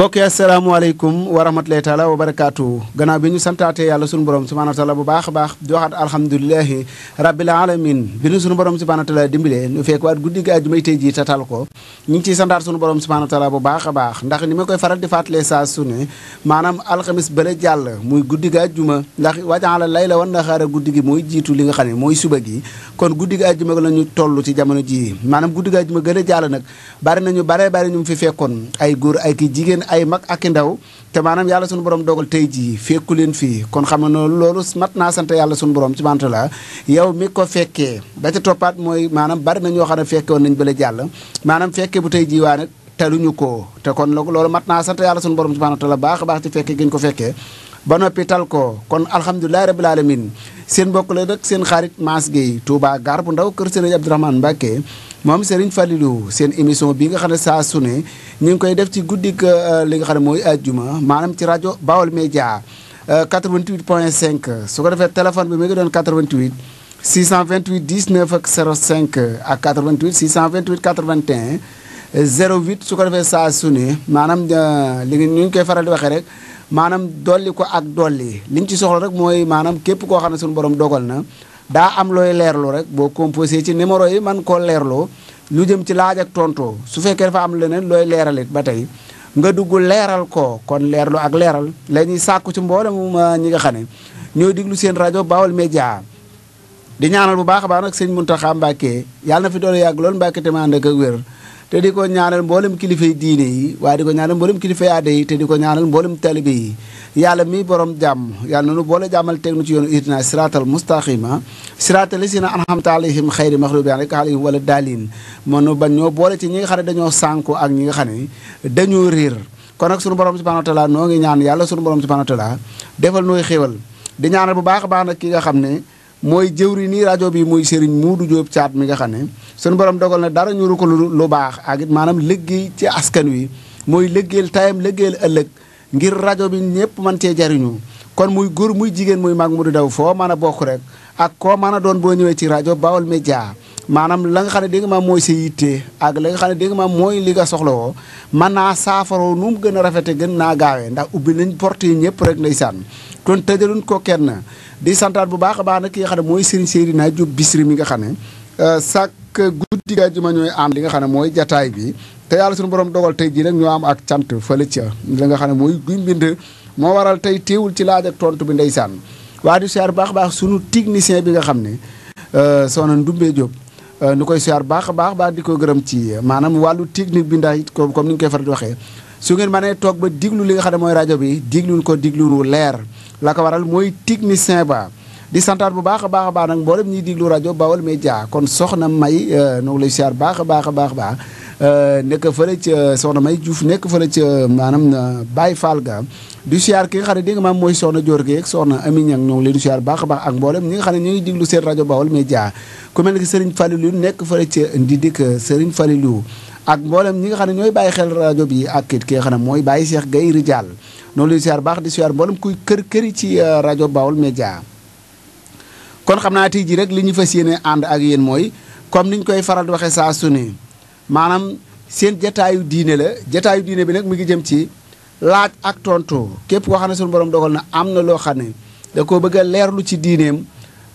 mbokk yi asalaamaaleykum wa rahmatulahi taala wa barakaatu gannaaw bi ñu santaatee yàlla sunu borom subhanahu wa taala bu baax a baax di waxaat alhamdulilahi rabbil alamin bi ñu sunu borom subhanahu wa taala dimbalee ñu fekk waat guddi gi àjjuma tey jii tatal ko ñu ngi ciy santaat sunu borom subhanahu wa bu baax a baax ndax ni ma koy faral di fàttalee saa su ne maanaam alxamis bële jàll muy guddi gi àjjuma ndax wajaala layla wan naxaara guddi gi mooy jiitu li nga xam ne mooy suba gi kon guddi gi àjjuma la ñu toll ci jamono jii maanaam guddi gi àjjuma gën a jàll nag bari nañu baree bari ñu fi fekkoon ay góor ay jigéen ay mag aki ndaw te maanaam yàlla sunu borom dogal tey jii fekku leen fii kon xam noonu loolu mat naa sant yàlla sunu borom ci mante la yow mi ko fekkee ba ca toppaat mooy maanaam bari na ñoo xam ne fekke woon nañ bële jàll maanaam fekkee bu tey jii waa nag taluñu ko te kon loolu mat naa sant yàlla sunu borom subhanahu wa taala baax a baax ci fekkee giñ ko fekkee ba noppi tal ko kon alhamdulilahi rabil alamin seen mbokk la rek seen xarit Mass Gueye Touba bu ndaw kër Serigne Abdourahmane Mbacke moom Serigne Falilou seen émission bi nga xam ne saa su ñu ngi koy def ci guddi guddik euh, li nga xam ne mooy ajjuma maanaam ci rajo Baol Média 88 euh, point 5 su ko defee téléphone bi mi ngi doon 88 628 19 ak 05 ak 88 628 81 08 su ko defee saa su ne maanaam euh, li ñu ngi koy faral di waxee rek. maanaam dolli ko ak dolli li ñu ci soxla rek mooy maanaam képp koo xam ne suñu borom dogal na daa am looy leerlu rek boo composé ci numéro yi man koo leerloo lu jëm ci laaj ak tontoo su fekkee dafa am leneen looy leeralit ba tey nga dugg leeral ko kon leerlu ak leeral la sàkku ci mboolem ñi nga xam ne ñoo diglu seen rajo Baol Média di ñaanal bu baax a baax nag sëñ Mountakha Mbacké yàlla na fi doole yàgg lool Mbacké te ma ànd ak wér te di ko ñaanal mboolem kilifa yi diine yi waaye di ko ñaanal mboolem kilifa yi aada yi te di ko ñaanal mboolem talibe yi yàlla mi borom jàmm yàlla na nu boole jàmmal teg nu ci yoonu ihdina siraatal mustaqima siraatal lazina an'amta alayhim xayri maxlubi alayka alayhim wala daalin mën nu ba ñoo boole ci ñi nga xam ne dañoo sànku ak ñi nga xam ne dañoo réer kon nag sunu borom subhanahu wa taala noo ngi ñaan yàlla sunu borom subhanahu wa taala defal nuy xéwal di ñaanal bu baax a baax nag ki nga xam ne mooy jëwri nii rajo bi mooy Serigne Muudu Jóob caat mi nga xam ne sunu borom dogal na dara ñuru ko lu lu baax ak it maanaam liggéey ci askan wi mooy liggéeyal tayam liggéeyal ëllëg ngir rajo bi ñëpp mën cee jariñu kon muy góor muy jigéen muy mag mu di daw foo mën a bokk rek ak koo mën a doon boo ñëwee ci rajo Baol Média maanaam la nga xam ne dégg maam mooy sa yitte ak la nga xam ne dégg nga maam mooy li nga soxlawoo mën naa saafaroo nu mu gën a rafete gën naa gaawee ndax ubbi nañ porte yi ñëpp rek ndeysaan kon tëjaluñ ko kenn di santaat bu baax a baax nag ki nga xam ne mooy sëriñ Seydina Diop Bichri mi nga xam ne sàkk euh, guddi gaa ji ma ñooy am li nga xam ne mooy jataay bi te yàlla suñu borom dogal tey jii rek ñoo am ak cant fële ca li nga xam ne mooy guy mbind moo waral tey teewul ci laaj ak tontu bi ndeysaan waa di siyaar baax baax suñu technicien bi nga xam ne euh, soxna Ndumbé Diop Euh, nu koy siyaar baax a baax baax di ko gërëm ci euh, maanaam wàllu technique bi ndax comme ni ñu koy faral di waxee su ngeen mënee toog ba diglu li nga xam ne mooy rajo bi digluwul ko digluwul leer la ko waral mooy technicien ba di santaar bu baax a baax a baax nag mboolem ñuy diglu rajo Baol Média kon soxna May euh, noo ngi lay siyaar baax a baax a baax baax euh, nekk fële ca soxna May Diouf nekk fële ca maanaam euh, Baye Fall ga du siyaar ki nga xam ne di nga maam mooy soxna Dior Gueye ak soxna Ami Niang ñoo ngi leen di baax a ak mboolem ñi nga xam ne ñu ngi diglu seen rajo Baol Média ku mel ni Serigne Falilou nekk fële ca Ndidik Serigne Falilou ak mboolem ñi nga xam ne ñooy bàyyi xel rajo bi ak kit ki nga xam ne mooy bàyyi Cheikh Gueye Ridial noonu lay siyaar baax di siyaar mboolem kuy kër këri ci rajo Baol Média kon xam naa tey jii rek li ñu fas yéene ànd ak yéen mooy comme ni ñu koy faral di waxee saa su maanaam seen jataayu diine la jataayu diine bi nag mu ngi jëm ci laaj ak tontu képp koo xam ne suñu borom dogal na am na loo xam ne da koo bëgg a leerlu ci diineem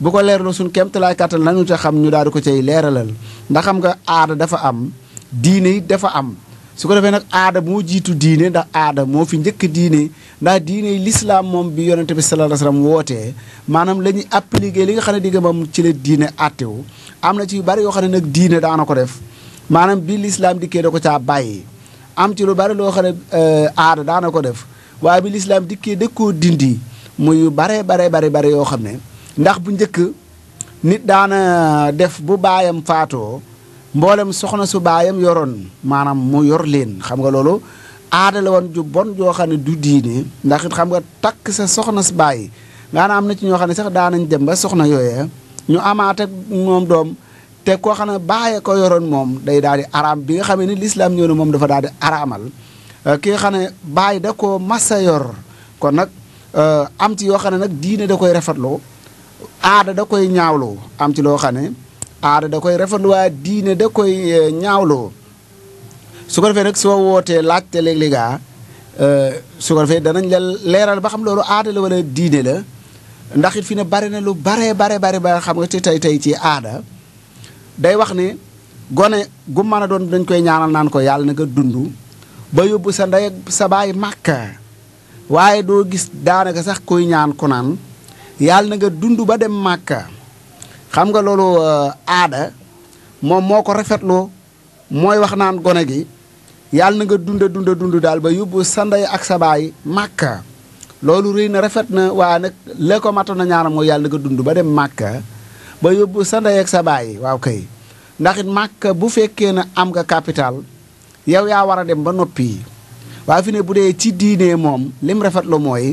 bu ko leerlu suñu kéemtalaay kàttan lañu ca xam ñu daal di ko cay leeralal ndax xam nga aada dafa am diine yi dafa am. su ko defee nag aada moo jiitu diine ndax aada moo fi njëkk diine ndax diine lislaam moom bi yonente bi sallallahu alayhi wootee maanaam la ñuy appliqué li nga xam ne digga moom ci la diine attewu am na ci yu bari yoo xam ne nag diine daana ko def maanaam bi lislaam dikkee ko caa bàyyi am ci lu bari loo xam ne euh, aada daana ko def waaye bi lislaam dikkee da koo dindi muy yu baree bare bari bari yoo xam ne ndax bu njëkk nit daana def bu baayam faatoo mboolem soxna su baayam yoroon maanaam mu yor leen xam nga loolu aada la woon ju bon joo xam ne du diine ndax xam nga takk sa soxna su baay maanaam am na ci ñoo xam ne sax daanañ dem ba soxna yooyee ñu amaata moom doom te koo xam ne baaye ko yoroon moom day daal di araam bi nga xam ne lislaam ñëw na moom dafa daal di araamal euh, ki nga ne baay da koo massa yor kon nag euh, am ci yoo xam ne nag diine da koy rafetloo aada da koy ñaawloo am ci loo xam ne aada da koy rafetlu waaye diine da koy eh, ñaawloo su ko defee nag soo wootee laajte léeg-léeg eh, su ko defee danañ la leeral ba xam loolu aada la wala diine la ndax it fi ne bari na lu bare bare bare ba xam nga ci tey tey ci aada day wax ne gone gu mën doon dañ koy ñaanal naan ko yàlla na nga dund ba yóbbu sa ndey sa baay màkka waaye doo gis daanaka sax koy ñaan ku naan yàlla na nga dund ba dem màkka xam nga loolu euh, aada moom moo ko rafetloo mooy wax naan gone gi yàlla na nga dund dunda dund daal ba yóbbu sa ak sa baay màkka loolu rëy na rafet na waa nag lekko ko matoon na ñaanam mooy yàlla na nga dund ba dem màkka ba yóbbu sa ak sa baay waaw kay ndax it màkka bu fekkee na am nga capital yow yaa war a dem ba noppi waa fi ne bu dee ci diine moom lim rafetlu mooy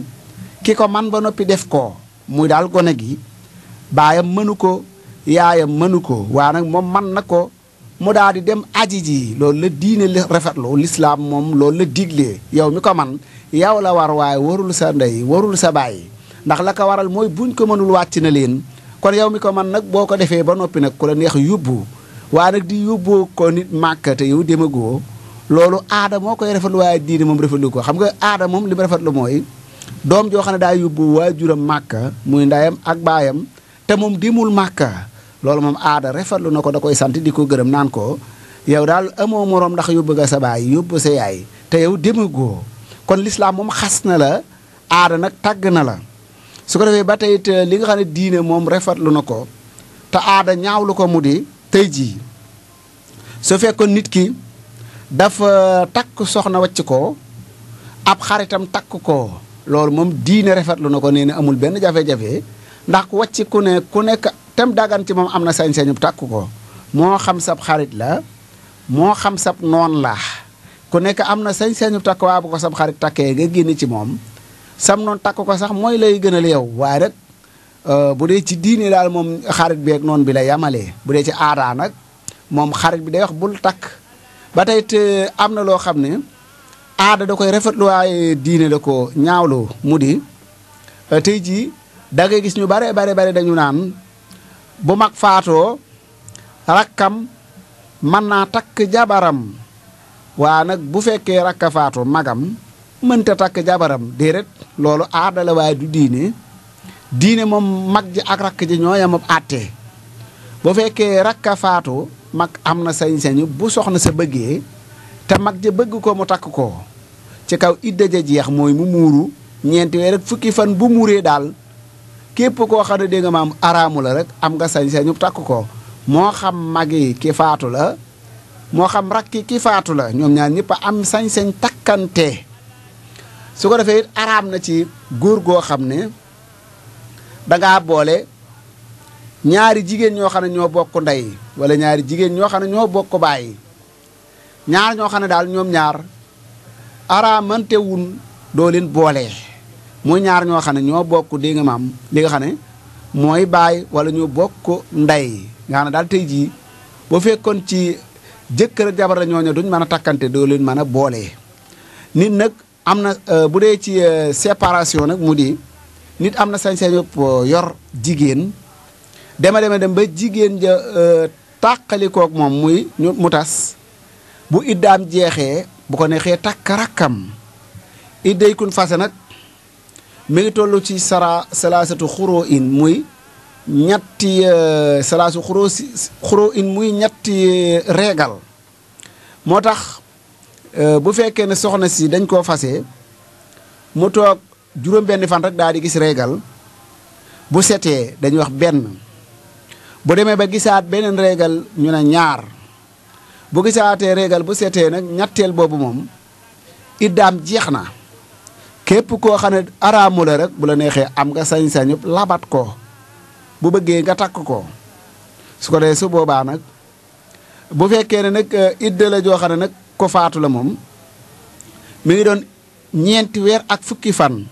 ki ko man ba noppi def ko muy daal gone gi baayam mënu ko yaayam mënu ko waa nag moom man nag ko mu daal di dem aji ji loolu la diine li rafetlu lislaam moom loolu la diglee yow mi ko man yow la war waaye warul sa ndey warul sa bàyyi ndax la ko waral mooy buñ ko mënul wàcc na leen kon yow mi ko man nag boo ko defee ba noppi nag ku la neex yóbbu waaye nag di yóbboo ko nit màkk te yow demagoo loolu aada moo koy rafetlu waaye diine moom rafetlu ko xam nga aada moom li mu rafetlu mooy doom joo xam ne daa yóbbu waajuram màkk muy ndayam ak baayam te moom demul màkka loolu moom aada rafetlu na ko da koy sant di ko gërëm naan ko yow daal amoo moroom ndax yóbbu nga sa baay yóbbu sa yaay te yow demagoo kon lislaam moom xas na la aada nag tàgg na la su ko defee ba tey it li nga xam ne diine moom rafetlu na ko te aada ñaaw ñaawlu ko mu di tey jii su fekkoon nit ki dafa takk soxna wàcc ko ab xaritam takk ko loolu moom diine rafetlu na ko nee na amul benn jafe-jafe ndax ku wàcc ku ne ku nekk tem daggan ci moom am na sañ-sañu tàkk ko moo xam sab xarit la moo xam sab noon la ku nekk am na sañ-sañu takk waa bu ko sab xarit takkee nga génne ci moom sam noon takk ko sax mooy lay gënal yow waaye rek euh, bu dee ci diine daal moom xarit bi ak bi la yamalee bu dee ci aadaa nag moom xarit bi day wax bul takk ba tey it am na loo xam ne aada da koy rafetlu waaye diine la ko ñaawlu mu di euh, tey ji da gis ñu bare bare bare dañu naan bu mag faatoo rakkam mën naa takk jabaram waa nag bu fekkee rakka faatoo magam mënta takk jabaram déedéet loolu aadala waaye du diine diine moom mag ji ak rakk ji ñoo yem ab bu fekkee rakka faatoo mag am na sañ-sañu bu soxna sa bëggee te mag ja bëgg ko mu takk ko ci kaw idda ja jeex mooy mu muuru ñeenti weer fukki fan bu muuree daal képp koo xam ne dégg nga maam araamu la rek am nga sañ-sañu takk ko moo xam mag yi ki faatu la moo xam rakki ki faatu la ñoom ñaar ñëpp am sañ-sañ takkante su ko defee araam na ci góor goo xam ne danga boole ñaari jigéen ñoo xam ne ñoo bokk ndey wala ñaari jigéen ñoo xam ne ñoo bokk baay ñaar ñoo xam ne daal ñoom ñaar araamante wun doo leen boole muy ñaar ñoo xam ne ñoo bokk dégg nga maam li nga xam ne mooy baay wala ñoo bokk ndey nga xam ne daal tey jii ba fekkoon ci jëkkër ak jabar la ñooñu duñ mën a takkante doo leen mën a boole. nit nag am na euh, bu dee ci euh, separation nag mu di nit am na sañ-sañ euh, yor jigéen dema dema dem ba jigéen ja tàqalikook moom muy mu tas bu iddaam jeexee bu ko neexee takk rakkam idday kun fase nag. mi ngi toll ci sara salaasatu xuroo in muy ñetti eh, salaasu in muy ñetti eh, reegal moo tax eh, bu fekkee ne soxna si dañ koo fase mu toog juróom-benn fan rek daal di gis reegal bu setee dañuy wax benn bu demee ba gisaat beneen reegal ñu ne ñaar bu gisaatee reegal bu setee nag ñetteel boobu moom iddaam jeex na képp koo xam ne araamu rek bu la neexee am nga sañ-sañu labat ko bu bëggee nga takk ko su ko dee su boobaa nag bu fekkee ne nag eh, idda joo xam ne nag ko faatu la moom mu ngi doon ñeenti weer ak fukki fan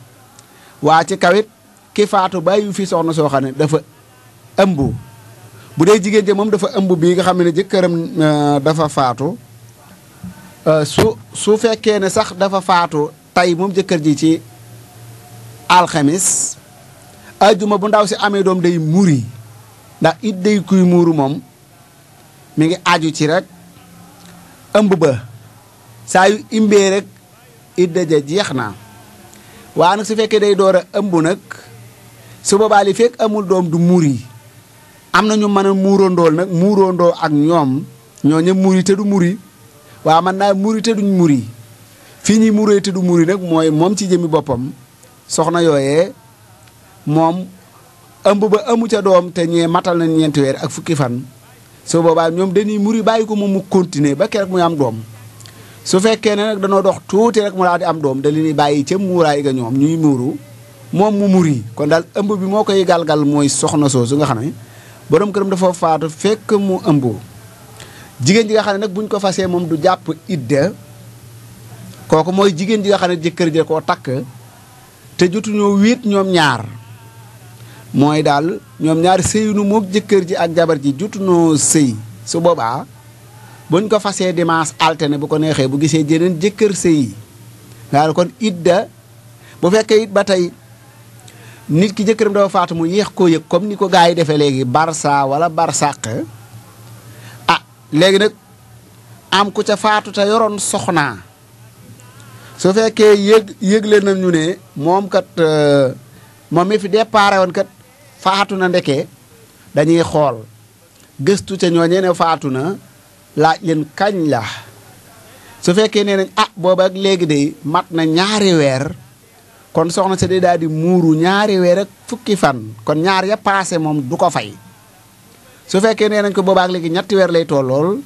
waa ci kawit ki faatu bàyyi fi soxna soo xam ne dafa ëmb bu dee jigéen ji moom dafa ëmb bii nga xam ne jëkkëram eh, dafa faatu eh, su su fekkee ne sax dafa faatu ay moom jëkkër ji ci alxemes ajjuma bu ndaw si amee doom day muri ndax it day kuy muuru moom mi ngi aju ci rek ëmb ba saa yu imbee rek it daja jeex na waa nag su fekkee day door a ëmb nag su boobaa li fekk amul doom du muri am na ñu mën a muurandool nag muuroondoo ak ñoom ñoo ñëpp muri te du muri waa mën naa muri te duñ muri fii ñuy muree te du muri nag mooy moom ci jëmi boppam soxna yooyee moom ëmb ba amu ca doom te ñee matal na ñeenti weer ak fukki fan soo boobaa ñoom dañuy muri bàyyi ko moom mu continuer ba keroog muy am doom su fekkee ne nag danoo dox tuuti rek mu daal di am doom da leen bàyyi ca muuraay ga ñoom ñuy muuru moom mu muri kon daal ëmb bi moo koy galgal mooy soxna soo su nga xam ne borom këram dafa faatu fekk mu ëmb jigéen ji nga xam ne nag buñ ko fasee moom du jàpp idda kooku mooy jigéen ji nga jëkkër ja koo takk te jotuñoo wéet ñoom ñaar mooy daal ñoom ñaar sëyunu moog jëkkër ji ak jabar ji jotuñoo sëy su boobaa buñ ko fasee dimanche alterné bu ko neexee bu gisee jeneen jëkkër sëy daal kon idda bu fekkee it ba tey nit ki jëkkëram dafa faatu mu yéex koo yëg comme ni ko gaa yi defee léegi barsa wala barsàq a ah léegi nag am ku ca faatu te yoroon soxnaa su fekkee yëg yëgle na ne moom kat euh, moom mi fi déparé woon kat faatu na ndeke dañuy xool gëstu ca ñooñee ne faatu na laaj leen kañ la su fekkee nee nañ ah booba ak léegi de mat na ñaari weer kon soxna si day daal di muuru ñaari weer ak fukki fan kon ñaar ya paase moom du ko fay su fekkee nee nañ ko boobaa ak léegi ñetti weer lay tollool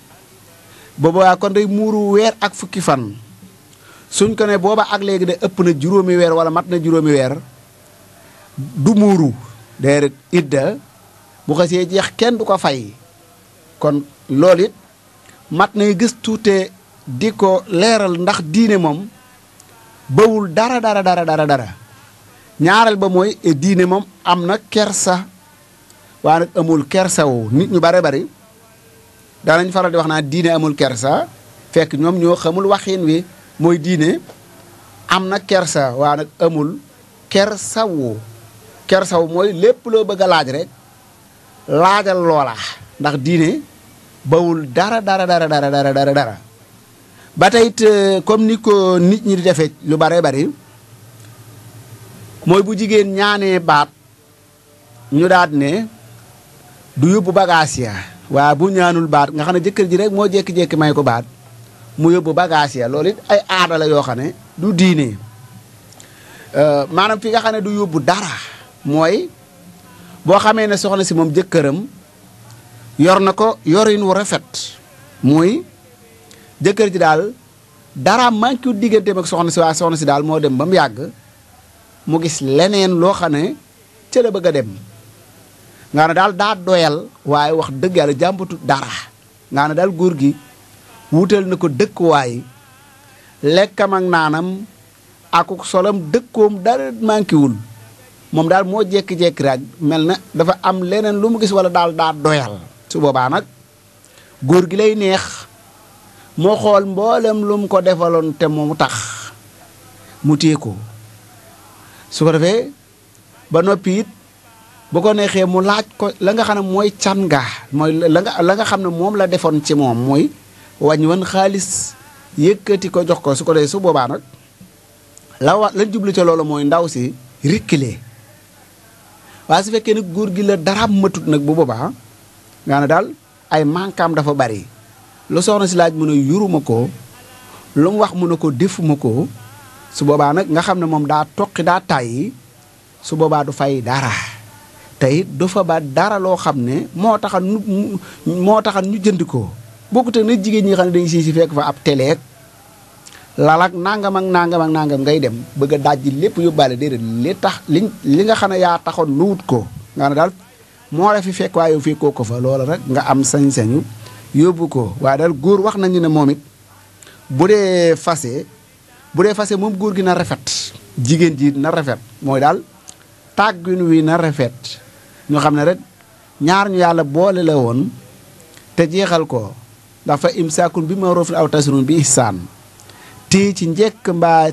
boobaa kon day muuru weer ak fukki fan suñ ko ne booba ak léegi de ëpp na juróomi weer wala mat na juróomi weer du muuru déedéet idda bu xasee jeex kenn du ko fay kon loolu it mat nay gëstu te di ko leeral ndax diine moom bawul dara dara dara dara dara ñaareel ba mooy e diine moom am na kersa waaye nag amul kersa nit ñu bare bari daanañ faral di wax naa diine amul kersa fekk ñoom ñoo xamul waxin wi mooy diine am na kersa waa nag amul kersawu kersaw mooy lépp loo bëgg a laaj rek laajal loola ndax diine bawul dara dara dara dara dara dara ba tey it euh, comme ni ko nit ñi di defee lu bare bari mooy bu jigéen ñaanee baat ñu daat ne du yóbbu bagaas ya waa bu ñaanul baat nga xam ne jëkkër ji rek moo jékki-jékki may ko baat mu yóbbu bagage ya loolu it ay aada yoo xam ne du diine euh, maanaam fi nga xam ne du yóbbu dara mooy boo xamee ne soxna si moom jëkkëram yor na ko yorin wu rafet mooy jëkkër ji daal dara manqué wu digganteem ak soxna si waa soxna si daal moo dem ba mu yàgg mu gis leneen loo xam ne ca la bëgg a dem nga ne daal daa doyal waaye wax dëgg yàlla jàmbatu dara nga ne daal góor gi wutal na ko dëkkuwaay lekkam ak naanam akuk solam dëkkoom dara mànkiwul moom daal moo jékki-jékki rek mel na dafa am leneen lu mu gis wala daal daa doyal su boobaa nag góor gi lay neex moo xool mboolem lu mu ko defaloon te mu tax mu téye ko su ko defee ba noppi it bu ko neexee mu laaj ko la nga xam ne mooy can ga la nga xam ne moom la defoon ci moom mooy wañ wan xaalis yëkkati ko jox ko su ko dee su boobaa nag la wa la jublu ca loolu mooy ndaw si récule waaye su fekkee nag góor gi la dara matut nag bu boobaa nga ne daal ay mankaam dafa bari lu soxna si laaj mën a yuruma ko lu mu wax mën a ko defuma ko su boobaa nag nga xam ne moom daa toqi daa tàyyi su boobaa du fay dara te it du fa ba dara loo xam ne moo tax ñu moo taxal ñu jënd ko bokkut ak nag jigéen ñi xam ne dañuy siy si fekk fa ab teleeg lalak nangam ak nangam ak nangam ngay dem bëgg a dajji lépp yóbbaale déedéet li tax liñ li nga xam ne yaa taxoon nuwut ko nga ne daal moo la fi fekk waaye yow fekkoo ko fa loola rek nga am sañ-sañu yóbbu ko waaye góor wax nañu ne moom bu dee fase bu dee fase moom góor gi na rafet jigéen ji na rafet mooy daal tàggin na rafet ñu xam ne rek ñaar ñu yàlla boole la woon te jeexal ko ndax fa imsaakun bi ma ma'ruufin aw tasrun bii saan téye ci njëkk mbaa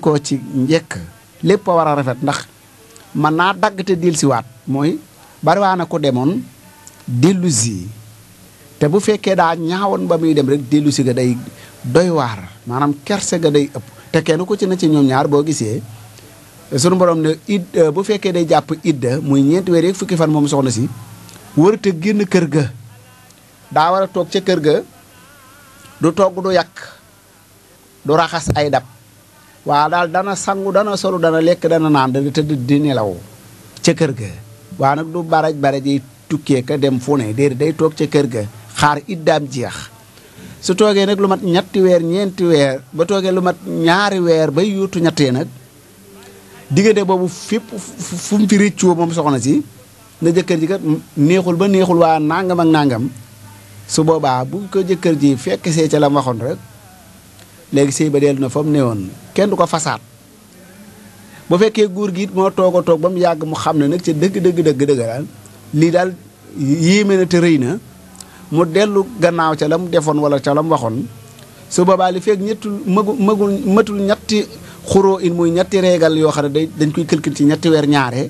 ko ci njekk lépp a war a rafet ndax man naa dagg te dellu siwaat mooy bariwaa na ko demoon dellu si te bu fekkee daa ñaawoon ba muy dem rek dellu si ga day doy waar maanaam kerse ga day ëpp te kenn ku ci na ci ñoom ñaar boo gisee sunu borom ne id bu fekkee day jàpp idda muy ñeenti weer yeeg fukki fan moom soxna si wërta génn kër ga daa war a toog ca kër ga du togg du yàq du raxas ay dab waa daal dana sangu dana solu dana lekk dana naan dana tëdd di nelaw ca kër ga waa nag du baraj baraj yi tukkee dem fu ne déedéet day toog ca kër ga xaar iddaam jeex su toogee nag lu mat ñetti weer ñeenti weer ba toogee lu mat ñaari weer bay yuutu ñettee nag diggante boobu fépp fu mu fi moom soxna si na jëkkër ji kat neexul ba neexul waa nangam ak nangam su boobaa bu ko jëkkër ji fekk see ca la ma waxoon rek léegi sëy ba dellu na fa mu woon kenn du ko fasaat bu fekkee góor gi it moo toog a toog ba mu yàgg mu xam ne nag ca dëgg dëgg dëgg dëgg daal lii daal yéeme na te rëy na mu dellu gannaaw ca la mu defoon wala ca la mu waxoon su boobaa li fekk ñetti magu magul matul ñetti xuroo in muy ñetti reegal yoo xam ne day dañ koy calcul ñetti weer ñaare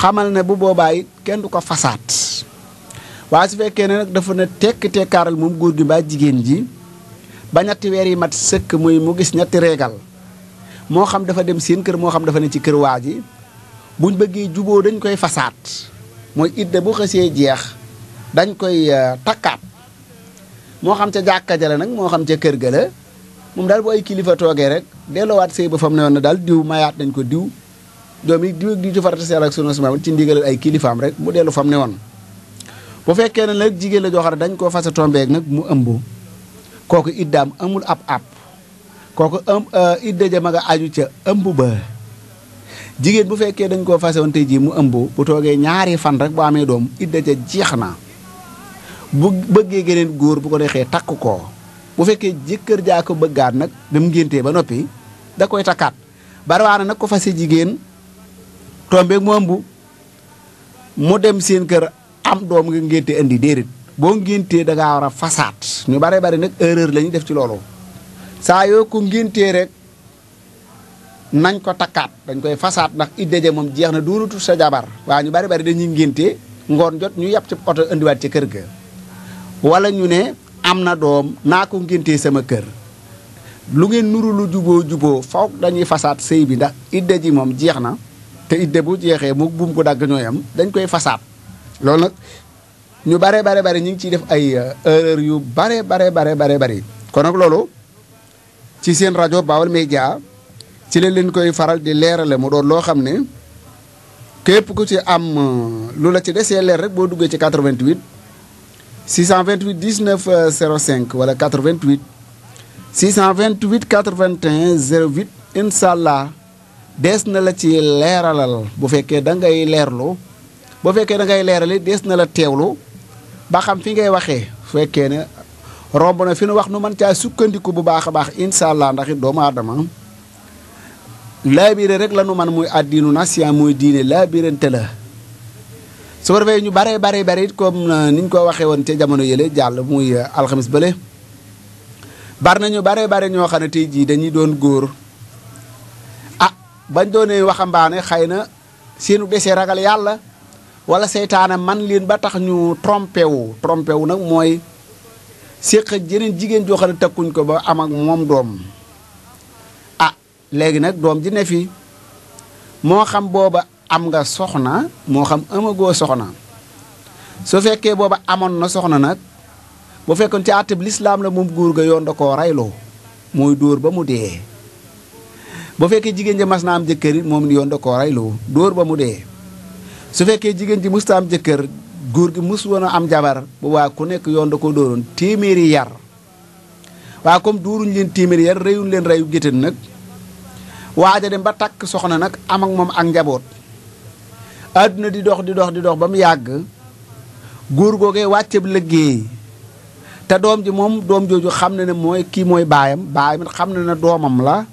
xamal ne bu boobaa it kenn du ko fasaat. waa su fekkee ne nag dafa ne tekk tekkaaral moom góor gi mbaa jigéen ji ba ñetti weer yi mat sëkk muy mu gis ñetti reegal moo xam dafa dem seen kër moo xam dafa ne ci kër waa ji buñ bëggee juboo dañ koy fasaat mooy idda bu xësee jeex dañ koy euh, takkaat moo xam ca jàkka ja nag moo xam ca kër ga la moom daal bu ay kilifa toogee rek delluwaat say ba fam ne woon na daal diw mayaat nañ ko diw doom yi diw ak diw ci farata seer ak sunu ci ndigalal ay kilifaam rek mu dellu fam ne bu fekkee ne nag jigéen la joo xam ne dañ koo fase tombeek nag mu ëmb kooku iddaam amul ab ab kooku ëm euh, idda ja ma nga aju ca ëmb ba jigéen bu fekkee dañ koo fase woon tey jii mu ëmb bu toogee ñaari fan rek bu amee doom idda ja jeex na bu bëggee geneen góor bu ko dexee takk ko bu fekkee jëkkër jaa ko bëggaat nag dem ngéntee ba noppi da koy takkaat barawaana nag ko fase jigéen tombeek mu ëmb mu dem seen kër am doom nga ngénte indi déedéet boo ngéntee da ngaa war a fasaat ñu bare bari nag erreur lañuy def ci loolu saa yoo ko ngéntee rek nañ ko takkaat dañ koy fasaat ndax iddaje moom jeex na doonatul sa jabar waaw ñu bari bari dañuy ngéntee ngoon jot ñu yàpp ci oto indiwaat ci kër ga wala ñu ne am na doom naa ko sama kër lu ngeen nuru lu juboo juboo foog dañuy fasaat sëy bi ndax idda ji moom jeex na te idda bu jeexee mu buum ko dagg ñooy dañ koy fasaat loolu nag ñu bare bare bare ñu ngi ciy def ay euh, erreur yu bare bare bare bare bare kon nag loolu ci seen rajo Baol Média ci leen leen koy faral di leerale mu doon loo xam ne képp ku ci am euh, lu la ci desee leer rek boo duggee ci 88 628 19 05 wala 88 628 81 08 incha allah dees na la ci leeralal bu fekkee da ngay leerlu. boo fekkee da ngay leerali dees na la teewlu ba xam fi ngay waxee fekkee ne romb na fi nu wax nu mën caa sukkandiku bu baax a baax incha allah ndax doomu aadama laabire rek lanu nu man muy àddiinu nasiya muy diine laabirante la su ko defee ñu baree baree bare it comme euh, niñ ko waxee woon ca jamono yële jàll muy euh, alxamis bële bari nañu baree bare ñoo xam ne tey jii dañuy doon góor a ah, bañ doonee waxambaane xay na seenu desee ragal yàlla wala seytaane man leen ba tax ñu trompewu wu nag mooy séq ak jigéen joo xam ne takkuñ ko ba am ak moom doom a ah, léegi nag doom ji ne fi moo xam booba am nga soxna moo xam amagoo soxna su fekkee booba amoon na soxna nag boo fekkoon ci àtteb lislaam la moom góor ga yoon da koo rayloo mooy dóor ba mu dee bu fekkee jigéen ja mas naa am jëkkër it moom yoon da koo rayloo dóor ba mu dee su fekkee jigéen ji mësta am jëkkër góor gi mës woon a am jabar bu waa ku nekk yoon da ko dóoroon téeméeri yar waa comme dóoruñ leen téeméeri yar reyuñ leen reyu géttan nag waaja dem ba takk soxna nag am ak moom ak njaboot àdduna di dox di dox di dox ba mu yàgg góor googee wàcceb liggéey te doom ji moom doom jooju xam na ne mooy kii mooy baayam baayam it xam na ne doomam la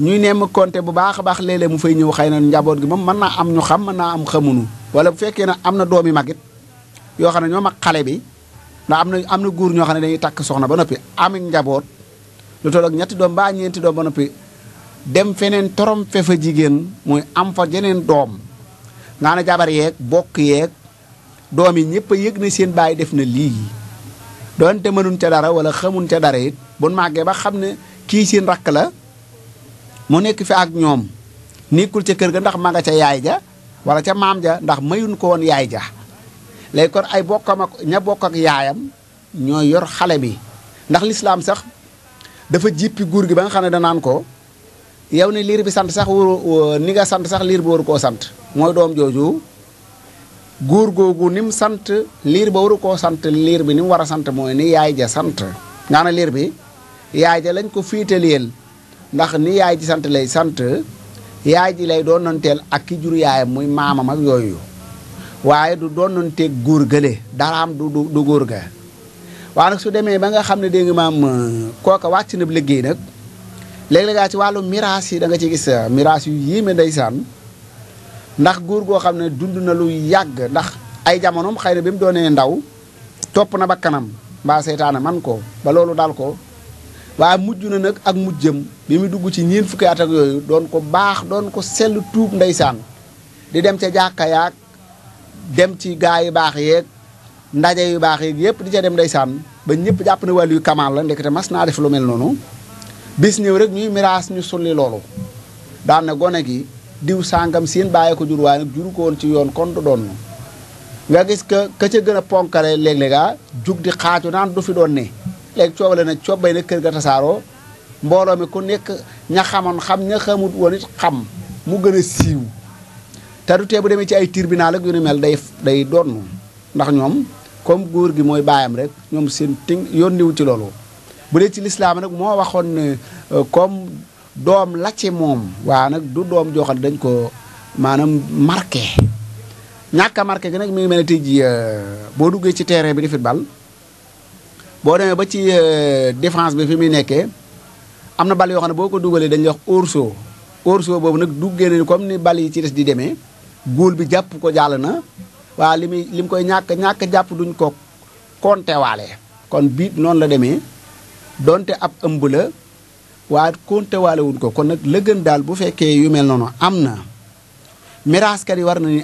ñuy nemm compté bu baax a baax léeg mu fay ñëw xëy na njaboot gi moom mën naa am ñu xam mën naa am xamunu wala bu fekkee ne am na doom mag it yoo xam ne ñoo mag xale bi ndax am na am na góor ñoo xam ne dañuy takk soxna ba noppi amit njaboot lu toll ñetti doom baa ñeenti doom ba noppi dem feneen torom fe fa jigéen muy am fa jeneen doom nga ne jabar yeeg bokk yeeg doom yi ñëpp a yëg na seen baay def na lii doonte mënuñ ca dara wala xamuñ ca dara it buñ màggee ba xam ne kii seen rakk la mu nekk fi ak ñoom nekkul ca kër ga ndax ma nga ca yaay ja wala ca maam ja ndax mayun ko woon yaay ja léegi kon ay bokkam ak bokk ak yaayam ñoo yor xale bi ndax lislaam sax dafa jippi guur gi ba xam ne danaan ko yow ne liir bi sant sax waru ni nga sant sax liir waru koo sant mooy doom jooju góor googu ni mu sant liir ba waru koo sant liir bi ni war a sant mooy ni yaay ja sant nga liir bi yaay ja lañ ko féetaleel ndax ni yaay ji sant lay sant yaay ji lay doonanteel ak ki jur yaayam muy maamam ak yooyu waaye du doonanteeg góor gële daraam du du góor ga waaye nag su demee ba nga xam ne dégg ma maam kooka wàcc na liggéey nag léeg-léeg gaa ci wàllu miraas yi da nga ci gis ah, miraas yu yéeme ndeysaan ndax góor goo xam ne dund na lu yàgg ndax ay jamonoom xëy na bi mu doonee ndaw topp na ba kanam mbaa seytaane man ko ba loolu daal ko waaye mujj na nag ak mujjam bi mu dugg ci ñeent fukki at ak yooyu doon ko baax doon ko sell tuub ndeysaan di dem ca jàkka yaag dem ci gaa yu baax yeeg ndaje yu baax yeeg yëpp di ca dem ndeysaan ba ñëpp jàpp ne wàllu yu kamaal la ndekete mas naa def lu mel noonu bis ñëw rek ñuy miraas ñu sulli loolu daan na gone gi diw sàngam seen bàyyi ko jur waaye nag juru ko woon ci yoon kon du doon nga gis que ka ca gën a ponkale léeg-léega jug di xaaju naan du fi doon ne léegi coobale nag coobay nag kër ga tasaaroo mbooloo mi ku nekk ña xamoon xam ña xamut woon it xam mu gën a siiw te du tee bu demee ci ay tribunal ak yu ni mel day day doon ndax ñoom comme góor gi mooy baayam rek ñoom seen ting yónniwu ci loolu bu dee ci nag moo waxoon ne euh, comme doom la ci moom waa nag du doom joo xam ne dañ ko maanaam marqué ñàkk marke marqué gi nag mi ngi mel ne tey jii euh, boo duggee ci terrain bi di football boo demee ba ci euh, défense bi fi muy nekkee am na bal yoo xam ne boo ko dugalee dañuy wax orso orso boobu nag duggee nañu comme ni bal yi ci des di demee góol bi jàpp ko jàll na waa li muy li koy ñàkk ñàkk jàpp duñ ko kontewaale kon biit noonu la demee donte ab ëmb la waa kontewaale wuñ ko kon nag la daal bu fekkee yu mel noonu am na miraaskat yi war nañu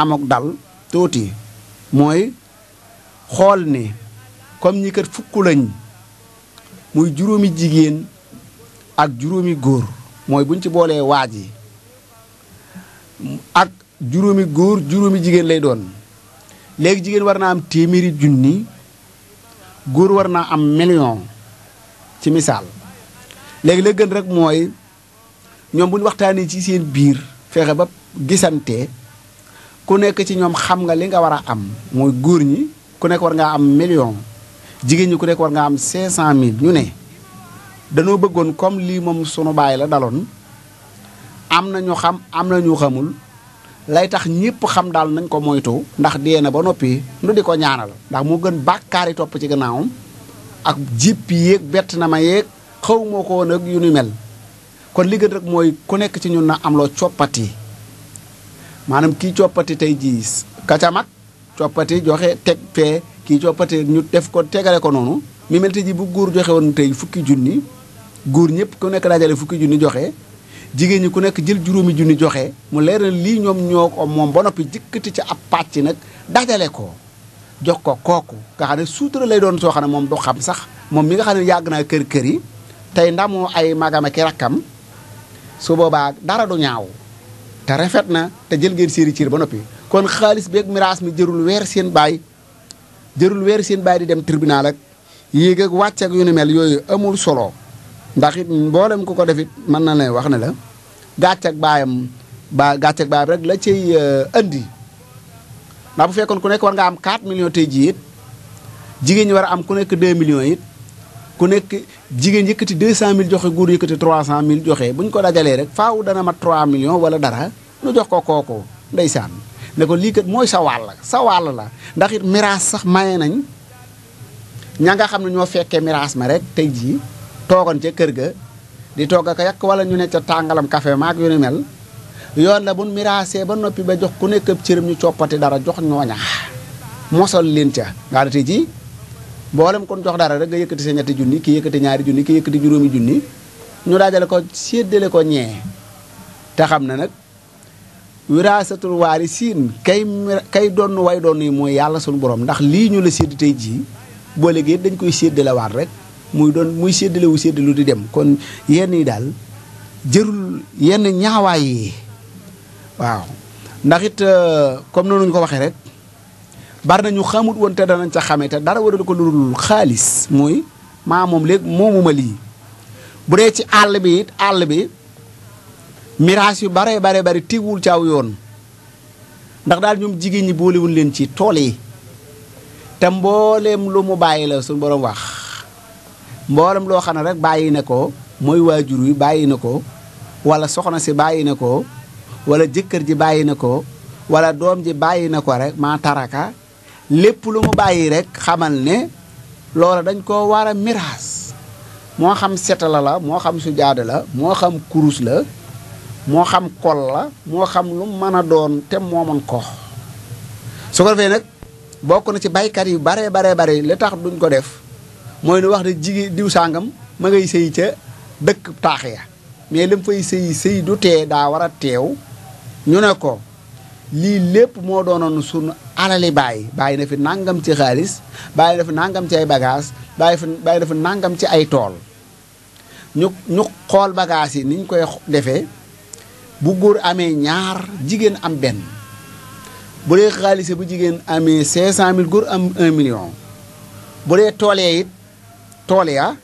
am ak dal tuuti mooy xool ni comme ñi kat fukk lañ muy juróomi jigéen ak juróomi góor mooy buñ ci boolee waaj yi ak juróomi góor juróomi jigéen lay doon léegi jigéen war naa am téeméeri junni góor war naa am million ci misaal léegi la gën rek mooy ñoom buñ waxtaanee ci seen biir fexe ba gisante ku nekk ci ñoom xam nga li nga war a am mooy góor ñi ku nekk war ngaa am million jigéen ñi ku nekk war nga am 500000 ñu ne danoo bëggoon comme lii moom sunu baay la daloon am na ñu xam am na ñu xamul lay tax ñëpp xam daal nañ ko moytu. ndax dee na ba noppi nu di ko ñaanal. ndax moo gën bàkkaari topp ci gannaawam ak jippi yeeg bett na ma yeeg xaw moo ko woon ak yu ni mel kon li gën rek mooy ku nekk ci ñun na am loo coppati maanaam kii coppati tey jii ka ca coppati joxe teg fee. kii coppatee ñu def ko tegale ko noonu mi mel te ji bu góor joxe woon tey fukki junni góor ñëpp ku nekk daajale fukki junni joxe jigéen ñi ku nekk jël juróomi junni joxe mu leer na lii ñoom ñoo ko moom ba noppi jëkkati ci ab pàcc nag dajale ko jox ko kooku nga xam ne suutura lay doon soo xam ne moom du xam sax moom mi nga xam ne yàgg naa kër kër yi tey ndamoo ay magam ak rakkam su boobaa dara du ñaaw te rafet na te jël ngeen séeri ciir ba noppi kon xaalis beeg miraas mi jërul weer seen baay jërul weer seen bàyyi di dem tribunal ak yéeg ak wàcceek ak yu ni mel yooyu amul solo ndax it mboolem ku ko def it mën na ne wax ne la gàcc baayam baa gàcc ak baayam rek la cay euh, andi ndax bu fekkoon ku nekk war nga am 4 millions tey jii it jigéen ñi war a am ku nekk 2 millions it ku nekk jigéen yëkkati 200000 joxe góor yëkkati 300000 joxe bu ñu ko dajalee rek faaw dana mat million millions wala dara nu jox ko kooku ndeysaan. ne ko lii kat mooy sa wàll sa wàll la ndaxit it miraas sax maye nañ ña nga xam ne ñoo fekkee miraas ma rek tey jii toogoon ca kër ga di togg ak yàq wala ñu ne ca tàngalam café maag yu ni mel yoon la buñ miraasee ba noppi ba jox ku nekk ab ñu coppati dara jox ñooña mosal leen ca ngaa da tey jii boolem kon jox dara rek nga yëkkati sa ñetti junni ki yëkkati ñaari junni ki yëkkati juróomi junni ñu daajale ko séddale ko ñee te xam na nag wiraasatul yi siin kay kay donn way doon yi mooy yàlla sunu borom ndax lii ñu la sédd tey jii boo léegi dañ koy séddalewaat rek muy doon muy sédd lu di dem kon yenn yi daal jërul yenn ñaawaay yi waaw ndax it euh, comme noonu ñu ko waxee rek bari na ñu xamut woon te danañ ca xamee te dara waral ko lu xaalis mooy maamoom moom léegi moomuma lii bu dee ci àll bi it àll bi miraas yu bare bare bare teguwul ci aw yoon ndax daal ñoom jigéen ñi boolewul leen ci tool yi te mbooleem lu mu bàyyi la suñu borom wax mboolem loo xam ne rek bàyyi na ko mooy waajur wi bàyyi na ko wala soxna si bàyyi na ko wala jëkkër ji bàyyi na ko wala doom ji bàyyi na ko rek maa taraka lépp lu mu bàyyi rekk xamal ne loola dañ koo war a miraas moo xam setala la moo xam sujaada la moo xam kurus la moo xam kol la moo xam lu mën a doon te moo mën ko su ko defee nag bokk na ci baykat yu baree baree bare li tax duñ ko def mooy nu wax ne jigéen diw sàngam ma ngay sëy ca dëkk taax ya mais lim fay sëy sëy du tee daa war a teew ñu ne ko lii lépp moo doon doonoon sunu alali bàyyi bàyyi na fi nangam ci xaalis bàyyi na fi nangam ci ay bagaas bàyyi fi bàyyi na fi nangam ci ay tool ñu ñu xool bagaas yi niñ koy defee bu góor amee ñaar jigéen am benn bu dee xaalise bu jigéen amee 500000 góor am 1 million bu dee toolee it tool ya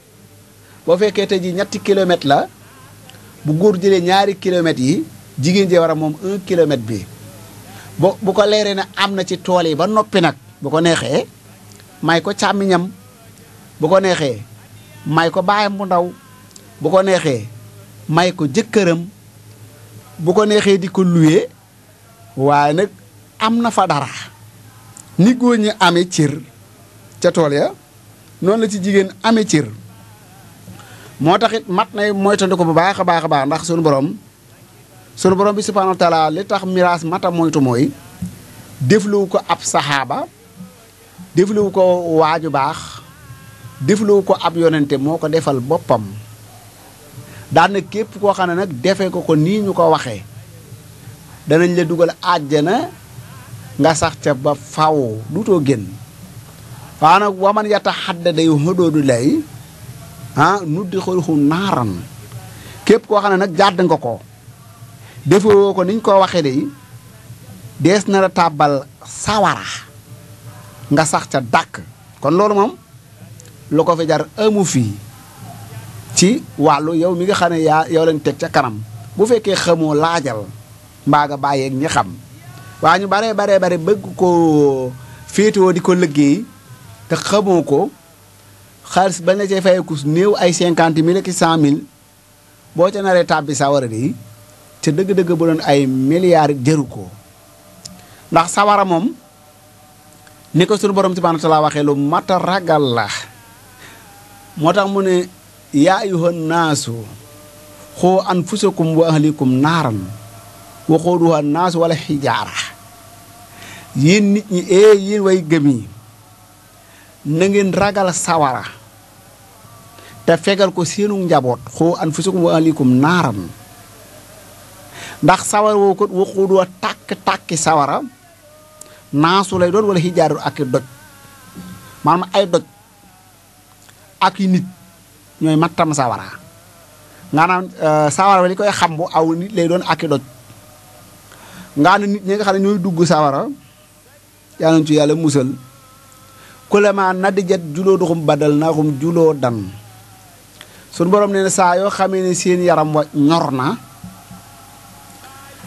boo fekkee tey ji ñetti kilomètre la bu góor jëlee ñaari kilomètres yi jigéen jee war moom 1 kilomètre bi bo bu ko leeree ne am na ci tool yi ba noppi nag bu ko neexee may ko càmmiñam bu ko neexee may ko baayam bu ndaw bu ko neexee may ko jëkkëram bu ko neexee di ko luwee waaye nag am na fa dara ni góor ñi amee cër ca tool ya noonu la ci jigéen amee cër moo tax it mat nay moytandi ko bu baax a baax a baax ndax sunu borom sunu borom bi subhaanahu wa li tax miraas mata moytu mooy defluwu ko ab saxaaba defluwu ko waaju baax defluwu ko ab yonente moo ko defal boppam daana képp koo xam ne nag defee ko ko nii ñu ko waxee danañ la dugal àjjana nga sax ca ba faw duutoo génn waaw nag waman yata xadda day du lay ah nuddi xorixu naaran képp koo xam ne nag jàdd nga ko defewoo ko niñ ko waxee day dees na la tàbbal sawara nga sax ca dàkk kon loolu moom lu ko fi jar amu fii ci wàllu yow mi nga xam ne yaa yow lañ teg ca kanam bu fekkee xamoo laajal mbaa nga bàyyeeg ñi xam waa ñu baree baree bare bëgg ko féetewoo di ko liggéey te xamoo ko xaalis ba nga cay fayeku néew ay cinquante mille ak mille boo ca naree tàbbi sawara di te dëgg-dëgg bu doon ay milliards jëru ko ndax sawara moom ni ko sunu borom subhanahu wa taala waxee lu mat a ragal la moo tax mu ne yaa ayyuhan naasu xoo anfusakum wa ahlikum naaran wa xooduha naasu wala xijaara yéen nit ñi ee eh, yéen way gëm yi na ngeen ragal sawara te fegal ko seenu njaboot xoo anfusakum wa ahlikum naaran ndax sawara woo ko wa xooduha tàkk-tàkki sawara naasu lay doon wala xijaaru ak i doj maanaam ay doj ak i nit ñooy mattam sawara maanaam euh, sawara ba li koy xam bu aw nit lay doon akki doj nga ne nit ñi nga xam ne ñooy dugg sawara yal nañ ci yàlla musal kulama nadijat juluuduhum badalnaahum juluudan suñu borom nee na saa yoo xamee ne seen yaram wa ñor na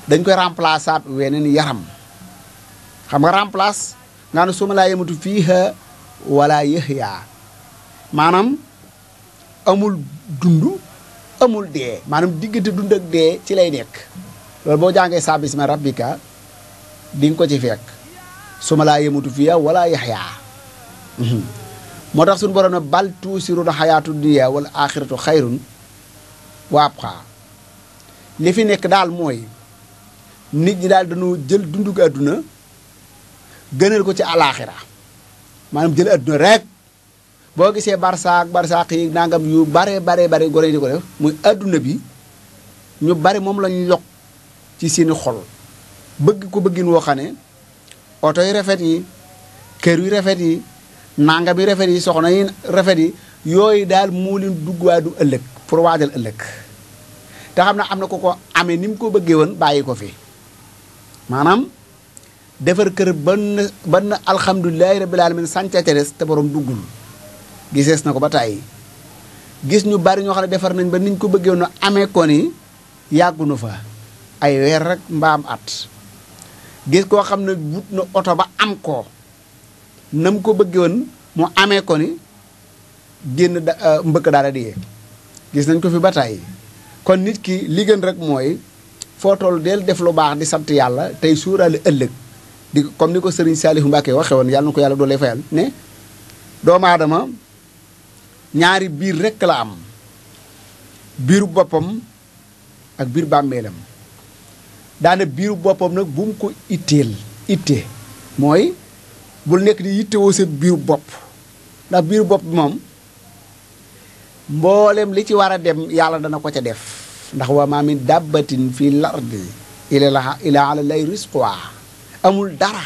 dañ koy remplaçaat weneen yaram xam nga remplace nga ne maanaam amul dund amul dee maanaam diggante dund ak dee ci lay nekk loolu boo jàngee saa bisma rabbika di ko ci fekk su ma laa yemutu fiya wala yaxyaa mhm. moo tax suñu baroon ne bal tuusiruna xayaatu dunya wala aaxiratu xayrun wa abqaa li fi nekk daal mooy nit ñi daal dañoo jël dundug àdduna gënal ko ci alaaxira maanaam jël àdduna rek boo gisee barsaak barsaak yi nangam yu bare bare bare gone di ko def muy àdduna bi ñu bare moom lañuy yokk ci seeni xol bëgg ko bëggin woo xam ne oto yi rafet yi kër yi rafet yi nangam yi rafet yi soxna yi rafet yi yooyu daal moo leen dugg waa du ëllëg pour waajal ëllëg te xam na am na ko ko amee ni mu ko bëggee woon bàyyi ko fi maanaam defar kër ban ban alhamdulilahi rabbil alamin sànca ca des te borom duggul gisees na ko ba tàyyi gis ñu bari ñoo xam ne defar nañ ba niñ ko bëggee woon amee ko ni yàggunu fa ay weer rek mbaam at gis koo xam ne wut na oto ba am ko nam ko bëggee woon mu amee ko ni génn euh, mbëkk daal di yee gis nañ ko fi ba tàyyi kon nit ki li gën rek mooy foo toll del def lu baax di sant yàlla tey suuraale ëllëg di comme ni ko Serigne Saliou Mbacke waxee woon yàlla nu ko yàlla doolee fayal ne doomu aadama ñaari biir rekk la am biiru boppam ak biir bàmmeelam daane biiru boppam nag bu ko itteel itte mooy bul nekk di yittewoo sa biiru bopp ndax biiru bopp moom mboolem li ci war a dem yàlla dana ko ca def ndax wa maa dàbbatin fii fi lardi ila lay risquwa amul dara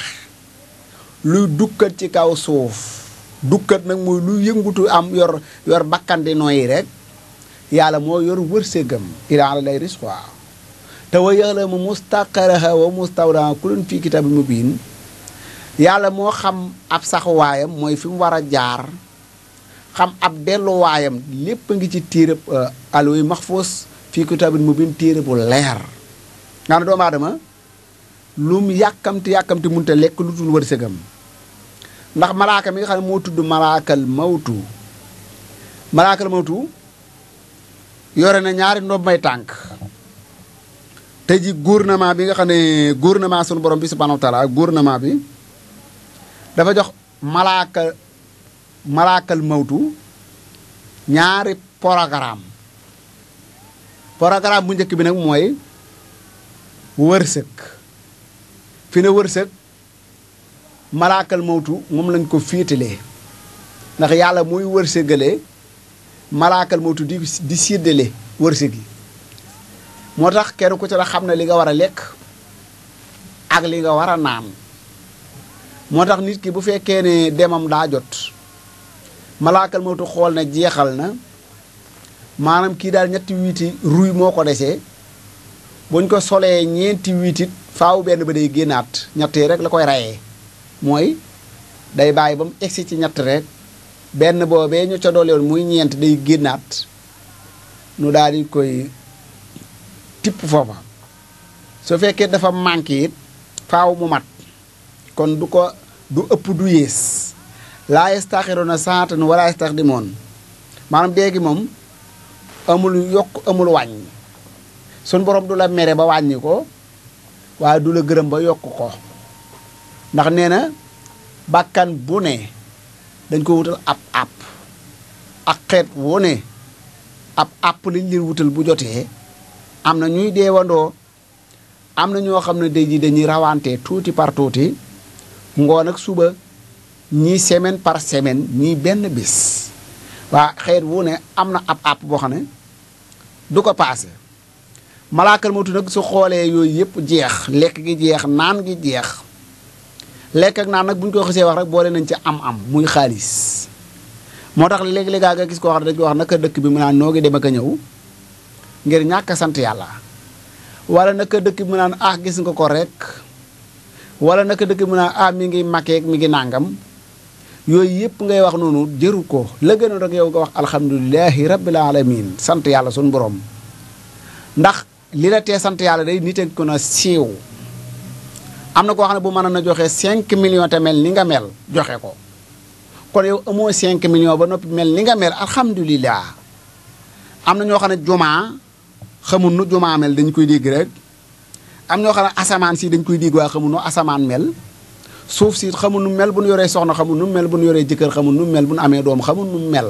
luy dukkat ci kaw suuf dukkat nag mooy lu yëngutu am yor yor bakkan di nooyi rek yàlla moo yor wërsëgam ila ala lay risqa te wa ya'lamu mustaqaraha wa mustawdaha kullun fii kitaabin mubiin yàlla moo xam ab saxuwaayam mooy fi mu war a jaar xam ab delluwaayam lépp a ngi ci téereb euh, alwi maxfuus fii kitaabin mubiin téere bu leer nga ne doomu aadama lu mu yàkkamti mun munte lekk lu dul wërsëgam ndax malaaka mi nga moo tudd malaakal mawtu malaakal mawtu yore na ñaari ndob may tànk te ji gouvernement bi nga xam ne gouvernement sunu borom bi subhanahu wa taala ak bi dafa jox malaaka malaakal mawtu ñaari programme programme bu njëkk bi nag mooy wërsëg fi ne wërsëg malaakal mawtu moom lañ ko féetalee ndax yàlla muy wërsëgalee malaakal mawtu di di séddale wërsëg yi moo tax kenn ku ci la xam ne li nga war a lekk ak li nga war a naan moo tax nit ki bu fekkee ne demam daa jot malaakal mawtu xool ne jeexal na maanaam kii daal ñetti wiiti ruy moo ko desee buñ ko solee ñeenti wiitit faaw benn ba day génnaat ñetti rek la koy rayee mooy day bàyyi ba mu egsi ci ñett rekk benn boobee ñu ca doolewoon muy ñeent day génnaat nu daal di koy tipp foofa su fekkee dafa manqué it faaw mu mat kon du ko du ëpp du yées laa yastaxiroona nu wala yastaxdimoon maanaam déegi moom amul yokk amul wàññ sun borom du la mere ba wàññi ko waaye du la gërëm ba yokk ko ndax nee na bàkkan bu ne dañ ko wutal ab àpp ak xeet woo ne ab àpp liñ leen wutal bu jotee am na ñuy deewandoo am na ñoo xam ne day ji dañuy rawante tuuti par tuuti ngoon ak suba ñii semaine par semaine ñii benn bis waa xeet wu ne am na ab àpp boo xam ne du ko paase malaakal matu nag su xoolee yooyu yëpp jeex lekk gi jeex naan gi jeex lekk ak nag bu ñu ko xasee wax rek boole nañ ci am-am muy xaalis moo tax léeg-léeg gis koo ne dañ ko wax naka dëkk bi mu naan noo ngi dem ak a ñëw ngir ñàkk sant yàlla wala naka dëkk bi mu naan ah gis nga ko rek wala naka dëkk bi mu ah, mi ngi màkkeeg mi ngi nàngam yooyu yëpp ngay wax noonu jëru ko la gën a rek yow nga wax alhamdulilahi rabbil alamin sant yàlla suñu borom ndax li la tee sant yàlla day nit ak ko na siiw am na koo xam ne bu mënoon a joxe 5 millions te mel ni nga mel joxe ko kon yow amoo 5 millions ba noppi mel ni nga mel alhamdulilah am na ñoo xam ne jumaa xamul nu jumaa mel dañ koy dégg rek am ñoo xam ne asamaan si dañ koy dégg waa xamul nu asamaan mel suuf si xamul nu mel bu nu yoree soxna xamul nu mel bu nu yoree jëkkër xamul nu mel bu nu amee doom xamul nu mel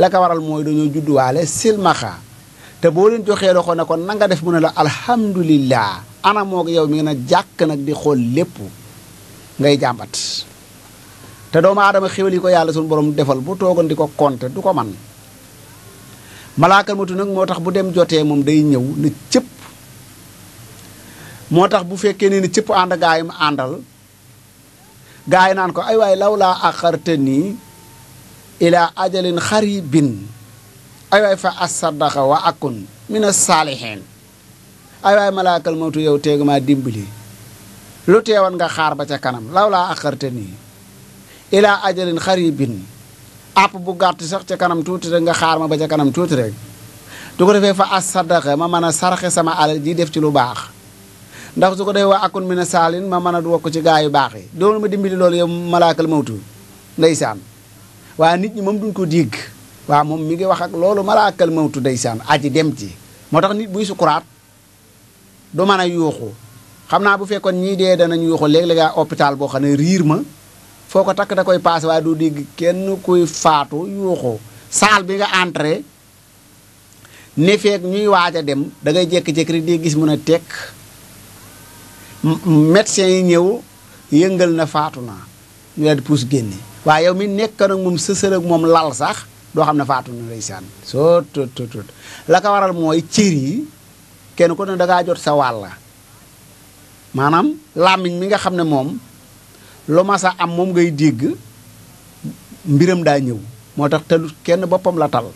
la ko waral mooy dañoo judduwaale silmaxa te boo leen joxee loxo ne ko nanga def mu ne la alhamdulilah. ana moog yow mi na jàkk nag di xool lépp ngay jàmbat te doomu aadama xéwal ko yàlla suñu borom defal bu toogoon di ko du ko man malaakal matu nag moo tax bu dem jotee moom day ñëw ne cëpp moo tax bu fekkee ne ni cëpp ànd gaa yi mu àndal gaa yi naan ko ay waay law laa axarte nii ilaa ajalin xaribin ay waay fa asadaqa wa akun mina saalihiin ay waay malaakal mawtu yow teegu maa dimbali lu teewoon nga xaar ba ca kanam law laa axarte nii ilaa ajalin xaribin àpp bu gàtt sax ca kanam tuuti rek nga xaar ma ba ca kanam tuuti rek du ko defee fa as sadaqa ma mën a saraxe sama alal ji def ci lu baax ndax su ko defee waa akun mi ne saalin ma mën a wokk ci gaa yu baax yi doolu ma dimbali loolu yow malaakal mawtu ndeysaan waa nit ñi moom duñ ko dégg waaw moom mi ngi wax ak loolu malaakal mawtu ndeysaan aji dem ci moo tax nit buy sukuraat du mën a yuuxu xam naa bu fekkoon nii dee danañ yuuxu léeg-léeg a hôpital boo xam ne riir ma foo ko takk da koy paase waaye du dégg kenn kuy faatu yuuxu saal bi nga entré ne feeg ñuy waaj a dem da ngay jékki rek di gis mun a tekk médecin yi ñëw yëngal na faatu na ñu daal di puus génne waaye yow mi nekk nag moom sësal ak moom lal sax doo xam ne faatu na ndeysaan soo tot la ko waral mooy cër yi kenn ku ne dangaa jot sa wàll maanaam làmmiñ mi nga xam ne moom lu ma sa am moom ngay dégg mbiram daa ñëw moo tax telu kenn boppam la tal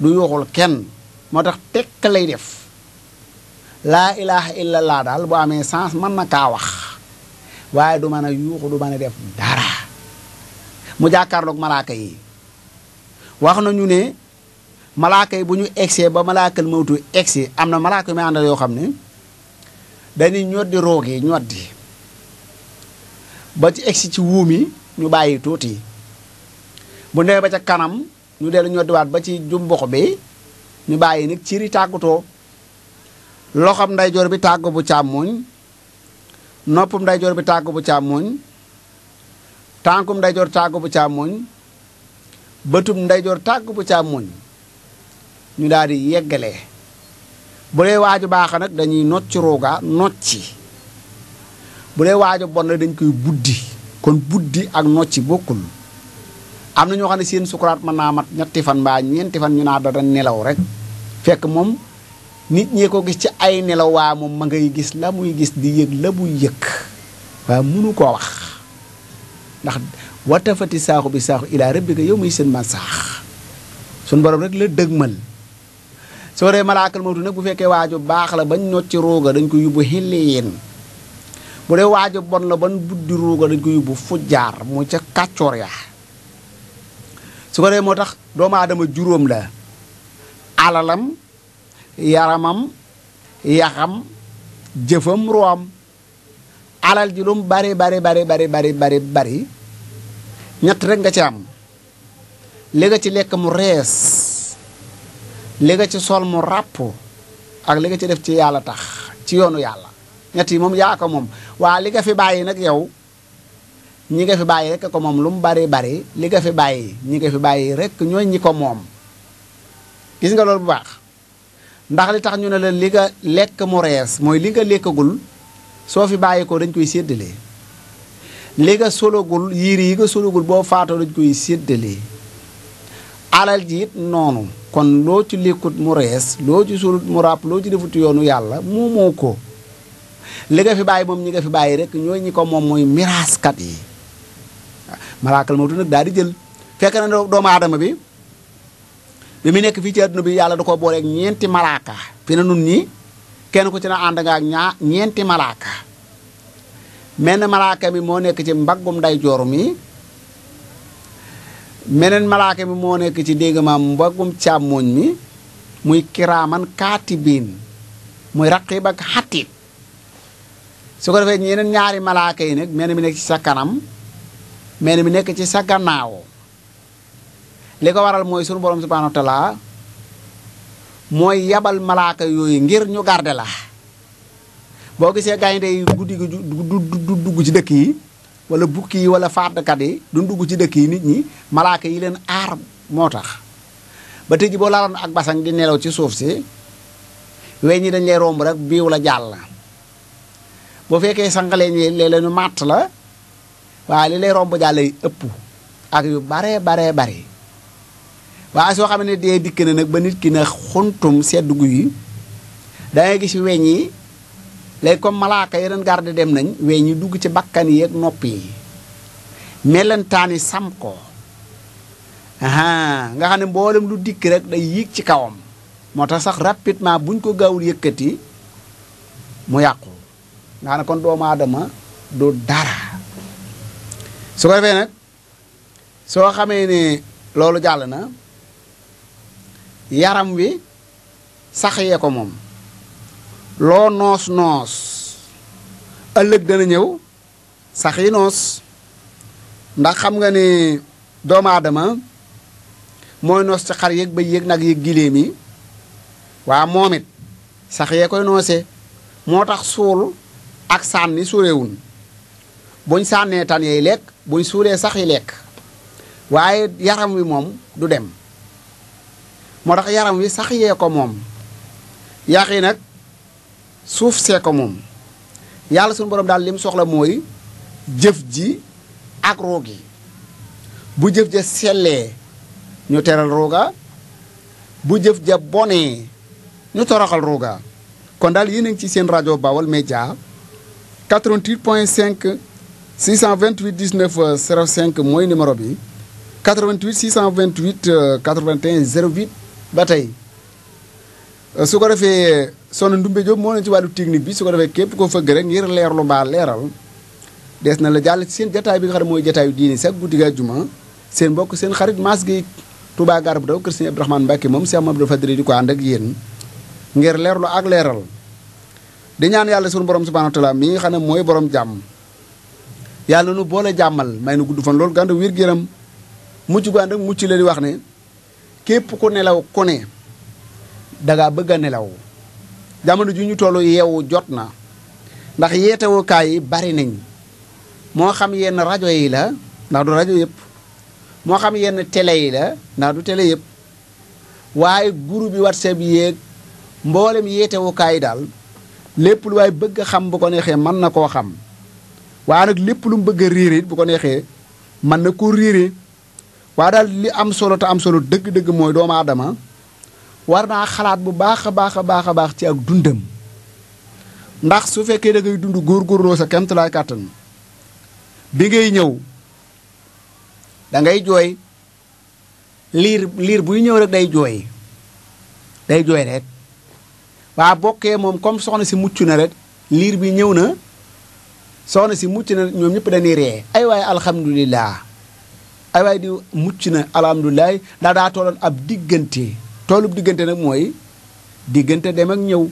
du yuuxul kenn moo tax tekk lay def laa ilaha illallah daal bu amee sens man na kaa wax waaye du mën a yuuxu du mën a def dara mu jàkkaarloog malaaka yi wax nañu ne malaaka yi bu ñu egsee ba malaakal mawtu egsi am na malaaka yu may àndal yoo xam ne dañuy ñoddi roog yi ñoddi ba ci egsi ci wuum yi ñu bàyyi tuuti bu ndee ba ca kanam ñu dellu ñoddiwaat ba ci jumbox bi ñu bàyyi nag ciri tàggatoo loxoom ndeyjoor bi tàggu bu càmmoñ noppum ndeyjoor bi tàggu bu càmmoñ tànkum ndeyjoor tàggu bu càmmoñ bëtum ndeyjoor tàggu bu càmmoñ ñu daal di yeggalee bu dee waaju baax nag dañuy nocc ruuga nocci bu dee waaju bon nag dañ koy buddi kon buddi ak nocci bokkul am na ñoo xam ne seen sukuraat mën naa mat ñetti fan mbaa ñeenti fan ñu naa dara nelaw rek fekk moom nit ñee ko gis ci ay nelaw waa moom ma ngay gis la muy gis di yëg la muy yëg waa mënu ko wax ndax watafati saaxu bi saaxu ilaa rabbika yow muy seen man saax suñ borom rek la dëgmal soo dee malaakal mawtu nag bu fekkee waaju baax la bañ nocc ruuga dañ ko yóbbu xilliyin bu dee waaju bon la ban buddi ruuga dañ ko yóbbu jaar mu ca kàccoor ya su ko dee moo tax doomu adama juróom la alalam yaramam yaxam jëfam ruwam alal ji lu mu bari bari bari bari bari bari bari ñett rek nga ci am li nga ci lekk mu rees li nga ci sol mu ràpp ak li nga ci def ci yàlla tax ci yoonu yàlla ñett yi moom yaa ko moom waa li nga fi bàyyi nag yow ñi nga fi bàyyi rek ko moom lu mu bari bari li nga fi bàyyi ñi nga fi bàyyi rek ñooy ko moom gis nga loolu bu baax ndax li tax ñu ne la li nga lekk mu rees mooy li nga lekkagul soo fi bàyyi ko dañ koy séddale li nga sologul yiir yi nga sologul boo faatoo dañ koy séddale alal ji it noonu kon loo ci lekkut mu rees loo ci sulut mu ràpp loo ci defut yoonu yàlla moomoo ko li nga fi bàyyi moom ñi nga fi bàyyi rek ñooy ñi ko moom mooy miraaskat yi malaakal moo nag daal di jël fekk na doomu aadama bi bi mu nekk fii ci àdduna bi yàlla du ko booleek ñeenti malaaka fi na nun ñi kenn ku ci na ànd nga ak ñaa ñeenti malaaka menn malaaka mi moo nekk ci mbaggum day joor meneen malaaka mi moo nekk ci dégg maam mbagum càmmooñ mi muy kiraaman kaatibiin muy raqiib ak xatiib su ko defee yeneen ñaari malaaka yi nag menn mi nekk ci sa kanam menn mi nekk ci sa gannaaw li ko waral mooy sunu borom subhaanahu wa mooy yabal malaaka yooyu ngir ñu garde la boo gisee gaynde yi guddi gi dugg ci dëkk yi wala bukki yi wala fàttkat yi du dugg ci dëkk yi nit ñi malaaka yi leen aar moo tax ba tey ji boo laaloon ak basang di nelaw ci suuf si weñ ñi dañ lay romb rek biiw la jàll boo fekkee sangalee ñi léeg-léeg ñu màtt la waaye li lay romb jàll yi ëpp ak yu baree baree bare waaye soo xam ne dee dikk na nag ba nit ki na xuntum sedd gu dangay gis weñ yi léegi comme malaaka yeneen garde dem nañ we ñu dugg ci bakkan yi ak nopp yi melentaan sam ko aha nga xam ne mboolem lu dikk rek day yéeg ci kawam moo tax sax rapidement buñ ko gaawul yëkkati mu yàqu nga xam ne kon doomu adama du dara su ko defee nag soo xamee ne loolu jàll na yaram wi sax yee ko moom loo noos noos ëllëg dana ñëw sax yi noos ndax xam nga ne doomu aadama mooy noos ci xar yéeg ba yéeg nag yéeg giléem yi waa moomit sax yee koy noose moo tax suul ak sànni suurewun buñ sànnee tan yey lekk buñ suulee sax yi lekk waaye yaram wi moom du dem moo tax yaram wi sax yee ko moom yax yi nag suuf see ko moom yàlla suñu borom daal lim soxla mooy jëf ji ak roog bu jëf ja sellee ñu teral rooga bu jëf ja bonee ñu toroxal rooga kon daal yéen a ngi ci seen rajo Baol Média 88 point 5 628 19 mooy numéro bi 88 628 81 08 ba tey Euh, su ko defee Soxna Ndumbe Diop moo leen ci wàllu technique bi su ko defee képp koo fëgg rek ngir leerlu mbaa leeral des na la jàll ci seen jataay bi nga xam ne mooy jataayu diini sax guddi ga juma seen mbokk seen xarit Mass Gueye Touba Gare bu Daw kër moom Cheikh Mamadou Fadri di ko ànd ak yéen ngir leerlu ak leeral di ñaan yàlla sunu borom subhanahu wa taala mi nga xam ne mooy borom jàmm yàlla nu boole jàmmal may nu gudd fan loolu gànd wér-gu-yaram mucc gànd mucc la di wax ne képp ku nelaw ku ne dangaa bëgg nelaw jamono ju ñu toll yeewu jot na ndax yeetewukaay yi bari nañ moo xam yenn rajo yi la ndax du rajo yëpp moo xam yenn télé yi la ndax du télé yëpp waaye groupe bi whatsapp yéeg mboolem yeetewukaay yi daal lépp lu waay bëgg xam bu ko neexee mën na koo xam waaye nag lépp lu mu bëgg a bu ko neexee mën na ko réere waa daal li am solo te am solo dëgg-dëgg mooy doomu aadama war naa xalaat bu baax a baax a baax a baax ci ak dundam ndax su fekkee da ngay dund góorgóorloo sa kemtulaay kàttan bi ngay ñëw dangay ngay jooy liir liir buy ñëw rek day jooy day jooy rekk waa bokkee moom comme soxna si mucc na rekk liir bi ñëw na soxna si mucc na ñoom ñëpp dañuy ree ay waay alhamdulilah ay waaye di mucc na alhamdulilah daa daa tolloon ab diggante toolub diggante nag mooy diggante dem ak ñëw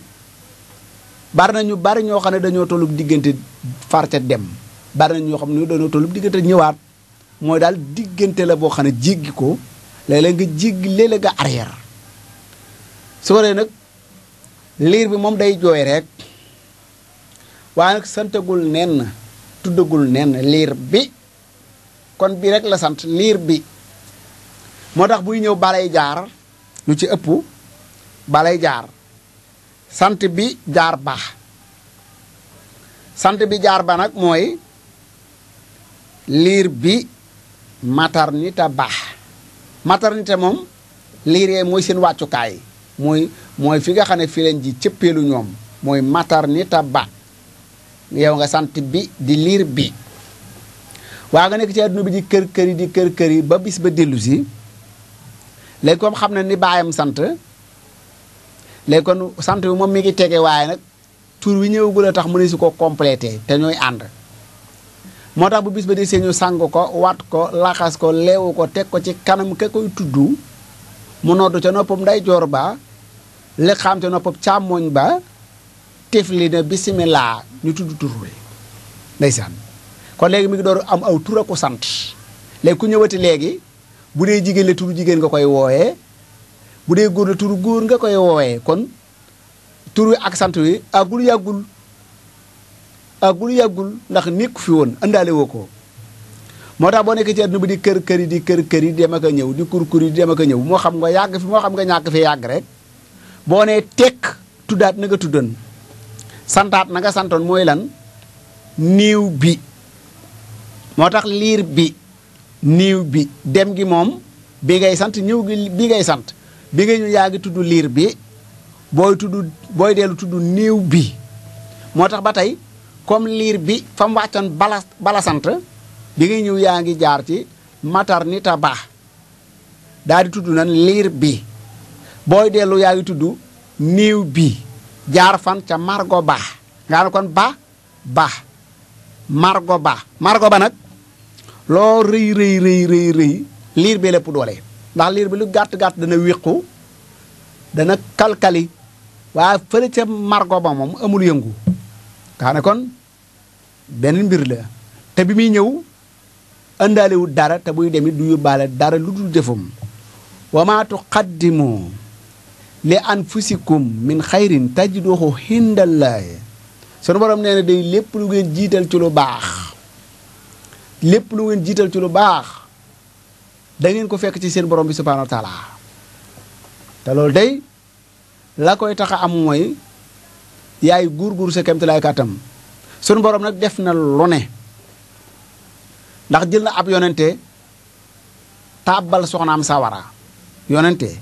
bari na ñu bari ñoo xam ne dañoo tollub diggante far ca dem bari na ñoo xam ne dañoo tollub diggante ñëwaat mooy daal diggante la boo xam ne jéggi ko léeg-léeg nga jéggi léeg-léeg nga arrière su ko defee nag liir bi moom day jooy rekk waaye nag santagul nenn tuddagul nenn liir bi kon bi rek la sant liir bi moo tax buy ñëw balay jaar lu ci ëpp balay jaar sant bi jaar ba sant bi jaar ba nag mooy liir bi maternité baax maternité moom liir yee mooy seen wàccukaay mooy mooy fi nga xam ne fi leen ji cëppeelu ñoom mooy maternité ba yow nga sant bi di liir bi waa nga nekk ci àdduna bi di kër kër di kër kër yi ba bis ba dellu léegi comme xam na ni baayam sant léegi kon sant bi moom mi ngi tege waaye nag tur wi ñëwagul a tax mu ne si ko complété te ñooy ànd moo tax bu bis ba di see ñu sang ko wat ko laxas ko leewu ko teg ko ci kanam ka koy tudd mu noddu ca noppam nday joor ba léegi xam ca noppam càmmoñ ba tifli na bisimilah ñu tudd tur wi ndeysaan kon léegi mi ngi door am aw tur a ko sant léegi ku ñëwati léegi bu dee jigéen la turu jigéen nga koy wooyee bu dee góor la turu góor nga koy wooyee kon wi ak sant wi àggul yàggul àggul yàggul ndax nekku fi woon andaale woo ko moo tax boo nekkee ci àdduna bi di kër kër yi di kër kër yi di dem ak a ñëw di kur kur di dem ak a ñëw moo xam nga yàgg fi moo xam nga ñàkk fi yàgg rek boo nee tekk tuddaat na nga tuddoon santaat na nga santoon mooy lan niiw bi moo tax liir bi niiw bi dem gi moom bi ngay sant ñëw gi bi ngay sant bi nga ñu yaa ngi tudd liir bi booy tudd booy dellu tudd niiw bi moo tax ba tey comme liir bi fam mu wàccoon bala bala sant bi ngay ñëw yaa ngi jaar ci matar ni ta baax tudd na liir bi booy dellu yaa ngi tudd niiw bi jaar fan ca margo baax nga ne kon baax baax margo baax margo ba nag loo rëy rëy rëy liir bi lépp doole ndax liir bi lu gàtt gàtt dana wéqu dana kalkali waaye fële ca margo ba moom amul yëngu nga kon benn mbir la te bi muy ñëw ëndaalewul dara te buy demit du yóbbaale dara lu dul jëfam wa maa tuqaddimu li anfusikum min xayrin tajiduhu hindallaahi sunu borom nee na day lépp lu ngeen jiital ci lu baax lépp lu ngeen jiital ci lu baax da ngeen ko fekk ci seen borom bi subhaanahu wa taala te loolu day la koy tax a am mooy yaay guur-guur sa kem lay kàttam sunu borom nag def na lu ne ndax jël na ab yonente tàbbal soxnaam sawara yonente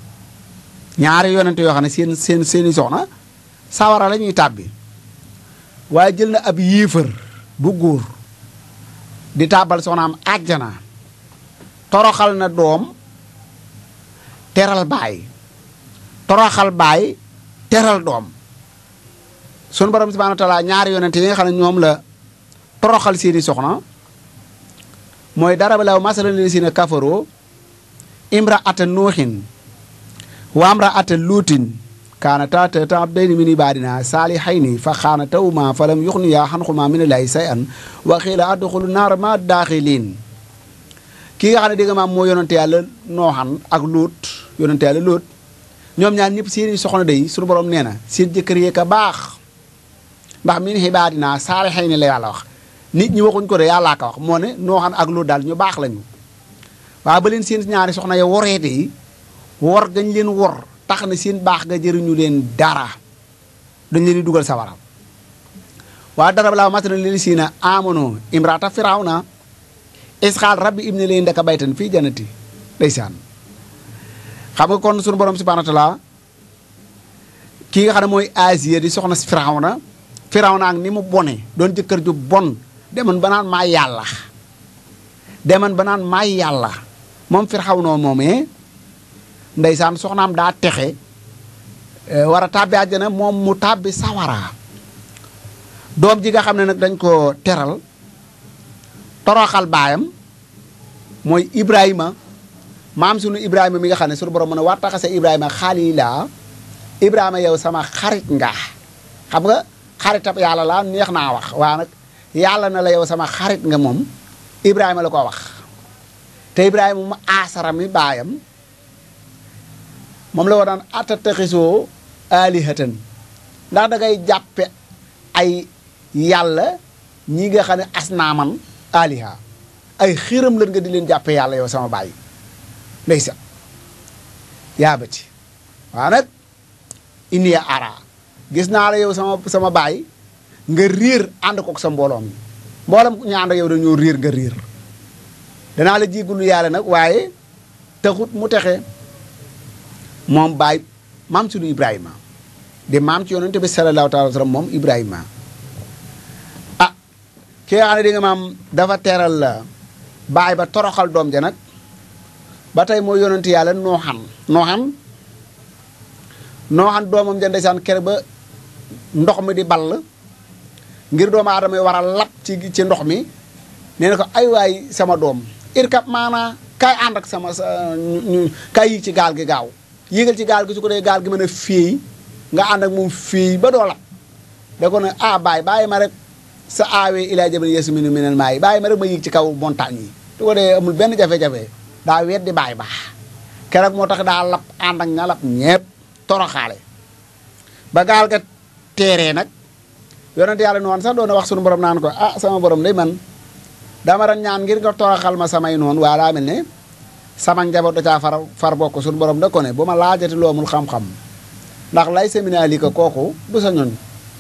ñaari yonente yoo xam ne seen seen seeni soxna sawara lañuy ñuy tàbbi waaye jël na ab yéefar bu guur di tàbbal soxnaam àjjana toroxal na doom teral baay toroxal baay teral doom sunu borom subhanahu wa taala ñaari yonente yi nga xam ñoom la toroxal seeni soxna mooy daraba law masalan li sina kafaro imra ata nooxin wa amra ata luutin kaanataa tata abdayni min ibaadina saalihayni fa xaanatahuma falam yuxniyaa xanxumaa min allaahi shay'an wa qiila adxulu naara ma daaxiliin kii nga xam ne dégg nga maam moo yonante yàlla nooxan ak lóot yonante yàlla lóot ñoom ñaar ñëpp seeni soxna day suñu borom nee na seen jëkkër yee ka baax ndax min ibaadina saalihayni la yàlla wax nit ñi waxuñ ko de yàllaa ko wax moo ne nooxan ak lóot daal ñu baax lañu waa ba leen seen ñaari soxna ya woreete yi wor gañ leen tax na seen baax nga jëriñu leen dara dañ leen di dugal sawara waa dara balaa matana lil si na amono imrata firawna isxaal rabbi ibni leen daka baytan fii janati ndeysaan xam nga kon sunu borom subhanahu wa taala kii nga xam ne mooy Asiya di soxna firawna firawna ak ni mu bone doon jëkkër ju bon demoon ba naan maa yàlla demoon ba naan maa yàlla moom firawna moomee ndeysaan soxnaam daa texe eh, war a tàbbi àjjana moom mu tàbbi sawara doom ji nga xam ne nag dañ koo teral toroxal baayam mooy Ibrahima maam sunu Ibrahima mi nga xam ne sunu borom mën a war taxase Ibrahima xaalila Ibrahima yow sama xarit nga xam nga xaritab yàlla laa neex naa wax waaye nag yàlla na la yow sama xarit nga moom Ibrahima la ko wax te Ibrahima mu aasara mi baayam moom la war naan atattaxisoo aalihatan ndax da jàppe ay yàlla ñi nga xam ne asnaaman aaliha ay xiiram lan nga di leen jàppe yàlla yow sama baay bàyyi ndeysa yaabati waaw nag inni ara gis naa la yow sama sama baay nga riir ànd kook sa mbooloo mi mbooloom ñu ànd yow dañoo riir nga riir danaa la jéggalu yàlla nag waaye taxut mu texe moom baay maam sunu Ibrahima di maam ci yonente bi sallallahu taala wa sallam moom Ibrahima ah ki nga xam maam dafa teeral la baay ba toroxal doom ja nag ba tey moo yonente yàlla nooxan nooxan nooxan doomam ja ndeysaan kër ba ndox mi di ball ngir doomu aadama yi war a lab ci ndox mi nee ko ay waay sama doom irkab maanaa kaay ànd ak sama sa kaay ci gaal gi gaaw yéegal ci gaal gi su ko dee gaal gi ma a fii nga ànd ak moom fii ba doola da ko ne ah baay bàyyi ma rek sa aawee ilaa jabal yasminu minal maayi bàyyi ma rek ma yéeg ci kaw montagne yi su ko dee amul benn jafe-jafe daa weddi di baay baax keroog moo tax daa lab ànd ak ña lab ñepp toroxaale ba gaal ga teeree nag yonent yàlla noon sax doon wax sunu borom naan ko ah sama borom day man dama ran ñaan ngir nga toroxal ma samay noon waa daa mel ne sama njaboot da caa far far bokk suñu borom da ko ne bu ma laajati loomul xam-xam ndax lay séminaire yi ko kooku du sa ñoñ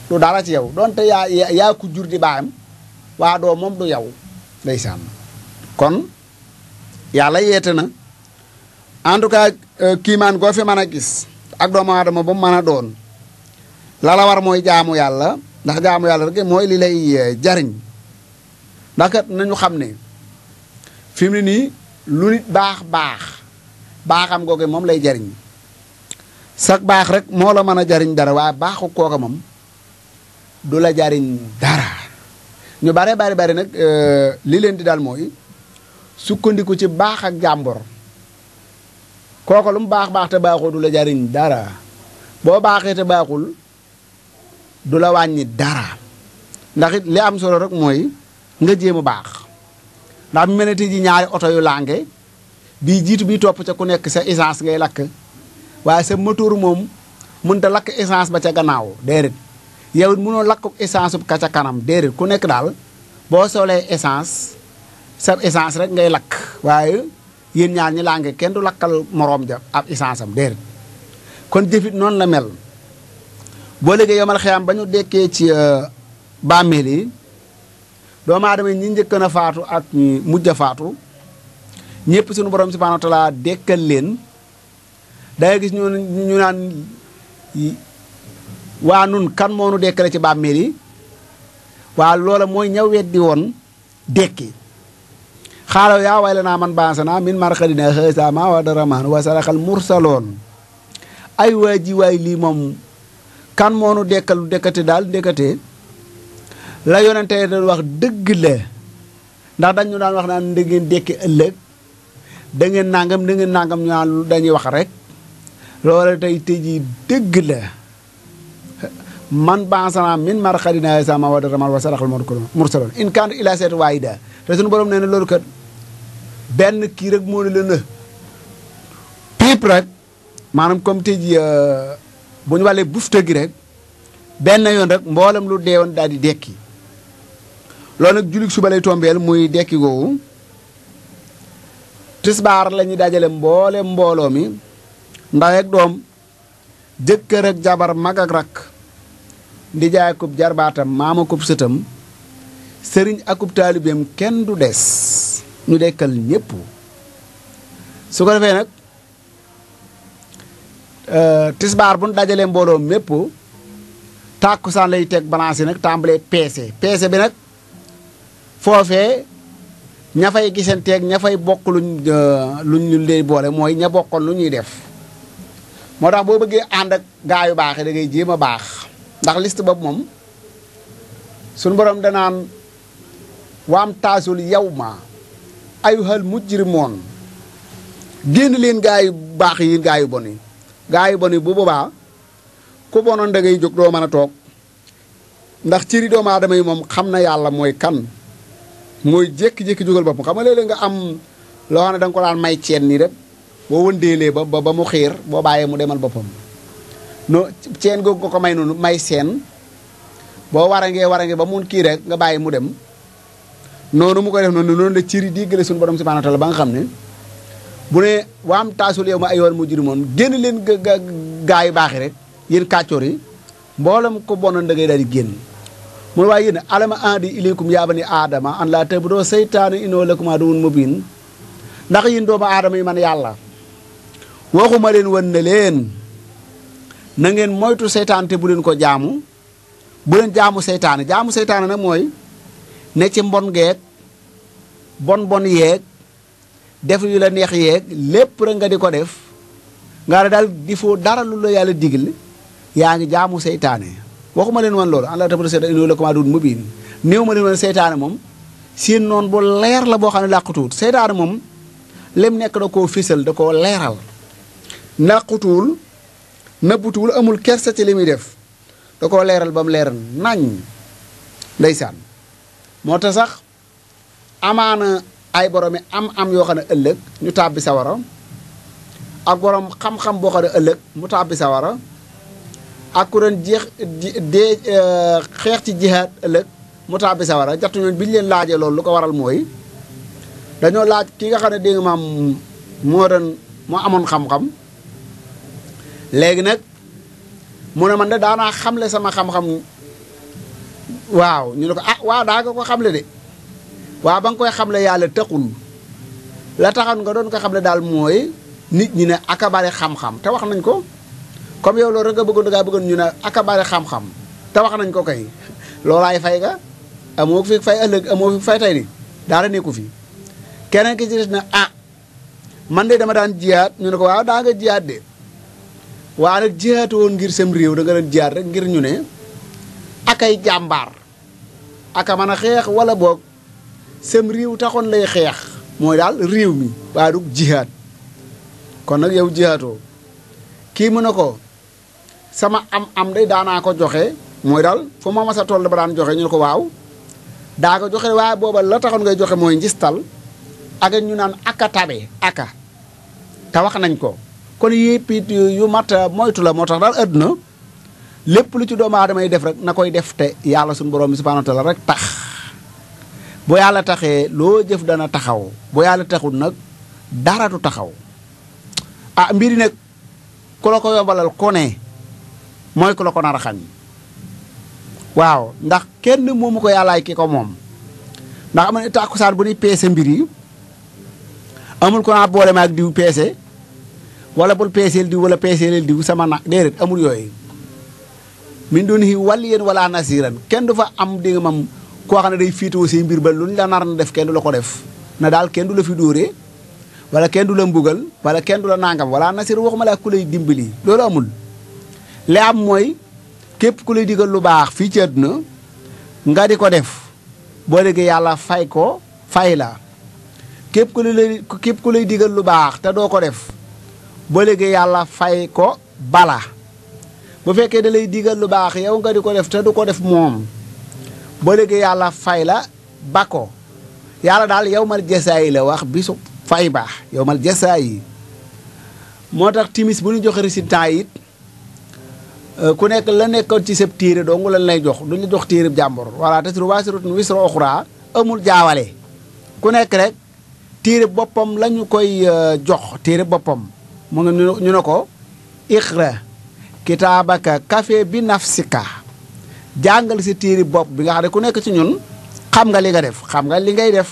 lu dara ci yow donte yaa yaa ku jur di baayam waa doo moom du yow ndeysaan kon yàlla yeete na en tout cas euh, kiimaan koo fi man a gis ak doomu aadama ba mu mën a doon la la war mooy jaamu yàlla ndax jaamu yàlla rek mooy li lay euh, jariñ ndax nañu xam ne fi mu nii lu nit baax baax baaxam googu moom lay jariñ sax baax rek moo la mën a jariñ dara waaye baaxu kooka moom du la jariñ dara ñu bare bari bari nag euh, li leen di daal mooy sukkandiku ci baax ak jàmbor kooka lu mu baax baax te baaxul du la jariñ dara boo baaxee te baaxul du la wàññi dara ndaxit li am solo rek mooy nga jéem a baax ndax mu mel ne tey ñaari oto yu lànge bii jiitu bii topp ca ku nekk sa essence ngay lakk waaye sa moteur moom mënut a lakk essance ba ca gannaaw déedéet yow it mënoo lakk essence ka ca kanam déedéet ku nekk daal boo soolee essance sa essence rek ngay lakk waaye yéen ñaar ñi lànge kenn du lakkal moroom ja ab essence am déedéet kon jëfit noonu la mel boo léegi yomal xiyam ba ñu dekkee ci euh, bàmmeel yi doomu aadama yi ñi njëkkoon a faatu ak mujj a faatu ñëpp suñu borom subhaanahu wa taala dekkal leen dangay gis ñu naan waa nun kan moo nu dekkale ci bàmmeel yi waa loola mooy ña weddi woon dekki xaalaw yaa way naa man bansana min marxadina xëysama wa daraman wa saraxal mursaloon ay waa ji waay lii moom kan moo nu dekkal dekkate daal dekkate la yonente doon wax dëgg la ndax dañu daan wax naan da ngeen ëllëg da ngeen nangam da ngeen nangam ñu naan dañuy wax rek loola tey tey jii dëgg la man bansana min marxadina sama wa daramal wa saraxal mursaloon in kaanu ila seet waayida te suñu borom nee na loolu kat benn kii rek moo ne leen na piip rek maanaam comme tey jii euh, bu ñu wàllee bufta gi rek benn yoon rek mboolam lu deewoon daal di dekki loolu nag jullit suba lay tombeel muy dekki googu tisbaar la dajale mboole mbooloo mi ndaw doom jëkkër ak jabar mag rakk di jaay kub jarbaatam maama kub sëtam sëriñ akub taalibeem kenn du des ñu dekkal ñépp su ko defee nag euh, tisbaar bu nu dajalee mbooloo mépp tàkkusaan lay teg balance yi nag tàmbalee peese peese bi nag foofee ña fay gisanteeg ña fay bokk luñ euh, luñ luñ lay boole mooy ña bokkoon lu ñuy def moo tax boo bëggee ànd ak gaa yu baax yi da ngay jéem a baax ndax list ba moom suñu borom danaan waam taasul yow ma ayuhal mujrimoon génn leen gaa baax yi gaa yu bon yi gaa yu bon yi bu boobaa ku bonoon da ngay jóg doo mën a toog ndax cëri doomu aadama yi moom xam na yàlla mooy kan mooy jékki-jékki jógal boppam xam nga léeg-léeg nga am loo xam ne danga ko daan may ceen nii rek boo wëndeelee ba ba mu xiir boo bàyyee mu demal boppam no ceen googu ko may noonu may seen boo warangee warangee ba mun kii rek nga bàyyi mu dem noonu mu koy def noonu noonu la ci di gële suñu borom subhanahu wa taala ba nga xam ne bu ne waam taasul yow ma ay yoon mu jurimoon génn leen gaa yu baax yi rek yéen kàccoor yi mboolam ko bonoon da ngay daal di génn mun waaye yéen alama andi ilaykum yaa bani aadama an laa tabudoo seytaane inoo lakum aduwwun mubiin ndax yéen doomu aadama yi man yàlla waxuma leen wan ne leen na ngeen moytu seytaane te bu leen ko jaamu bu leen jaamu seytaane jaamu seytaane nag mooy ne ci mbon geeg bon bon yeeg def yu la neex yeeg lépp rek nga di ko def nga daal di foo dara lu la yàlla digal yaa ngi jaamu seytaane waxuma leen woon loolu an la tama seetaan innahu lakum aduwwun mubiin néew ma leen woon seytaane moom seen noon bu leer la boo xam ne làqutuwut seytaane moom lem nekk da koo fisal da koo leeral nàqutuwul nëbbutuwul amul kersa sa li muy def da koo leeral ba mu leeral nañ ndeysaan moo tax sax amaana ay borom yi am am yoo xam ne ëllëg ñu tàbbi sawara ak borom xam-xam boo xam ne ëllëg mu tàbbi sawara ak ku doon jeex de eh, xeex ci jihaad ëllëg mu tàbbi sawara jattu ñooñ bi leen laajee loolu lu ko waral mooy dañoo laaj ki nga xam ne dégg nga maam moo doon moo amoon xam-xam léegi nag mu ne man de daanaa xamle sama xam-xam waaw ñu ne ko ah waa daa nga ko xamle de waaw ba nga koy xamle yàlla taxul la taxan nga doon ko xamle daal mooy nit ñi ne akabare xam-xam te wax nañ ko comme yow loolu rek nga bëggoon ngaa bëggoon ñu ne ak a bari xam-xam te wax nañ ko kay loolaay fay ga amoo fi fay ëllëg amoo fi fay tey di daara nekku fi keneen ki ci na ah, man de dama daan jiyaat ñu ne ko waaw daa nga de waa nag jiyaatu ngir sem réew da nga doon rek ngir ñu ne akay jàmbaar aka mën a xeex wala boog sem réew taxoon lay xeex mooy daal réew mi waa du jiyaat kon nag yow jiyaatoo kii mu ne ko sama am-am day daanaa ko joxe mooy daal foo ma mas a toll ba daan joxe ñu ne ko waaw daa ko joxe waaye booba la taxoon ngay joxe mooy njistal ak ñu naan aka tabe aka te nañ ko kon yëpp yu mat moytu la moo tax daal àdduna lépp lu ci doomu aadama yi def rek na koy def te yàlla suñu borom bi subhaanahu wa taala rek tax boo yàlla taxee loo jëf dana taxaw bu yàlla taxul nag dara du taxaw ah mbiri nag ku la ko yombalal kone ne mooy ku la ko nar a xañ waaw ndax kenn moomu ko yàllaay ki ko moom ndax am na tàkkusaan bu ñuy peese mbir yi amul ko naa boole ma ak diw peese wala bul peeseel diw wala peeseeleel diw sama na déedéet amul yooyu min doon hi wàll yéen wala nasiran kenn du fa am di mam koo xam ne day fiitoo say mbir ba lu ñu la nar na def kenn du la ko def na daal kenn du la fi dóoree wala kenn du la mbugal wala kenn du la nangam wala nasir waxuma la ku lay dimbali loolu amul li am mooy képp ku lay digal lu baax fii ci àdduna nga di ko def boo déggee yàlla fay ko fay la képp ku lay képp ku lay digal lu baax te doo ko def boo déggee yàlla fay ko bala bu fekkee da lay digal lu baax yow nga di ko def te du ko def moom boo déggee yàlla fay la ba ko yàlla daal yow mal jasaay la wax bisu fay baax yow mal jasaay yi moo tax timis bu ñu joxe résultat it Euh, ku nekk la nekkoon ci sab téere dong lan lay jox duñ la jox téere jàmbur wala tasiru waasiratun wisra uxraa amul jaawale ku nekk rek téere boppam la ñu koy euh, jox téere boppam mu ngi ñu ne ko iqra kitaabaka kafe bi nafsika jàngal si téere bopp bi nga xam ne ku nekk ci ñun xam nga li nga def xam nga li ngay def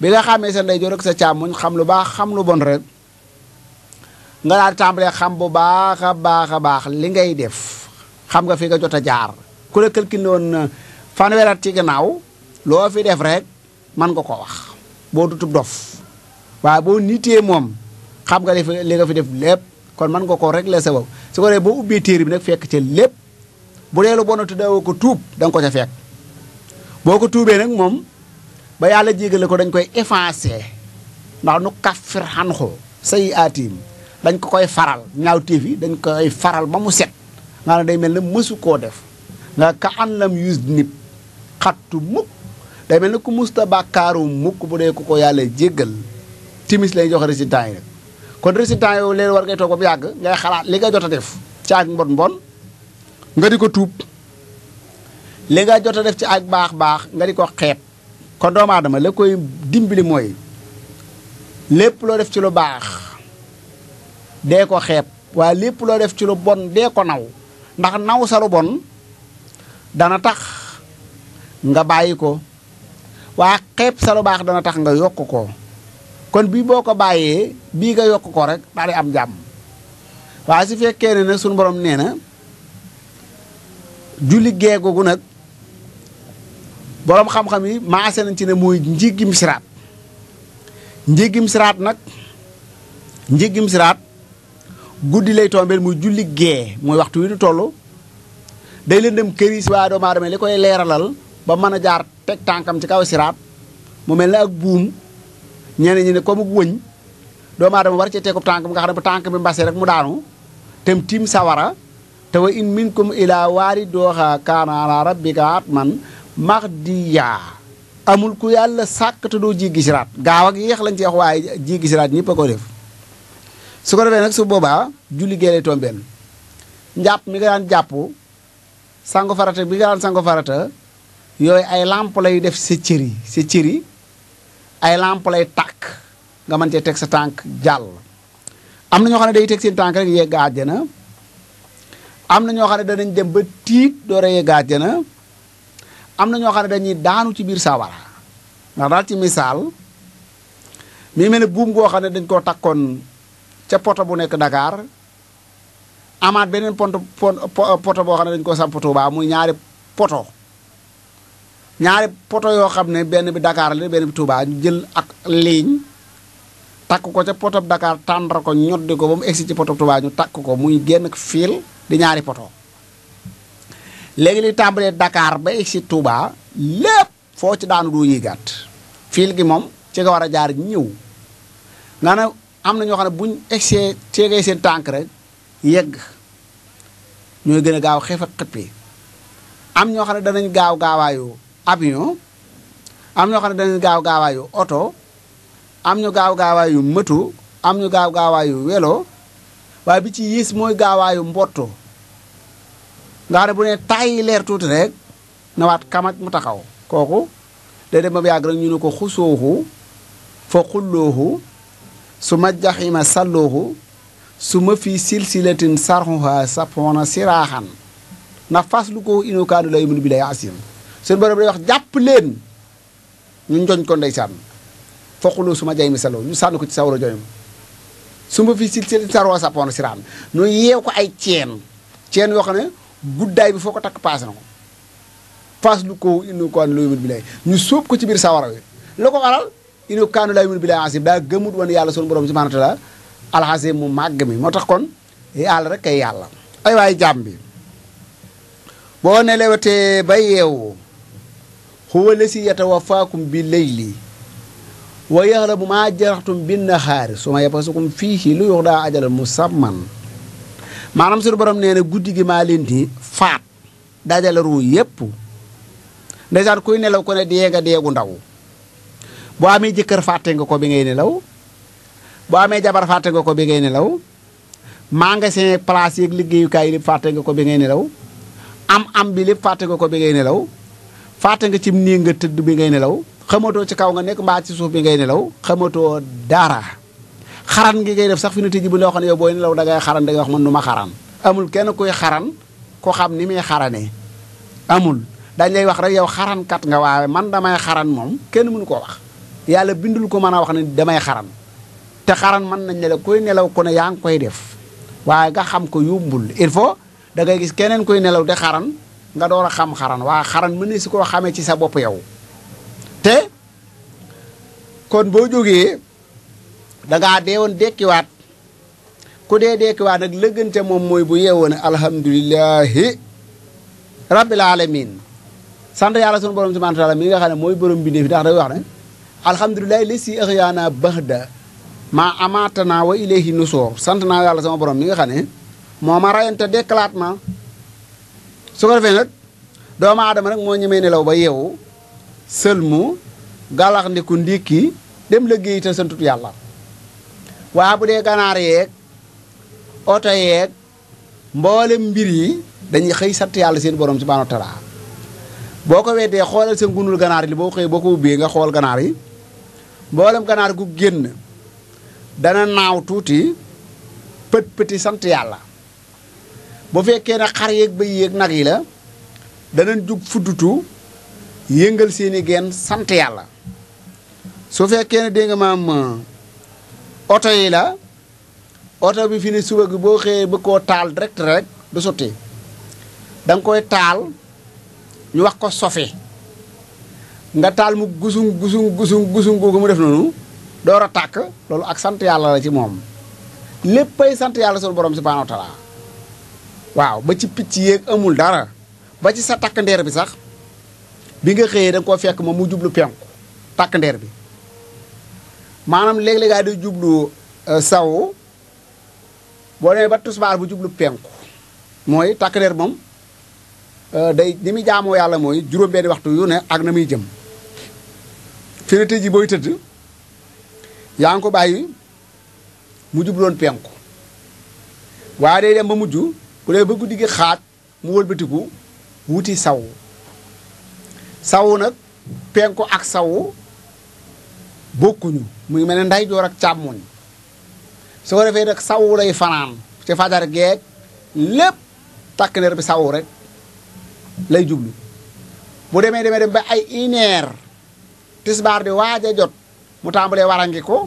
bi nga xamee sa ndeyjoor ak sa càmmoñ xam lu baax xam lu bon rek nga daal tàmbalee xam bu baax a baax a baax li ngay def xam nga fi nga jot a jaar ku la calculé woon euh, fanweer at ci gannaaw loo fi def rek mën nga ko wax boo dutub dof waaye boo nitee moom xam nga li nga fi def lépp kon mën nga koo rek la bopp su ko defee boo ubbee téere bi nag fekk ca lépp bu dee lu bon tuddee ko tuub da nga ko ca fekk boo ko tuubee nag moom ba yàlla jégale ko dañ koy effacer ndax nu kaffir xanxu say aatim dañ ko koy faral ñaawteef yi dañ koy faral ba mu set nga ne day mel ne mësu koo def nga ka ànlam us nib xattu mukk day mel ne ku musta bàkkaaru mukk bu dee ko ko yàlla jéggal timis lay jox résultat yi rek kon résultat yow leen war ngay toog ba mu yàgg ngay xalaat li nga jot a def ci ak mbon mbon nga di ko tuub li nga jot a def ci ak baax baax nga di ko xeet kon doomu aadama la koy dimbali mooy lépp loo def ci lu baax dee ko xeeb waa lépp loo def ci lu bon dee ko naw ndax naw sa lu bon dana tax nga bàyyi ko waa xeeb sa lu baax dana tax nga yokk ko kon bii boo ko bàyyee bii nga yokk ko rek daal am jàmm waaye su fekkee ne nag suñu boroom nee na julli gee googu nag boroom xam-xam yi maase nañ ci ne muy njéggim siraat njéggim siraat nag njéggim siraat guddi lay tombeel muy julli gee mooy waxtu wi du toll day leen dem këris waa doomu li koy leeralal ba mën a jaar teg tànkam ci kaw siraat mu mel ne ak buum ñeneen ñi ne comme wëñ doomu aadama war cee teekub tànkam nga xam ne bu tànk bi mbasee rek mu daanu tem tiim sawara te wa in minkum ilaa waari dooxa kaana ala rabbika atman mahdiya amul ku yàlla sàkk te doo jéggi siraat gaaw ak yéex lañ ci wax waaye jéggi siraat ñëpp ko def su ko defee nag su boobaa julli gee lay tombeel njàpp mi nga daan jàpp sangu farata bi nga daan sangu farata yooyu ay lamp lay def sa cër yi sa cër yi ay lamp lay tàkk nga mën cee teg sa tànk jàll am na ñoo xam ne day teg seen tànk rek yegg àjjana am na ñoo xam ne danañ dem ba tiit door a yegg àjjana am na ñoo xam ne dañuy daanu ci biir sawara ndax daal ci misaal mi mel ne buum goo xam ne dañ koo takkoon ca poto bu nekk Dakar amaat beneen pont poto boo xam ne dañ ko samp Touba muy ñaari poto ñaari poto yoo xam ne benn bi Dakar la benn bi Touba ñu jël ak liiñ takk ko ca poto bi dakaar ko ñoddi ko ba mu egsi ci poto Touba ñu takk ko muy génn fiil di ñaari poto léegi li tàmbalee Dakar ba egsi Touba lépp foo ci daanu du ñuy fiil gi moom ci nga war a jaar ñëw nga am na ñoo xam ne buñ egsee teegee seen tànk rek yegg ñooy gën a gaaw xeef ak am ñoo xam ne danañ gaaw gaawaayu avion am ñoo xam ne danañ gaaw gaawaayu oto am ñu gaaw gaawaayu moto am ñu gaaw gaawaayu welo waaye bi ci yées mooy gaawaayu mbotto nga xam ne bu ne tàyyi leer tuuti rek nawaat kamaj mu taxaw kooku day dem ba yàgg rek ñu ne ko xusooxu fa xullooxu su ma jaxima salloohu su ma fii silsilatin sarxuha sapoona siraaxan na faslu ko inokaanu la yumun bi lay asim seen borom day wax jàpp leen ñu njoñ ko ndeysaan foquloo su ma jaxima salloohu ñu sànn ko ci sawara joñom su ma fii silsilatin sarxuha sapoona siraaxan ñu yeew ko ay ceen yoo xam ne guddaay bi foo ko takk paase na ko faslu ko inokaanu la yumun bi lay ñu sóob ko ci biir sawara wi ko waral inu kaanu laa yumin billahi asim daa gëmut woon yàlla sunu borom subhanahu wa taala alxasim mu màgg mi moo tax kon yàlla rek kay yàlla ay waay jàmm bi boo nelewatee ba yeewu huwa lasi yatawafaakum bi leyli wa yaxlamu maa jaraxtum bi naxaari su ma yabasukum fiihi lu yox daa ajalal musamman maanaam sunu borom nee guddi gi maa leen di faat dajale ruu yépp ndeysaan kuy nelaw ko ne dee nga deegu ndaw boo amee jëkkër fàtte nga ko bi ngay nelaw boo amee jabar fàtte nga ko bi ngay nelaw magasin place yeeg liggéeyukaay yi lépp fàtte nga ko bi ngay nelaw am am bi lépp fàtte nga ko bi ngay nelaw fàtte nga cim nii nga tëdd bi ngay nelaw xamatoo ci kaw nga nekk mbaa ci suuf bi ngay nelaw xamatoo daara xaran ngi ngay def sax fi na tëji bu la waxoon yow booy nelaw dangay xaran da ngay wax man nu ma xaran amul kenn koy xaran ko xam ni muy xarane amul dañ lay wax rek yow xarankat nga waaye man damay xaran moom kenn mënu koo wax yàlla bindul ko mën a wax ne damay xaran te xaran mën nañ ne la kuy nelaw ko ne yaa ngi koy def waaye nga xam ko yombul il faut da ngay gis keneen kuy nelaw de xaran nga door a xam xaran waaye xaran mën na si koo xamee ci sa bopp yow te kon boo jógee dangaa deewoon dekkiwaat ku dee dekkiwaat nag lëggante moom mooy bu woon ne alhamdulilahi rabbil alamin sant yàlla sunu borom subhanahu wa taala mi nga xam ne mooy borom bindee fi ndax day wax ne alhamdulilahi li si axyaana baxda maa amaatana wa ilayhi nusoo sant naa yàlla sama borom mi nga xam ne moo ma rayante dekkalaat ma su ko defee nag doomu aadama nag moo ñemee nelaw ba yeewu sëlmu galax ndiku ndikki dem liggéey te santut yàlla waa bu dee ganaar yeeg oto yeeg mboolem mbir yi dañuy xëy sant yàlla seen borom subhanahu wa taala boo ko weddee xoolal sa ngunul ganaar yi li boo xëyee boo ko ubbee nga xool ganaar yi mboolem ganaar gu génn dana naaw tuuti pët pëti sant yàlla bu fekkee na xar yeeg bëy yeeg nag yi la danañ jub fuddutu yëngal seeni geen sant yàlla su fekkee ne dégg nga maam oto yi la oto bi fi ne suba gi boo xëyee ba koo taal direct rek du sotti da koy taal ñu wax ko sofe nga taal mu gusung gusung gusung gusung googu mu def noonu door a tàkk loolu ak sant yàlla la ci moom léppay sant yàlla sunu borom si wa taala waaw ba ci picc yeeg amul dara ba ci sa takk ndeer bi sax bi nga xëyee da koo fekk moom mu jublu penku takk ndeer bi maanaam léeg-léeg day jublu euh, saw boo demee ba tusbaar bu jublu penku mooy takk ndeer moom euh, day ni muy jaamoo yàlla mooy juróom-benni waxtu yu ne ak na muy jëm fi ne tey booy tëdd yaa ngi ko bàyyi mu jubloon penku waaye day dem ba mujj bu dee ba guddi gi xaat mu wëlbatiku wuti saw saw nag penku ak saw bokkuñu muy mel ne nday joor ak càmmoñ su ko defee nag saw lay fanaan ci fajar geeg lépp takk neer bi saw rek lay jublu bu demee demee dem ba ay une tisbaar di waaja jot mu tàmbalee warangi ko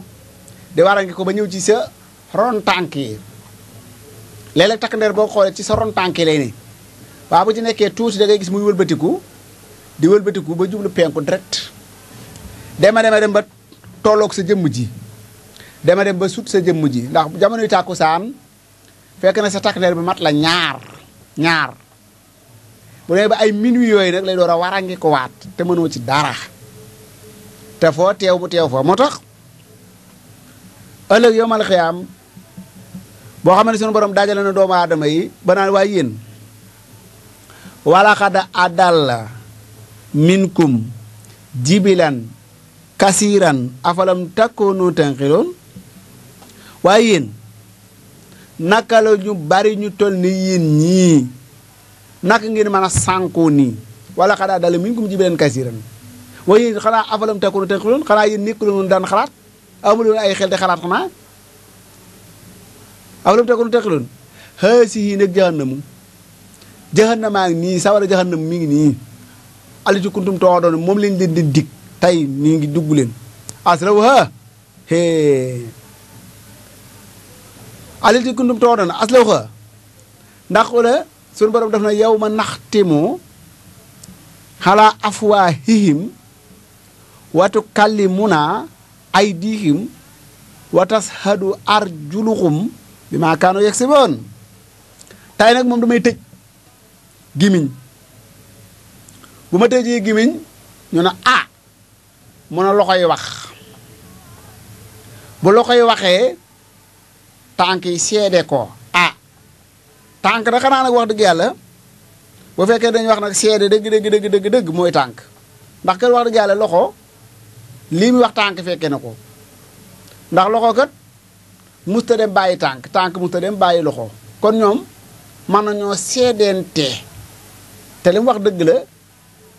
di warangi ko ba ñëw ci sa ron tànk yi léeg-léeg takk boo xoolee ci sa ron tànk yi lay ni waaw bu ci nekkee tuuti da ngay gis muy wëlbatiku di wëlbatiku ba jublu penku direct dema dema dem ba tolloog sa jëmm ji dema dem ba sut sa jëmm ji ndax jamonoy tàkkusaan fekk na sa takk ndeer bi mat la ñaar ñaar bu dee ba ay minuit yooyu nag lay door a warangi ko waat te mënoo ci dara te foo teew bu teew fa moo tax ëllëg yomal xiyaam boo xam ne sunu borom dajale na doomu aadama yi ba naan waay yéen wala xada adalla minkum jibilan kasiiran afalam takkoonu tenqiloon waaye yéen naka la ñu bari ñu toll ni yéen ñii naka ngeen man a sànku nii wala xada adalla minkum jibilan kasiiran waaye xanaa afalam takunu taqiloon xanaa yéen nekku loon daan xalaat amuloon ay xel te xalaat xanaa afalam takunu taqiloon haasihi nag ngi nii sawara jahannam mi ngi nii alati moom lañ leen di dig tey nii ngi dugg leen aslawha hee alati kuntum toodoon aslawha ndax wala sunu borom def na yow ma naxtimu xalaa afwaahihim watu kallimuna aydihim wa tashadu arjuluhum bi maa kaanu yaksiboon tay nag moom damay tëj gimiñ bu ma tëjee gimiñ ñu ne ah mu loxo yi wax bu loxo yi waxee tànk yi seede ko ah tànk na xanaa nag wax dëgg yàlla boo fekkee dañ wax nag seede dëgg dëgg dëgg dëgg mooy tànk ndax kër wax dëgg yàlla loxo lii muy wax tànk fekke ne ko ndax loxo kat musta dem bàyyi tànk tànk musta dem bàyyi loxo kon ñoom mën nañoo seedeente te li mu wax dëgg la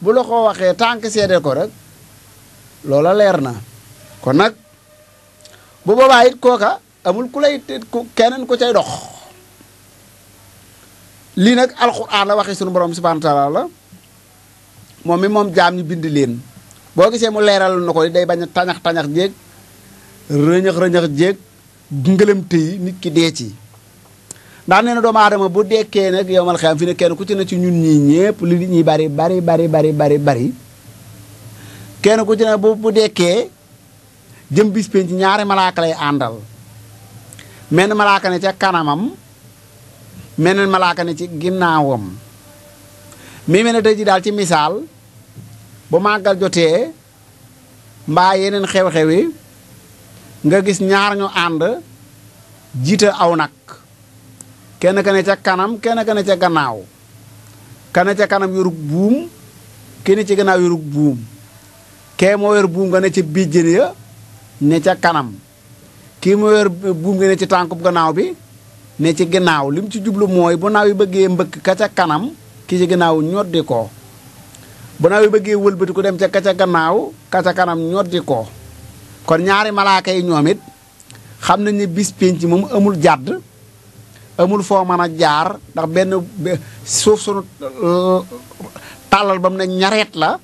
bu loxo waxee tànk seede ko rek loola leer na kon nag bu boobaa kooka amul ku lay keneen ku cay dox lii nag alxuraan la waxee sunu borom subhaanahu wa la moom mi moom jaam ñu bind leen boo gisee mu leeral na ko day bañ a tañax tañax jéeg rëñax rëñax jéeg ngëlëmte nit ki dee ci. ndax nee na doomu aadama bu dekkee nag yow mal xam fi ne kenn ku ci ne ci ñun ñii ñëpp li nit ñi bari bari bari bari bari bari kenn ku ci ne bu bu dekkee jëm bis penc ci ñaari malaaka lay àndal menn malaaka ne ca kanamam meneen malaaka ne ci ginnaawam mi mel ne tey ji daal ci misaal bu màggal jotee mbaa yeneen xew-xew nga gis ñaar ñu ànd jiita aw nag kenn ka ne ca kanam kenn ka ne ca gannaaw ka ca kanam yorug buum ke ne ci gannaaw yorug buum kee moo yor buum nga ne ca bijjën ya ne ca kanam kii moo yor buum nga ne ci tànkub gannaaw bi ne ci gannaaw lim ci jublu mooy bu naaw yi bëggee mbëkk ka ca kanam ki ci gannaaw ñoddi ko bu nawet bëggee wëlbati ku dem ca ka ca ka ca kanam ñoddi ko kon ñaari malaaka yi ñoom it xam nañ ne bis pénc moom amul jàdd amul foo mën a jaar ndax benn suuf sunu euh, tàllal ba mu ne ñareet la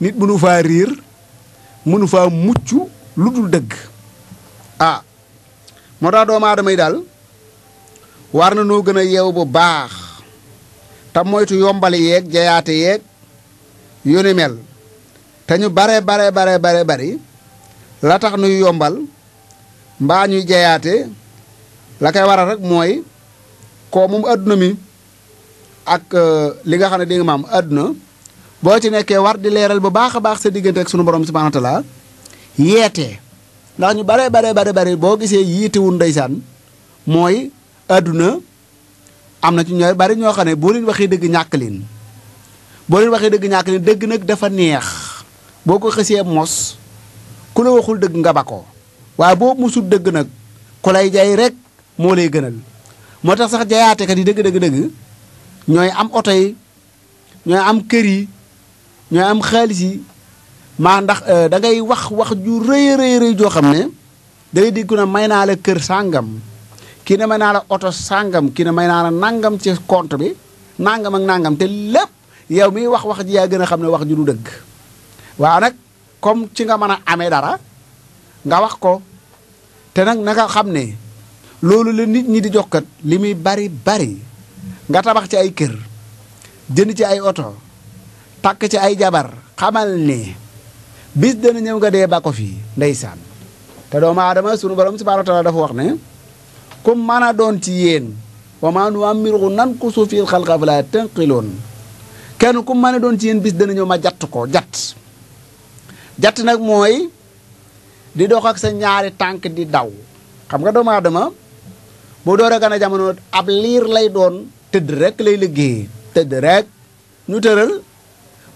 nit mënu faa riir mënu faa mucc lu dul dëgg ah moo tax doomu aadama yi daal war na noo gën a yeew bu baax te moytu yombali yeeg jayaate yeeg yu ni mel te ñu bare bare bare bare bari la tax nuy yombal mbaa ñuy jayaate la koy waral rek mooy koo moom adduna mi ak euh, li nga xam ne dégg nga maam adduna boo ci nekkee war di leeral bu baax a baax sa diggante ak sunu borom subhanahu wa taala yeetee ndax ñu bare bare bare boo gisee yiitewul ndeysaan mooy adduna am na ci ñooy bari ñoo xam ne boo leen waxee dëgg ñàkk leen boo leen waxee dëgg ñàkk ne dëgg nag dafa neex boo ko xësee mos ku la waxul dëgg nga ba ko waaye boo mosul dëgg nag ku lay jaay rek moo lay gënal moo tax sax jayaatekat yi dëgg dëgg ñooy am oto yi ñooy am kër yi ñooy am xaalis yi maa ndax euh, dangay wax wax ju rëy rëy joo xam ne day dégg na may naa la kër sàngam kii ne may naa la oto sàngam kii ne may naa la nangam ci compte bi nangam ak nangam te lépp. yow mii wax wax ji yaa gën a xam ne wax ju du dëgg waaw nag comme ci nga mën a amee dara nga wax ko te nag na nga xam ne loolu la nit ñi di jox kat li muy bari bari nga tabax ci ay kër jënd ci ay oto takk ci ay jabar xamal ne bis dana ñëw nga dee ba ko fii ndeysaan te doomu aadama sunu borom subhaanahu wa taala dafa wax ne ku mën a doon ci yéen wa maa nuammiruhu nankusu fil xalqi afalaa tanqiloon kenn ku mën a doon ci yéen bis dana ñëw ma jatt ko jatt jatt nag mooy di dox ak sa ñaari tànk di daw xam nga doomu aadama boo door a gën a jamono ab liir lay doon tëdd rek lay liggéey tëdd rek ñu tëral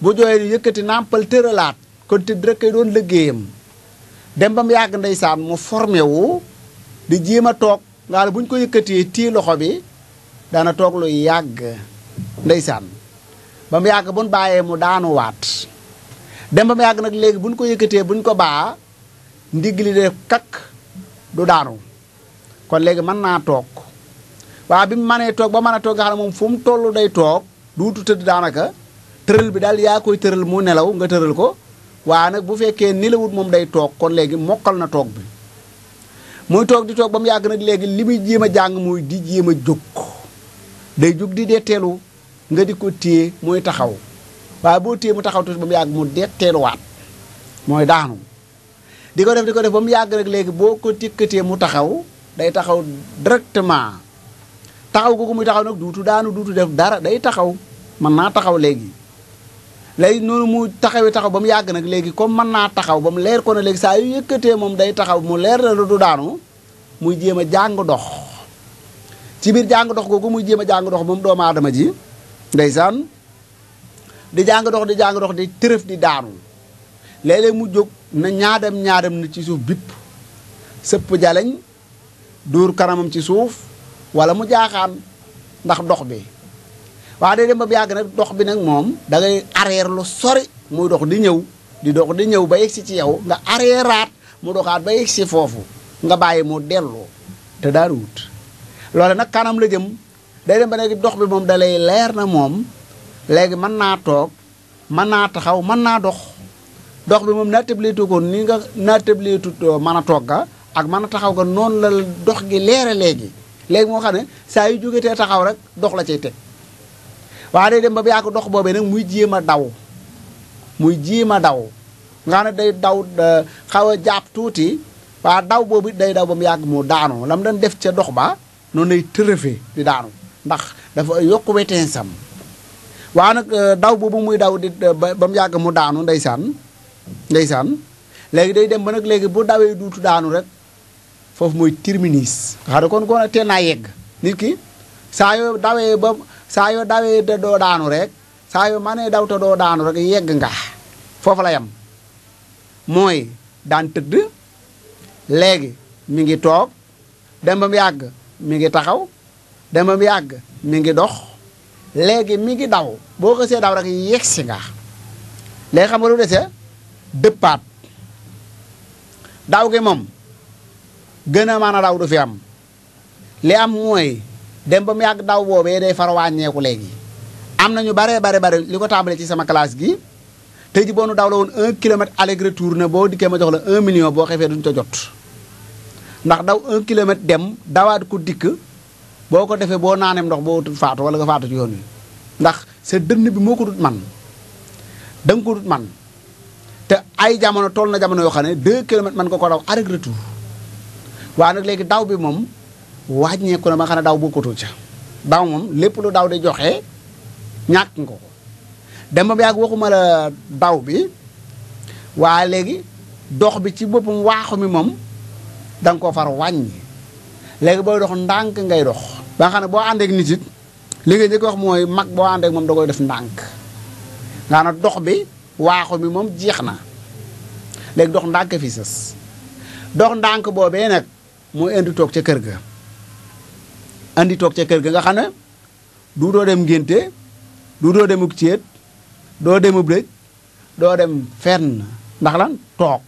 bu jooyee ñu yëkkati nàmpal tëralaat kon tëdd rek lay doon liggéeyam dem ba mu yàgg ndeysaan mu formé wu di jéem a toog nga bu ñu ko yëkkatee tii loxo bi daana toog lu yàgg ndeysaan ba mu yàgg buñ bàyyee mu daanu waat dem ba mu yàgg nag léegi buñ ko yëkkatee buñ ko baa ndigg de kakk du daanu kon léegi mën naa toog waaw bi mu mënee toog ba mën a toog nga moom fu mu toll day toog duutu tëdd daanaka tëral bi daal yaa koy tëral mu nelaw nga tëral ko waaye nag bu fekkee nelawut moom day toog kon léegi mokkal na toog bi muy toog di toog ba mu yàgg nag léegi li muy jéem a jàng muy di jéem a jóg day jóg di dee teelu nga di ko téye mooy taxaw waaye boo téye mu taxaw tuuti ba mu yàgg mu waat mooy daanu di ko def di ko def ba mu yàgg rek léegi boo ko tikkatee mu taxaw day taxaw directement taxaw googu muy taxaw nag duutu daanu duutu def dara day taxaw mën naa taxaw léegi. léegi noonu mu taxawee taxaw ba mu yàgg nag léegi comme mën naa taxaw ba mu leer léegi saa yu yëkkatee moom day taxaw mu leer na lu du daanu muy jéem a jàng dox ci biir jàng dox googu muy jéem a jàng dox moom doomu aadama ji. ndeysaan di jàng dox di jàng dox di tërëf di daanu léeg mu jóg na ñaadam ñaadam na ci suuf bipp sëpp jaleñ duur kanamam ci suuf wala mu jaaxaan ndax dox bi waaw day dem ba yàgg nag dox bi nag moom da ngay arrière lu sori muy dox di ñëw di dox di ñëw ba yegsi ci yow nga arrièreaat mu doxaat ba yegsi foofu nga bàyyi mu delloo te daanu wut loole nag kanam la jëm day dem ba léegi dox bi moom dalay leer na moom léegi mën naa toog mën naa taxaw mën naa dox dox bi moom naattableetu ko ni nga naattableetu mën a toog ga ak mën taxaw ga noonu la dox gi leere léegi léegi moo xam ne saa yu jógetee taxaw rek dox la cay teg waaye day dem ba dox boobee nag muy jéem a daw muy jéem a daw nga xam ne day daw xaw a jàpp tuuti waa daw boobu day daw ba mu yàgg mu daanu la mu def ca dox ba noonu lay tërëfe di daanu ndax dafa yokk wetin sam waa nag euh, daw boobu muy daw di euh, ba mu yàgg mu daanu ndeysaan ndeysaan léegi day dem ba nag léegi bu dawee duutu daanu rek foofu muy tirminis xam ne kon kon teel naa yegg nit ki saa yoo dawee ba saa yoo dawee te doo daanu rek saa yoo manee daw te doo daanu rek yegg nga foofu la yam mooy daan tëdd léegi mi ngi toog dem ba mu yàgg mi ngi taxaw demam yàgg mi ngi dox léegi mi ngi daw boo xësee daw rek yegg si nga léegi xam nga lu desee dëppaat daw gi moom gëna a daw du fi am li am mooy dem ba mu yàgg daw boobee day far wàññeeku léegi am nañu baree bare bare li ko tàmbalee ci sama classe gi tey ji boo nu daw la woon un kilomètre ne boo dikkee ma jox la un million boo xefee duñu ko jot ndax daw un dem dawaat ko dikk boo ko defee boo naaneem ndox boo tut faatu wala nga faatu ci yoon wi ndax sa dënn bi moo ko dut man da ko dut man te ay jamono tool na jamono yoo xam ne 2 kilomètres man ko ko daw arrêt retour waaye nag léegi daw bi moom wàññeeku na ma ne daw bokkatul ca daaw moom lépp lu daw di joxe ñàkk nga ko dem ba yàgg waxuma la daw bi waaye léegi dox bi ci boppam waaxu mi moom da nga koo far wàññi léegi booy dox ndànk ngay dox ba xam ne boo àndeek nit it li nga njëkk wax mooy mag boo àndeek moom da koy def ndànk nga na dox bi waaxu mi moom jeex na léegi dox ndànk fi sës dox ndànk boobee nag moo indi toog ca kër ga indi toog ca kër ga nga xam ne du doo dem ngénte du doo demuk céet doo demub dëj doo dem fenn ndax lan toog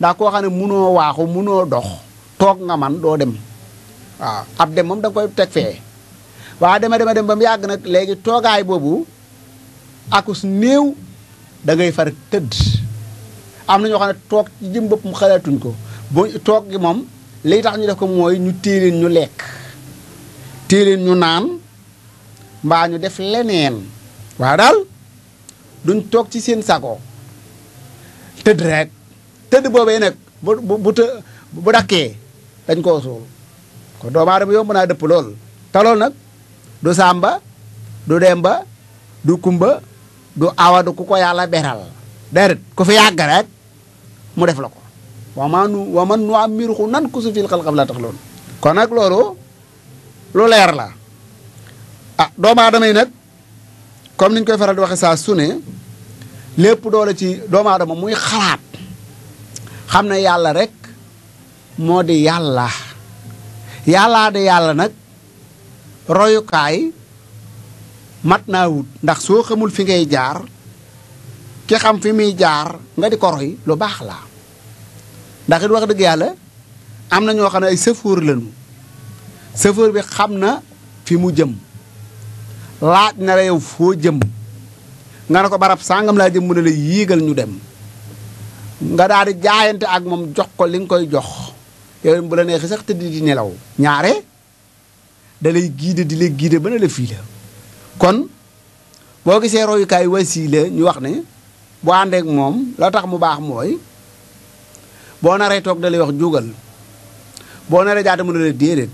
ndax koo xam ne munoo waaxu munoo dox toog nga man doo dem waaw ab dem moom da koy teg fee waaw dema dema dem ba mu yàgg nag léegi toogaay boobu akus néew dangay far tëdd am na ñoo xam ne toog ci jëm mu xalaatuñ ko bu toog gi moom li tax ñu def ko mooy ñu téeleen ñu lekk téeleen ñu naan mbaa ñu def leneen waaw daal duñ toog ci seen sago tëdd rek tëdd boobee nag bu bu bu dakkee dañ koo suul kon doomu aadama yomb naa dëpp lool te lool nag du sàmba du demba du kumba du awa du ku ko yàlla beral déedéet ku fi yàgg rek mu def la ko waa maa nu wa man nu ammirhu nan ku su fil xalqam laa tax loolu kon nag loolu lu leer la a ah, doomu aadama yi nag comme niñ koy faral di waxe saa su ne lépp doole ci doomu aadama muy xalaat xam na yàlla rek moo di yàlla yàllaa de yàlla nag royukaay mat naa wut ndax soo xamul fi ngay jaar ki xam fi muy jaar nga di ko roy lu baax la ndax it wax dëgg yàlla am na ñoo xam ne ay sëfoor lañu sëfóor bi xam na fi mu jëm laaj na la yow foo jëm nga ne ko barab sàngam laa jëm mu ne la yéegal ñu dem nga daal di jaayante ak moom jox ko li nga koy jox yow bu la neexee sax tëdd di nelaw ñaare dalay lay di lay giide ba ne la fii la kon boo gisee royukaay wasiila ñu wax ne boo àndeek moom la tax mu baax mooy boo naree toog dalay lay wax jógal boo naree jaata mën a la déedéet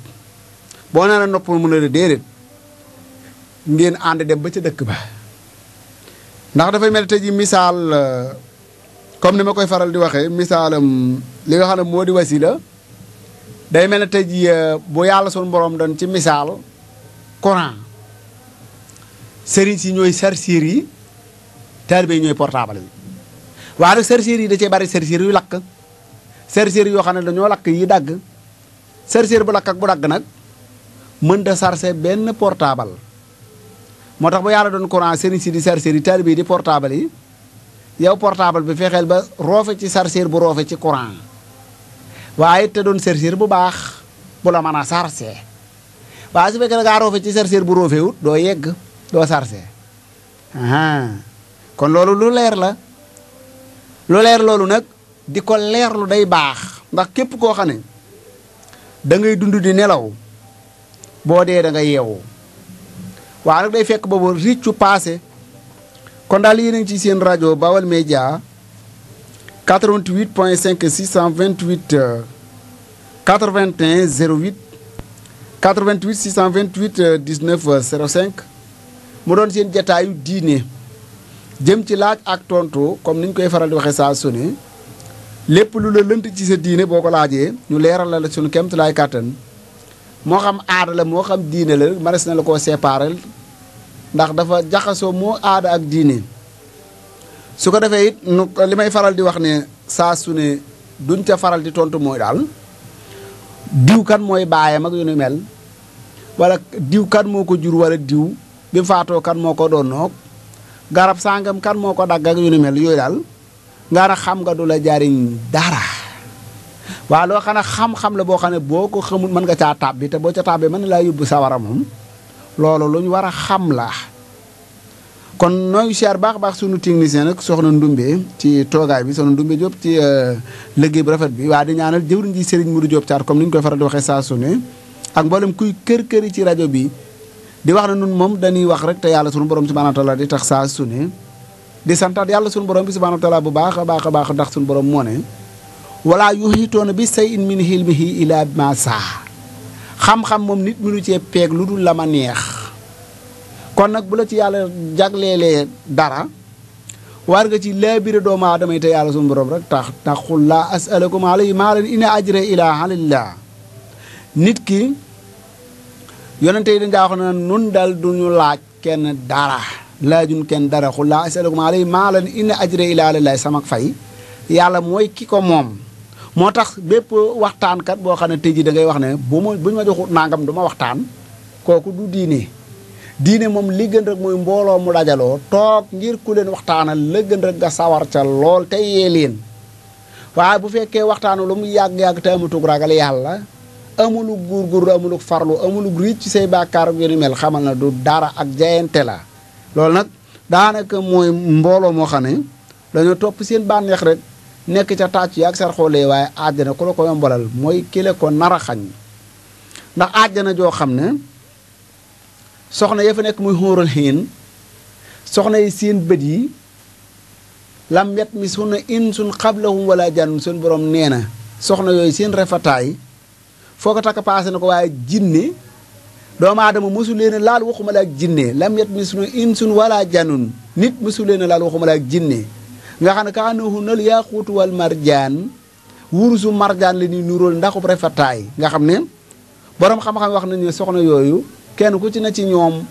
boo naree nopp mën a la déedéet ngeen ànd dem ba ca dëkk ba ndax dafay mel tey ji misaal euh, comme ni ma koy faral di waxee misaalam li nga xam ne moo di wasiila day mel ne tey jii euh, bu yàlla sunu borom doon ci misaal courant sëriñ si ñooy chargeur yi taalibe yi ñooy portable bi waaye nag chargeur yi da cee bari chargeur yu lakk chargeur yoo xam ne dañoo lakk yi dagg chargeur bu lakk ak bu dagg nag mën da charger benn portable moo tax bu yàlla doon courant sëriñ si di chargeur yi taalibe di portable yi yow portable bi fexeel ba roofe ci chargeur bu roofe ci courant waaye te doon chercheur bu baax bu la mën a sarse waaye su fekkee da roofe ci chercheur bu roofewut doo yegg doo sarse kon loolu lu leer la lu leer loolu nag di ko leerlu day baax ndax képp koo xam ne dangay ngay dund di nelaw boo dee da nga yeewu waaye nag day fekk boobu riccu passé kon daal yéen a ngi ci seen rajo Baol Média 88 point 5 628 81 08 88 628 19 05 mu doon seen jataayu diine jëm ci laaj ak tontu comme ni koy faral di waxee saa su ne lépp lu la lënt ci sa diine boo ko laajee ñu leeral la suñu kemt kàttan moo xam aada la moo xam diine la mares na la koo séparer ndax dafa jaxasoo moo aada ak diine su ko defee it li may faral di wax ne saa su ne duñ ca faral di tontu mooy daal diw kan mooy baayam ak yu nu mel wala diw kan moo ko jur wala diw bi faatoo kan moo ko doon noog garab sàngam kan moo ko dagg ak yu nu mel yooyu daal nga xam nga du la jariñ dara waaw loo xam xam la boo xam ne boo ko xamul mën nga caa tàbbi te boo ca tàbbee mën na laa yóbbu sawara moom loolu lu ñu war a xam la kon nooy siyaar baax baax sunu technicien nag soxna Ndumbe ci toogaay bi soxna Ndumbe Diop ci euh, liggéey bu rafet bi waa di ñaanal jëwriñ ji Serigne Modou Diop Thiar comme ni ñu koy faral di waxee saa su ak mboolem kuy kër këri ci rajo bi di wax na nun moom dañuy wax rek te yàlla sunu borom subhanahu wa taala di tax saa su ne di santaat yàlla sunu borom bi subhanahu wa taala bu baax a baax a baax ndax sunu borom moo ne wala yuhitoona bi say in min hilmihi ila ma saa xam-xam moom nit mënu cee peeg lu dul la ma neex kon nag bu la ci yàlla jagleelee dara war nga ci laabire doomu aadama yi te yàlla suñu borom rek tax tax xul laa asalakum alayhi maalan in ajre ilaa alillah nit ki yonente dañ daa wax ne nun dal duñu laaj kenn dara laajun kenn dara xul laa asalakum alayhi maalan in ajre ilaa alillah sama fay yàlla mooy ki ko moom moo tax bépp waxtaankat boo xam ne tey jii da ngay wax ne bu ma bu ñu ma joxut nangam du waxtaan kooku du diine diine moom li gën rek mbooloo mu dajaloo toog ngir ku leen waxtaanal la gën rek nga sawar ca lool tey yee leen waaye bu fekkee waxtaanu lu mu yàgg-yàgg te amatug ragal yàlla amulu góorgóorlu amulug farlu amulug riic ci say baakaar ak yéen mel xamal na du dara ak jayante la loolu nag daanaka mooy mbooloo moo xam ne dañoo topp seen bànneex rek nekk ca tàcc yaag sar xoolee waaye àjjana ku la ko yombalal mooy ki la ko nar a xañ ndax àjjana joo xam ne soxna ya fa nekk muy xóoral xiin soxna yi seen bët yi lam yat mi sunna in sun xablahum wala jànnum seen borom nee na soxna yooyu seen rafetaay foo ko takk paase na ko waaye jinne doomu adama mosu leen a laal waxuma la ak jinne in sun wala jànnun nit leen a laal waxuma ak jinne nga xam ne kaanohu nal yaaquutu wal marjaan wurusu marjaan la ñuy nuróol ndaxub rafetaay nga xam ne boroom xam-xam wax nañu soxna yooyu kenn ku ci na ci ñoom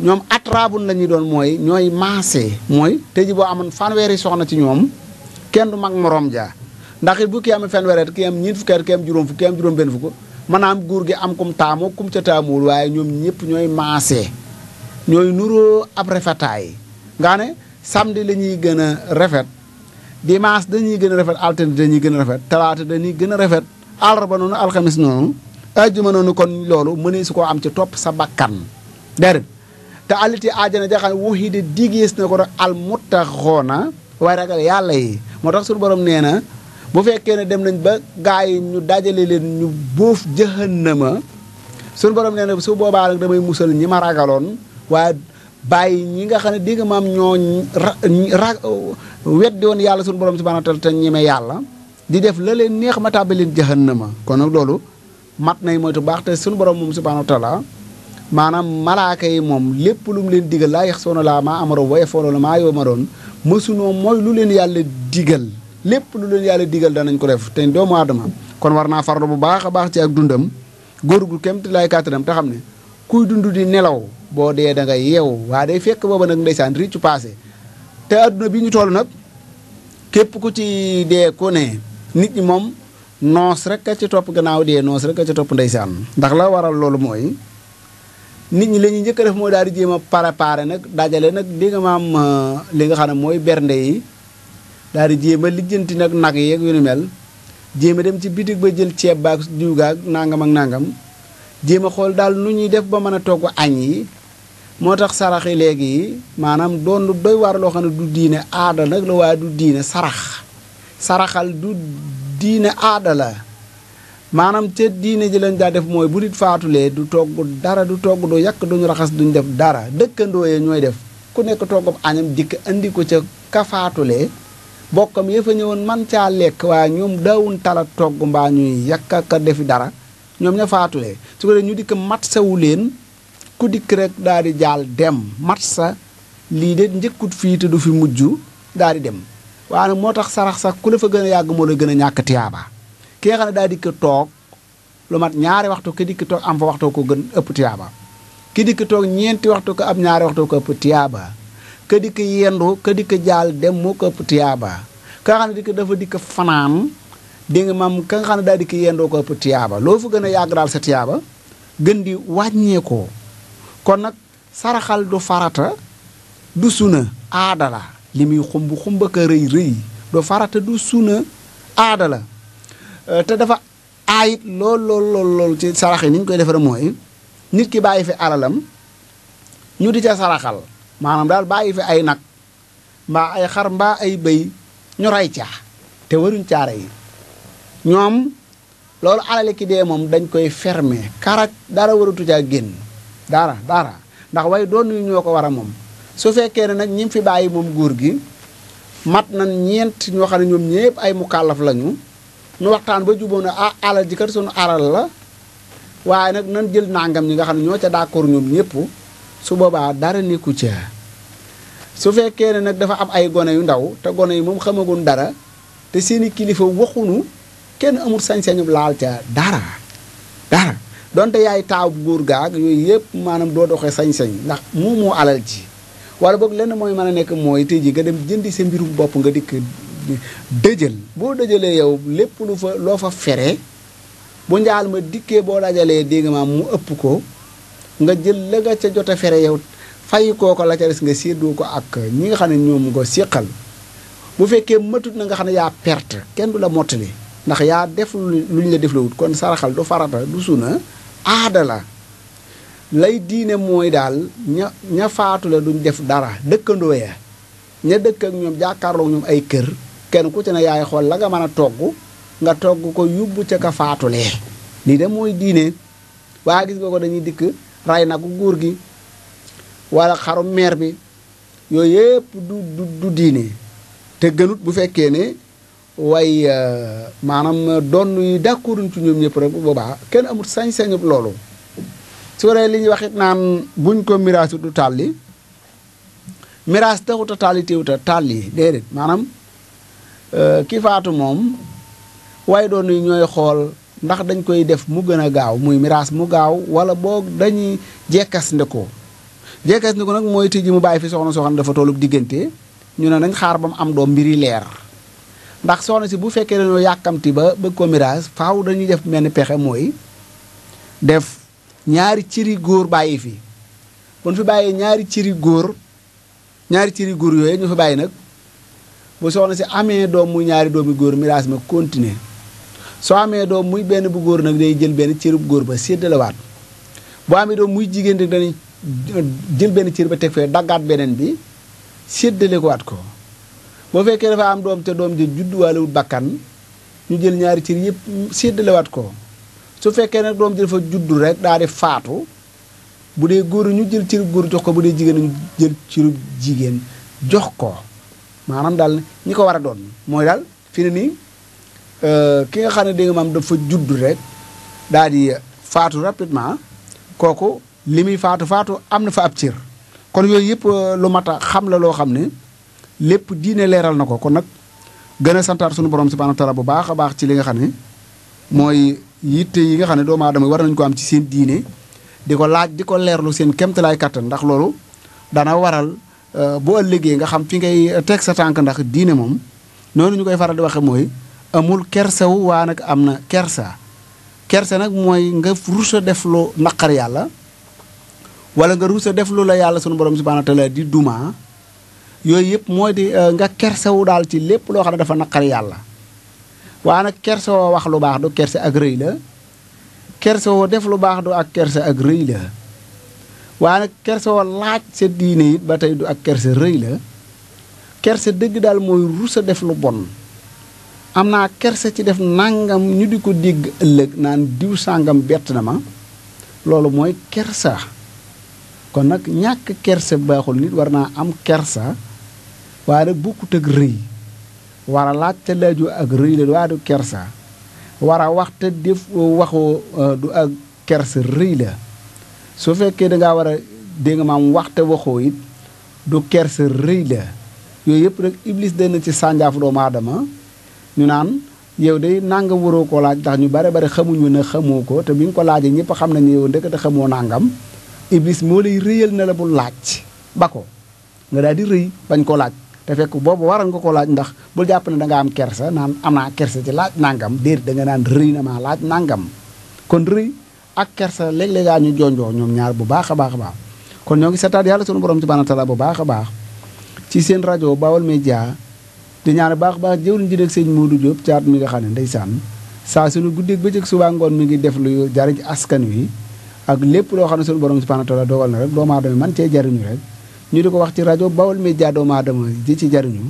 ñoom atraabun la ñuy doon mooy ñooy maase mooy tey boo amoon fanweeri soxna ci ñoom kenn du mag moroom ja ndax bu kii amee fanweeri ki am ñeent fukki at kii am juróom fukki am juróom benn fukk maanaam góor gi am kum taamoo kum ca taamuwul waaye ñoom ñëpp ñooy maase ñooy nuroo ab rafetaay nga ne samedi la ñuy gën a rafet dimanche dañuy gën a rafet altine dañuy gën a rafet talaata dañuy gën a rafet àllarba noonu alxamis noonu ajjuma noonu kon loolu mënee su ko am ci topp sa bakkan déedéet te aliti aajana ja xam ne wuxi de diggees na ko rek al muttaxoona waaye ragal yàlla yi moo tax suñu boroom nee na bu fekkee ne dem nañ ba gaay yi ñu dajale leen ñu bóof jahannama suñu borom nee na su boobaa damay musal ñi ma ragaloon waaye bàyyi ñi nga xam ne dégg nga maam ñoo ra weddi woon yàlla suñu borom si wa taala te ñeme yàlla di def la leen neex ma tàbbi leen jahannama kon nag loolu mat nay moytu baax te suñu borom moom subhaanahu wa taala maanaam malaaka yi moom lépp lu leen digal laa yax soona laa maa amaroon wa yafoona la maa yoo ma doon mësunoo mooy lu leen yàlla digal lépp lu leen yàlla digal danañ ko def te doomu aadama kon war naa farlu bu baax a baax ci ak dundam góor gu kémti laay kàttanam te xam ne kuy dund di nelaw boo dee da nga yeewu waa day fekk booba nag ndeysaan riccu paase te adduna bi ñu toll nag képp ku ci dee ku ne nit ñi moom noos rekk a ci topp gannaaw dee noos rek a ci topp ndeysaan ndax la waral loolu mooy nit ñi lañuy ñuy njëkk a def mooy daal di jéem a préparé nag dajale nag li nga euh, li nga xam ne mooy bernde yi daal di jéem a lijjanti nag nag yeeg yu ni mel jéem a dem ci bitig ba jël ceeb baag diw gaag nangam ak nangam jéem a xool daal nu ñuy def ba mën a togg añ yi moo tax sarax yi léegi yi maanaam doon lu doy loo xam ne du diine aada nag la waaye du diine sarax saraxal du diine aadala maanaam te diine ji lañ daa def mooy bu nit faatulee du togg dara du togg du yàkk duñu raxas duñ def dara dëkkandoo yee ñooy def ku nekk toggam añam dikk indi ko ca ka faatulee bokkam ya fa ñëwoon man caa lekk waaye ñoom daawun tala togg mbaa ñuy yàq ka defi dara ñoom ña faatule su ko dee ñu dikk mat sawu leen ku dikk rekk daal di jaal dem mat sa lii de njëkkut fii te du fi mujj daal di dem waaye nag moo tax sarax sax ku la fa gën a yàgg moo la gën a ñàkk tiyaaba ki nga xam ne daa dikk toog lu mat ñaari waxtu ki dikk toog am fa waxtoo ko gën ëpp tiyaaba ki dikk toog ñeenti waxtu ko am ñaari waxtu ko ëpp tiyaaba ka dikk yendu ka dikk jaal dem moo ko ëpp tiyaaba ka nga xam ne dikk dafa dikk fanaan di mam ka nga xam ne daa dikk yendoo ko ëpp tiyaaba loo fa gën a yàgg daal sa tiyaaba gën di wàññeekoo kon nag saraxal du farata du suna aada li muy xumb xumb ak a rëy rëy du farata du sunna aada la euh, te dafa aayit lool lool lool ci sarax yi koy defaree mooy nit ki bàyyi fi alalam ñu di ca saraxal maanaam daal bàyyi fi ay nag mbaa ay xar mbaa ay bëy ñu rey te waruñ caare yi ñoom loolu alale ki dee moom dañ koy fermer kara dara waratu caa génn dara dara ndax way doon yu ñoo ko war a moom su fekkee ne nag ñi fi bàyyi moom góor gi mat na ñeent ñoo xam ne ñoom ñëpp ay mukallaf lañu ñu waxtaan ba juboon ne ah alal ji kat sunu alal la waaye nag nan jël nangam ñi nga xam ne ñoo ca d'accord ñoom ñëpp su boobaa dara nekku ca su fekkee ne nag dafa am ay gone yu ndaw te gone yi moom xamagun dara te seeni kilifa waxunu kenn amul sañ-sañu laal ca dara dara donte yaay taaw góor gaag yooyu yëpp maanaam doo doxee sañ-sañ ndax moo alal ji wala boog lenn mooy mën a nekk mooy tey ji nga dem jëndi sa mbirum bopp nga dikk dëjël boo dëjëlee yow lépp lu fa loo fa fere bu njaal ma dikkee boo dajalee dégg mu ëpp ko nga jël la nga ca jot fere yow fay kooko la ca des nga séddoo ko ak ñi nga xam ne ñoom nga séqal bu fekkee matut na nga xam ne yaa perte kenn du la mottali ndax yaa def lu ñu la def la wut kon saraxal du farata du suna aada la lay diine mooy daal ña ña faatu la duñ def dara dëkkandoo ya ña dëkk ak ñoom jàkkaarloog ñoom ay kër kenn ku ci ne yaay xool la nga mën a togg nga togg ko yóbbu ca ka faatulee lii de mooy diine waa gis nga ko dañuy dikk ray nagu guur gi wala xarumeer meer bi yooyu yëpp du du diine te gënut bu fekkee ne way euh, maanaam donn yi d'accorduñ ci ñoom ñëpp rek bu boobaa kenn amul sañ-sañub loolu su ree li ñuy wax it naan buñ ko miraasu du tàlli miraas taxut a tàlli téewut a tàlli déedéet maanaam euh, ki faatu moom waaye doon yi ñooy xool ndax dañ koy def mu gën a gaaw muy miraas mu gaaw wala boog dañuy jekkas ndeko jekkas ko nag mooy tëji mu bàyyi fi soxna soo xam ne dafa tollu diggante ñu ne nañ xaar ba mu am doom mbiri leer ndax soxna si bu fekkee dañoo yàkkamti ba bëgg ko miraas faaw dañuy def benn pexe mooy def ñaari cëri góor bàyyi fi bu fi bàyyee ñaari ciri góor ñaari ciri góor yooyu ñu fi bàyyi nag bu soxna si amee doom muy ñaari doomi góor miraas ma continuer soo amee doom muy benn bu góor nag day jël benn cërub góor ba séddalewaat boo amee doom muy jigéen rek dañuy euh, jël benn cër ba teg fee daggaat beneen bi séddale ko waat ko boo fekkee dafa am doom te doom ji judduwaale wut bakkan ñu jël ñaari cër yëpp séddalewaat ko su fekkee nag doom jël fa juddu rek daal di faatu bu dee góor ñu jël cërub góor jox ko bu dee jigéen ñu jël cërub jigéen jox ko maanaam daal ñi ko war a doon mooy daal fi ne nii euh, ki nga xam ne dégg nga maam dafa juddu rek daal di faatu rapidement kooku li muy faatu faatu am na fa ab cër kon yooyu yëpp euh, lu mat a xam la loo xam ne lépp diine leeral na ko kon nag gën a santaat sunu borom subhanahu wa taala bu baax a baax ci li nga xam ne mooy yitte yi nga xam ne doomu adama war nañ ko am ci seen diine di ko laaj di ko leerlu seen kéemtalaay kàttan ndax loolu dana waral euh, boo ëllëgee nga xam fi ngay teg sa tànk ndax diine moom noonu ñu koy faral di waxe mooy amul kersewu waa nag am na kersa kerse nag mooy nga rus a def lu naqar yàlla wala nga rus def lu la yàlla sunu borom subhanahu wa taala di dumaa yooyu yëpp mooy di euh, nga kersawu daal ci lépp loo xam ne dafa naqar yàlla waa nag kersa woo wax lu baax du kerse ak rëy la kerse woo def lu baax du ak kersa ak rëy la waa nag kersa woo laaj sa diine it ba tey du ak kersa rëy la kersa dëgg daal mooy rusa def lu bon am naa kerse ci def nangam ñu di ko dégg ëllëg naan diw sàngam bett na ma loolu mooy kersa kon nag ñàkk kersa baaxul nit war naa am kersa waaye nag bokkut ak rëy war a laaj te laajoo ak rëy la waa du kersa war a wax te def waxoo euh, du ak kersa rëy la su fekkee da ngaa war a dégg nga wax te waxoo it du kersa rëy la yooyu yëpp rek iblis dana ci sànjaafu doomu aadama ñu naan yow de nangam waroo ko laaj ndax ñu bare bare xamuñu ne xamoo ko te bi nga ko laajee ñëpp xam nañu yow ndekete xamoo nangam iblis moo lay rëyal na la bu laaj ba ko nga daal di rëy bañ koo laaj. te fekk boobu waral nga ko laaj ndax bu jàpp ne da am kersa naan am naa kersa ci laaj nàngam déet danga naan rëy na maa laaj nangam kon rëy ak kersa léeg-léegaa ñu jonjoo ñoom ñaar bu baax a baax a baax kon ñoo ngi seetaat yàlla sunu borom subhanahu wa taala bu baax a baax ci seen rajo Baol Média di ñaan baax baax jëwriñ ji nag sëñ Modou Diop caat mi nga xam ne ndeysaan saa sunu guddeeg bëccëg subaa ngoon mi ngi def lu jariñ askan wi ak lépp loo xam ne sunu borom subhanahu wa taala na rek man cee jariñu rek ñu di ko wax ci rajo Baol Média doomu aadama ji ci jariñu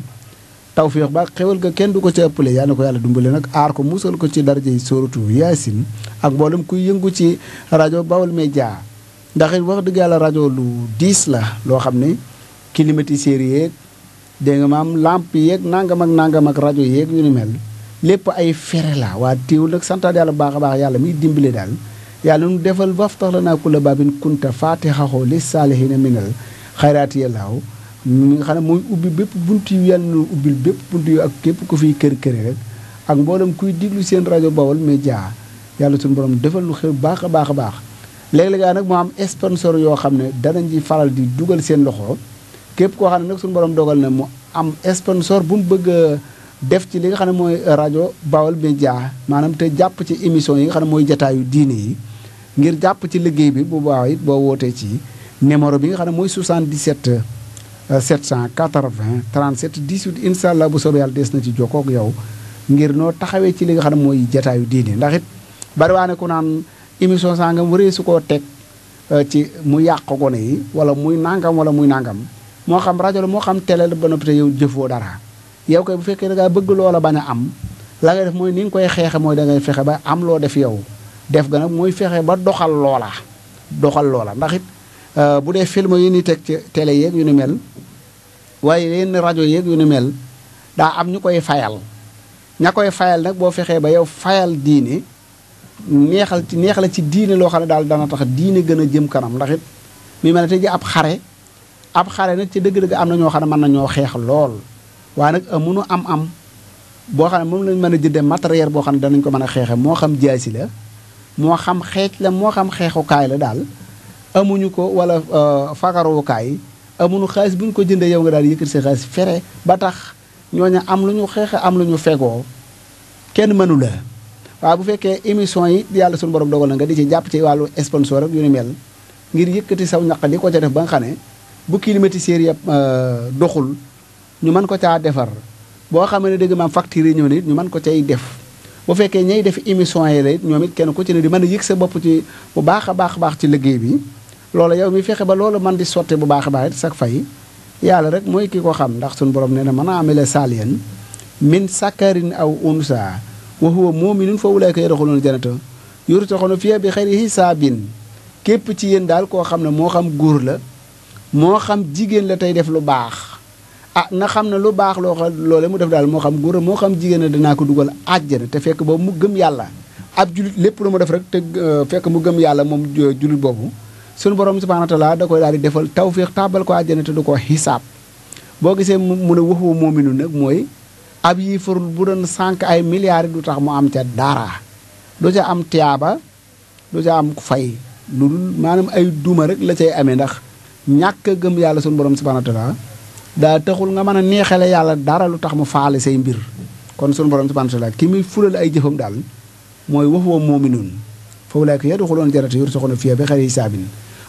tawféex ba xewal ko kenn du ko ci ëppale yal ne ko yàlla dumbale nag aar ko musal ko ci daraja yi sóoratu yaasin ak mboolem kuy yëngu ci rajo Baol Média ndax it wax dëgg yàlla rajo lu diis la loo xam ne climatiseur yeeg dégg nga maam lamp yeeg nangam ak nangam ak rajo yeeg ñu ni mel lépp ay fere la waa teewul nag santaat yàlla bu baax a baax yàlla miy dimbale daal yàlla nu defal waftax la naa kula baabin kunta faatixaxoo li saalihiina minal xayraati yàllaaw mi nga xam ne mooy ubbi bépp bunt yu yàlla na ubbil bépp bunt yu ak képp ku fiy kër këri rek ak mboolem kuy diglu seen rajo Bawol Média yàlla suñu borom defal lu xew baax a baax a baax léeg-léeg nag mu am sponsor yoo xam ne danañ ci faral di dugal seen loxo képp koo xam ne nag suñu borom dogal na mu am sponsor bu mu bëgg def ci li nga xam ne mooy rajo Bawol Média maanaam te jàpp ci émission yi nga xam ne mooy jataayu diine yi ngir jàpp ci liggéey bi bu baax it boo wootee ci numéro bi nga xam ne mooy 77 780 37 18 incha allah bu soobee des na ci jokkoo yow ngir noo taxawee ci li nga xam ne mooy jataayu diine ndax it bari waa ne ku naan émission saa nga waree su koo teg euh, ci mu yàq gone yi wala muy nangam wala muy nangam moo xam rajo la moo xam télé la ba noppi yow jëfoo dara yow kay bu fekkee da bëgg loola bañ a am la def mooy ni nga koy xeexe mooy da ngay fexe ba am loo def yow def ga nag mooy fexe ba doxal loola doxal loola ndax Euh, bu dee film yu ni teg ci télé yeeg yu ni mel waaye yenn rajo yeeg yu ni mel daa am ñu koy fayal ña koy fayal nag boo fexee ba yow fayal diine neexal ci neexal ci diine loo xam ne daal dana tax diine gën a jëm kanam ndaxit it mi mel ne tey ji ab xare ab xare nag ci dëgg-dëgg am na ñoo xam ne mën nañoo xeex lool waaye nag amunu am-am boo xam ne moom lañ mën a jëndee matériel boo xam ne danañ ko mën a xeexe moo xam jaasi la moo xam xeec la moo xam xeexukaay la daal amuñu ko wala euh, fagarukaay yi amuñu xaalis bu ñu ko jëndee yow nga daal yëkkati sa xaalis fere ba tax ñooñu am lu ñu xeexe am lu ñu fegoo kenn mënu la waaw bu fekkee émission yi yàlla suñu borom dogal na nga di ci jàpp ci wàllu sponsor ak yu ni mel ngir yëkkati saw ñaq di ko ca def ba nga ne bu climatiseur yëpp euh, doxul ñu mën ko caa defar boo xamee ne dégg maam facture yi ñëw nit ñu mën ko cay def bu fekkee ñay def émission yi la ñoom it kenn ku ci ne di mën a yëg sa bopp ci bu baax a baax baax ci liggéey bi loola yow mi fexe ba loola man di sotti bu baax a baax it sax fay yàlla rek mooy ki ko xam ndax suñu borom ne na mën a amele saaliyan min sakarin aw unsa wa huwa muminun fa ulaayka yadxuluuna janata yurtaxuuna fiihaa bi saa hisaabin képp ci yéen daal koo xam ne moo xam góor la moo xam jigéen la tey def lu baax a ah, na xam na lu baax loo xam loole mu def daal moo xam góor la moo xam jigéen la danaa ko dugal àjjana te fekk boobu mu gëm yàlla ab julit lépp lu mu def rek te euh, fekk mu gëm yàlla moom euh, julit boobu sunu borom subhaanahu wa taala da koy daal di defal tawfiix tàbbal ko àjjana te du ko xisaab boo gisee mu ne waxu moominu nag mooy ab yii farul bu doon sànq ay milliards du tax mu am ca dara du ca am tiyaaba du ca am fay lu dul maanaam ay duma rek la cay amee ndax ñàkk gëm yàlla sun borom subhaanahu wa taala daa taxul nga mën a neexale yàlla dara lu tax mu faale say mbir kon sunu borom subhaanahu wa taala ki muy fulal ay jëfam daal mooy waxu moominu fa ulaa'ika yadxuluuna al jannata yurzaquuna fiihaa bi xayri hisaabin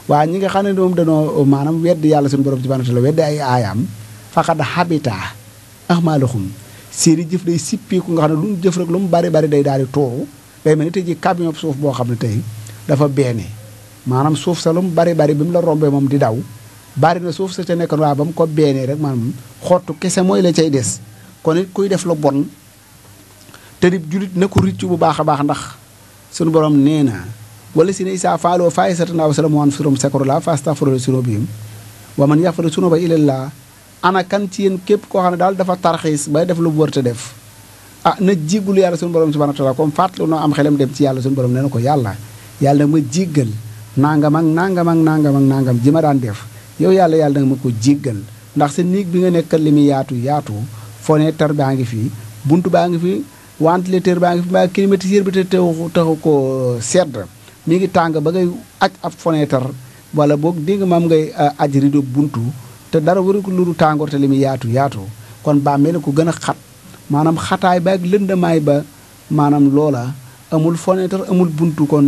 waaye ñi nga xam ne doom danoo maanaam weddi yàlla suñu borom subhanahu wa taala weddi ay aayaam faqad habita ahmaaluhum seeni jëf day sippiku nga xam ne lu mu jëf rek lu mu bari bari day daal di tuuru day mel ni tey ji camion suuf boo xam ne tey dafa beene maanaam suuf sa lu mu bari bari bi mu la rombee moom di daw bari na suuf sa ca nekkoon waa ba mu ko beenee rek maanaam xottu kese mooy la cay des kon kuy def la bon te di julit na ko riccu bu baax a baax ndax suñu borom nee na wala si ne isaa faaloo faayi satana wa salamu an surum sakorula fastaghfiru sunubihim wa man yaghfiru sunuba illallah ana kan ci yéen képp koo xam ne daal dafa tarxiis bay def lu mu wërta def ah na jéggulu yàlla sunu borom subhanahu wa taala comme fàttali noo am xelam dem ci yàlla sunu borom nee na ko yàlla yàlla na ma jéggal nangam ak nangam ak nangam ak nangam ji ma daan def yow yàlla yàlla na ma ko jéggal ndax sa néeg bi nga nekkal li muy yaatu yaatu fenêtre baa ngi fi buntu baa ngi fi ventilateur baa ngi fi mbaa climatiseur bi te taxu ko sedd mi ngi tàng ba ngay aj ab fenêtre wala boog dégg maam ngay euh, aj rido buntu te dara waru ko tàngoor te li muy yaatu yaatu kon bàmmeel ko gën a xat maanaam xataay ba ak lëndamaay ba maanaam loola amul fenêtre amul buntu kon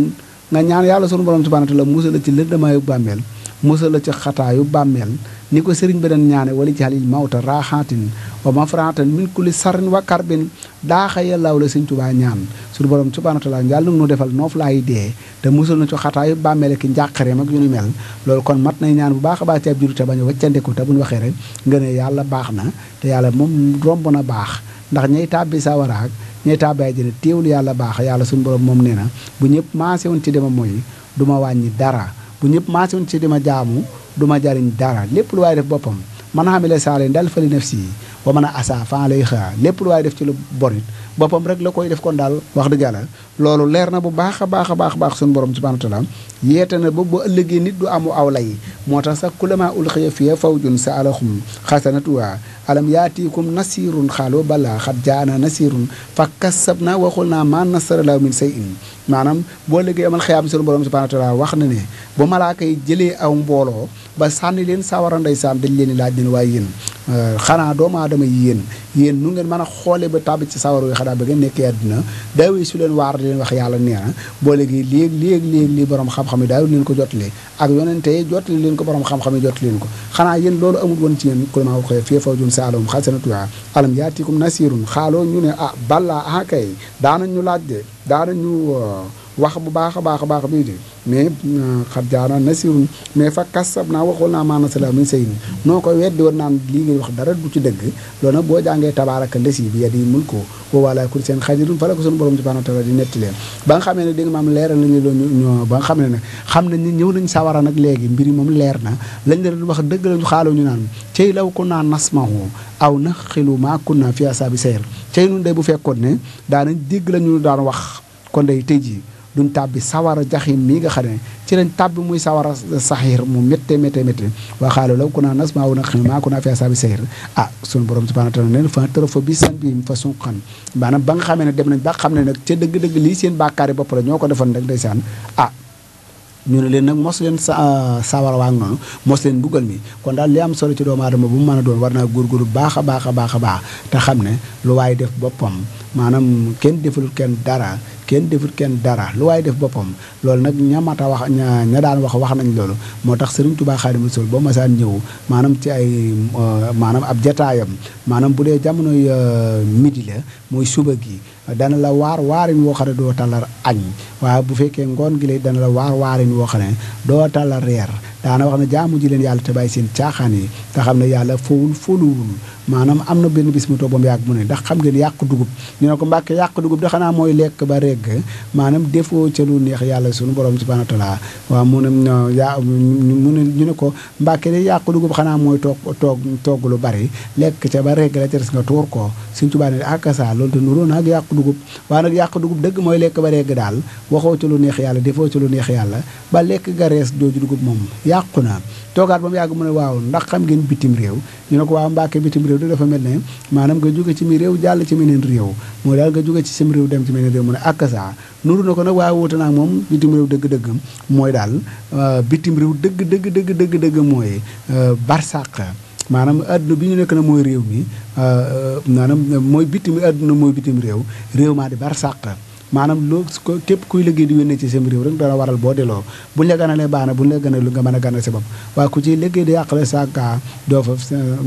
nga ñaan yàlla sunu borom subhanahu wa taala musal la ci lëndamaayu bàmmeel musal la ci xataayu bàmmeel ni ko sëriñ bi doon ñaane wala ci halil mawta raaxaatin wa mafraatan min kulli sarrin wa karbin daaxa yàllaaw la sëñ tubaa ñaan sunu borom subhanahu wa taala yàlla nu defal noof laay dee te musal na ci xataayu bàmmeel ki njàqareem ak yu ni mel loolu kon mat nay ñaan bu baax baa baax ci ab juru te bañ a waccandiku te buñ waxee rek nga ne yàlla baax na te yàlla moom romb na baax ndax ñay tàbbi sawaraak ñooy tàbbi àjjana teewul yàlla baax yàlla suñu borom moom nee na bu ñëpp maase woon ci dama mooy du ma wàññi dara bu ñëpp maase woon ci dama jaamu du jariñ dara lépp lu waaye def boppam man xamile saale ndal fali nafsi wa man a asa fan lay xaa lépp lu waaye def ci lu bonit boppam rek la koy def kon daal wax dëgg yàlla loolu leer na bu baax a baax a baax baax suñu borom subhanahu wa taala yeete na ba bu ëllëgee nit du amu aw lay moo tax sax kulama ulxiya fiya fawjun sa alahum xasanatuwa alam yaatiikum nasirun xaalu balaa xat jaana nasirun fa kasab naa waxul naa maa nasaralaahu min say in maanaam boo liggéey amal xiyaam sunu borom subhanahu wa taala ba sànni leen sawara ndeysaan dañ leen laaj leen waaye yéen euh, xanaa doomu aadama yi yéen yéen nu a ba tàbbi ci sawar wi xanaa na boo léegi léegi léegi léegi lii borom ak yonente yi leen ko borom xam-xam yi jotale leen ko xanaa yéen loolu amul woon ci yéen kulma waxee fii faw jun saalahum xasanatuha alam yaatikum nasirun xaaloo ñu ne ah a ah kay daanañu laaj de daanañu wax bu baax a baax a baax bii de mais xat euh, jaana nasirun mais fa kasab naa waxul naa maana sala min say ni noo koy weddi woon naan lii ngay wax dara du ci dëgg loolu nag boo jàngee tabaaraka lesi bi yadi mulku wa huwa alaa kulli shay'in qadiirun fa la ko sunu borom subhaanahu wa taala di leen ba nga xamee ne dégg nga maam leeral nañu loolu ñoo ba nga ne xam nañ ni ñëw nañ sawara nag léegi mbir yi moom leer na lañ leen wax dëgg lañu xaaloo ñu naan cey law kunnaa nasma'u aw naqilu maa kunnaa fii ashaabi sayr cey nun de bu fekkoon ne daanañ dégg la ñu daan wax kon day tey jii duñ tàbbi sawara jaxim mii nga xam ne ci lañ tàbbi muy sawara saxiir mu métte métte métte waa xaalo law ku naa nas ma wun na xam maa ku naa fi asaabi borom subhanahu wa taala ba nga xamee ne dem nañ ba xam ne nag ca dëgg-dëgg lii seen bàkkaari bopp la ñoo ko defoon rek ndeysaan ah ñu ne leen nag mos leen sa ah, sawara waa noonu mos leen buggal mi kon daal li am solo ci doomu aadama bu mu mën a doon war naa góorgóorlu baax baax a baax a baax te xam ne lu waaye def boppam maanaam kenn deful kenn dara kenn defut kenn dara lu waaye def boppam loolu nag ña mat a wax ña daan wax wax nañ loolu moo tax Serigne Touba Xaadimu Rasuul ba masaan ñëw maanaam ci ay euh, maanaam ab jataayam maanaam bu dee jamonoy euh, midi la mooy suba gi dana la waar waarin woo xam ne doo tala añ waaye bu fekkee ngoon gi lay dana la waar woo xam ne doo tala reer daana wax ne jaamu ji leen yàlla te bàyyi seen caaxaan yi te xam ne yàlla fowul foluwul maanaam am na benn bis mu toog ba mu yàgg mu ne ndax xam ngeen yàq dugub ñu ne ko mbàkke yàq dugub da xanaa mooy lekk ba regg maanaam defoo ca lu neex yàlla sunu borom subhanahu wa laa waa mu na yaa mu ne ñu ne ko mbàkke de yàq dugub xanaa mooy toog toog togg lu bari lekk ca ba regg la ca nga tuur ko suñ tubaab ne akasa loolu te nuróo naag yàq dugub waaye nag yàq dugub dëgg mooy lekk ba regg daal waxoo ci lu neex yàlla defoo ci lu neex yàlla ba lekk ga rees jooju dugub moom yàqu na toogaat ba mu yàgg mu ne waaw ndax xam ngeen bitim réew ñu ne ko waaw mbàkke bitim réew di dafa mel ne maanaam nga jóge ci mi réew jàll ci meneen réew mooy daal nga jóge ci sim réew dem ci meneen réew mu ne ak saa nuru na ko nag waaye wuute naa moom bitim réew dëgg-dëgg mooy daal euh, bitim réew dëgg dëgg dëgg dëgg dëgg mooy euh, barsàq maanaam àdduna bi ñu nekk na mooy réew mi euh, euh, maanaam mooy bitim àdduna mooy bitim réew réew maa di bar sàq maanaam loo su képp kuy liggéey di wénne ci seen réew rek dana waral boo delloo buñ la ganalee baax na buñ la ganalee lu nga mën a ganal sa bopp waaye ku ci liggéey di yàqale sànka doo fa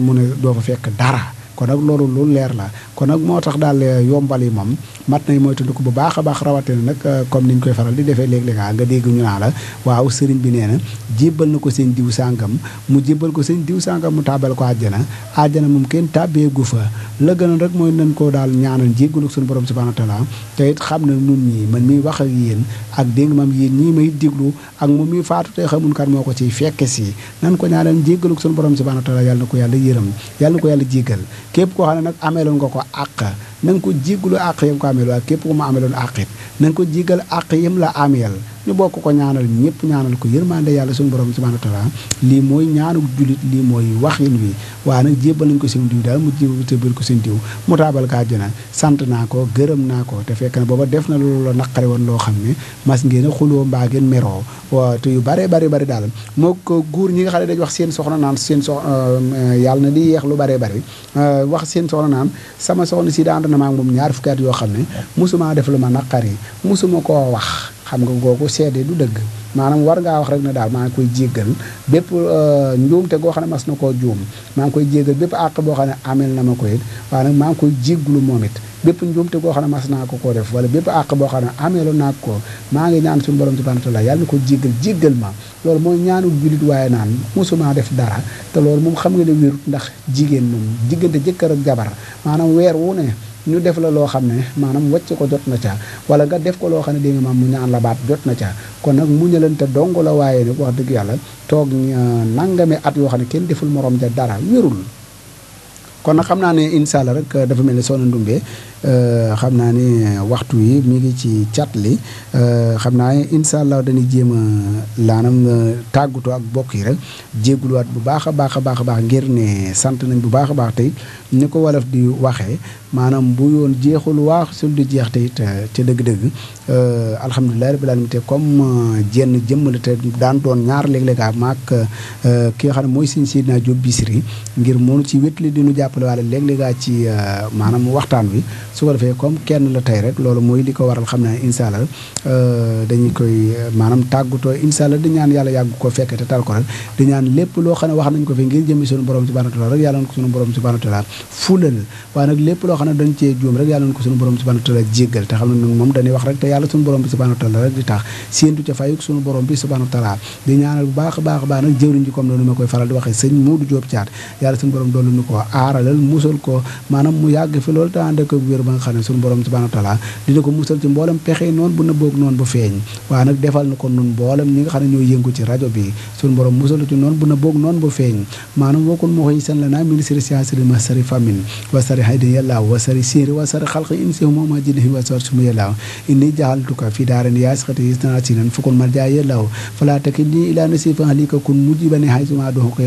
mu ne doo fa fekk dara kon nag loolu lu leer la kon nag moo tax daal euh, yombal yi moom mat yi nañ ko bu baax a baax rawatina nag euh, comme niñ koy faral di defee léeg-léeg ah, nga dégg ñu naa la waaw sëriñ bi nee na jébbal na ko seen diw sàngam mu jébbal ko seen diw sàngam mu taabal ko àjjana àjjana moom kenn tàbbeegu fa la gënoon rek mooy nan ko daal ñaanal jéggalu suñu borom subhanahu wa taala te it xam na nun ñi man miy wax ak yéen ak dégg maam yéen ñii may diglu ak moom miy faatu te xamul kan ko ciy fekke si nan ko ñaanal jéggalu suñu borom subhanahu wa taala yàlla ko yàlla yërëm yàlla ko yàlla jéggal képp ko xam ne nag ameeloon nga ko àq na nga ko jéggalu àq yam ko ameel waaye képp ko ma ameeloon àq it ko jiigal àq yam la ameel ñu bokk ko ñaanal ñëpp ñaanal ko yërmande yàlla suñu borom subhanahu wa taala lii mooy ñaanu jullit lii mooy waxin wi waaye nag jébbal nañ ko seen diw daal mu jébbal ko seen diw mu taabal ko àjjana sant naa ko gërëm naa ko te fekk na booba def na loolu la naqari woon loo xam ne mas ngeen a xuloo mbaa ngeen meroo waaw te yu bare bare bare daal moo ko góor ñi nga xam ne dañ wax seen soxna naan seen sox euh, yàlla na di yeex lu bare bare euh, wax seen soxna naan sama soxna si daand na maa moom ñaar fukki yoo xam ne musuma def lu ma naqari musuma koo wax xam nga googu seede du dëgg maanaam war ngaa wax rek na daal maa ngi koy jéggal bépp euh, te goo xam ne mas na koo juum maa ngi koy jéggal bépp àq boo xam ne amel na ma ko it waaye nag koy jéglu moom it bépp njuumte goo xam ne mas naa ko ko def wala bépp àq boo xam ne ameelu naa ko maa ngi ñaan suñu borom subhanahu wa taala yàlla na ko jéggal jéggal ma loolu mooy ñaanul julit waaye naan musuma def dara te loolu moom xam nga ne wérut ndax jigéen moom diggante jëkkër ak jabar maanaam weer wu ne ñu def la loo xam ne maanaam wacc ko jot na caa wala nga def ko loo xam ne dégg nga maam mu ñaan la baat jot na ca kon nag mu muñalante dong la waaye nag wax dëgg yàlla toog euh, nangame at yoo xam ne kenn deful moroom ja dara wérul kon na xam naa ne incha rek euh, dafa mel ni soo na ndumbee Euh, xam naa ni euh, waxtu yi mi ngi ci cat li euh, xam naa incha allah dañuy jéem a laanam nga tàggatoo ak bokk yi rek jégguluwaat bu baax a baax a baax a baax ngir ne sant nañ bu baax a baax tey ni ko wolof di waxee maanaam bu yoon jeexul waax sul di jeex tey ca dëgg-dëgg alhamdulilah rabbil alamin te comme jenn jëmm la te daan doon ñaar léeg-léeg maak ki nga xam ne mooy sëñ Seydina bisir yi ngir mënu ci wétli di nu jàppale waale léeg-léeg ci maanaam waxtaan wi su ko defee comme kenn la tey rek loolu mooy li ko waral xam ne incha allah euh, dañu koy euh, maanaam tàggutoo incha di ñaan yàlla yàgg ko fekk te tal ko rek di ñaan lépp loo xam ne wax nañ ko fi ngir jëmi suñu rek yàlla na lépp loo xam ne dañ ko suñu borom subhanahu wa taala rek di tax séentu ca fayuk suñu borom bi subhanahu wa taala di ñaanal baax a baax a baax nag jëwriñ ji comme noonu ma koy faral di waxee sëñ Moodu Jóob Caat yàlla suñu borom doolu ñu ko ba nga xam ne suñu borom subhanahu wa taala dina ko musal ci mboolem pexe noonu bu nëbboog noonu bu feeñ waaye nag defal na ko nun mboolem ñi nga xam ne ñoo yëngu ci rajo bi suñu borom musal ci noonu bu nëbboog noonu bu feeñ maanaam wookon moo koy san la naa ministre siasiri ma sari famine wa sari haydin yàlla wa sari siiri wa sari xalq insi mooma jinni wa sar sumu yàlla inni jaxaltuka fi daaren yaasxati istanaasi nan fukkun marjaa yàlla falaa takilni ilaa nasifa halika kun mujibani haysuma doxuko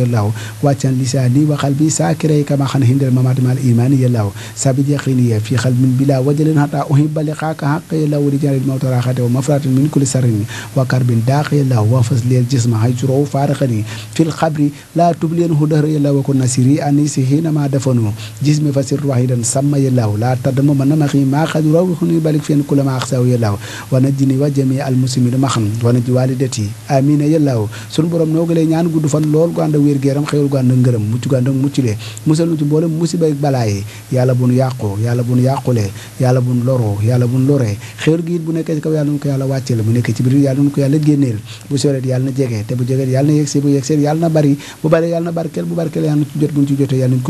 xal min bila wajalin hata uhibba liqaaka haqqa la wali jalil mawta raxate wa mafratin min kulli sarrin wa karbin daaqi la wa fas leel jisma hay juro faaraqani fil xabri la tubliyan hu dahra illa wa kun nasiri anisi hinama dafanu jismi fasir wahidan samma yallahu la tadma man maxi ma xad rawixuni balik fen kulama axsaw yallahu wa najjini wa jami al muslimin ma xam wa najji walidati amina yallahu sunu borom noo ngi lay ñaan gudd fan lool gu ànd ak wér géeram xéewal gu ànd ak ngërëm mucc gu ànd ak mucc lee musal nu ci mboolem musiba ak balaa yi yàlla bu nu yàqoo yàlla bu nu yàqoo yàqulee yàlla buñ loroo yàlla buñ loree xéwal gi it bu nekkee ci kaw yàlla na ko yàlla wàcceel bu nekkee ci biir yàlla na ko yàlla génneel bu soreet yàlla na jegee te bu jegee yàlla na bu yegsee yàlla na bari bu bari yàlla na barkeel bu barkeel yàlla na ci jot buñ ci jotee yàlla nañ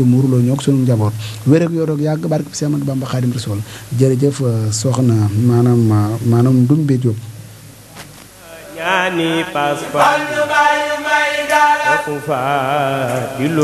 ko sunu njaboot wér ak yoroog yàgg barke Seex Ahmadu Bamba Xaadim Rasuul euh, euh,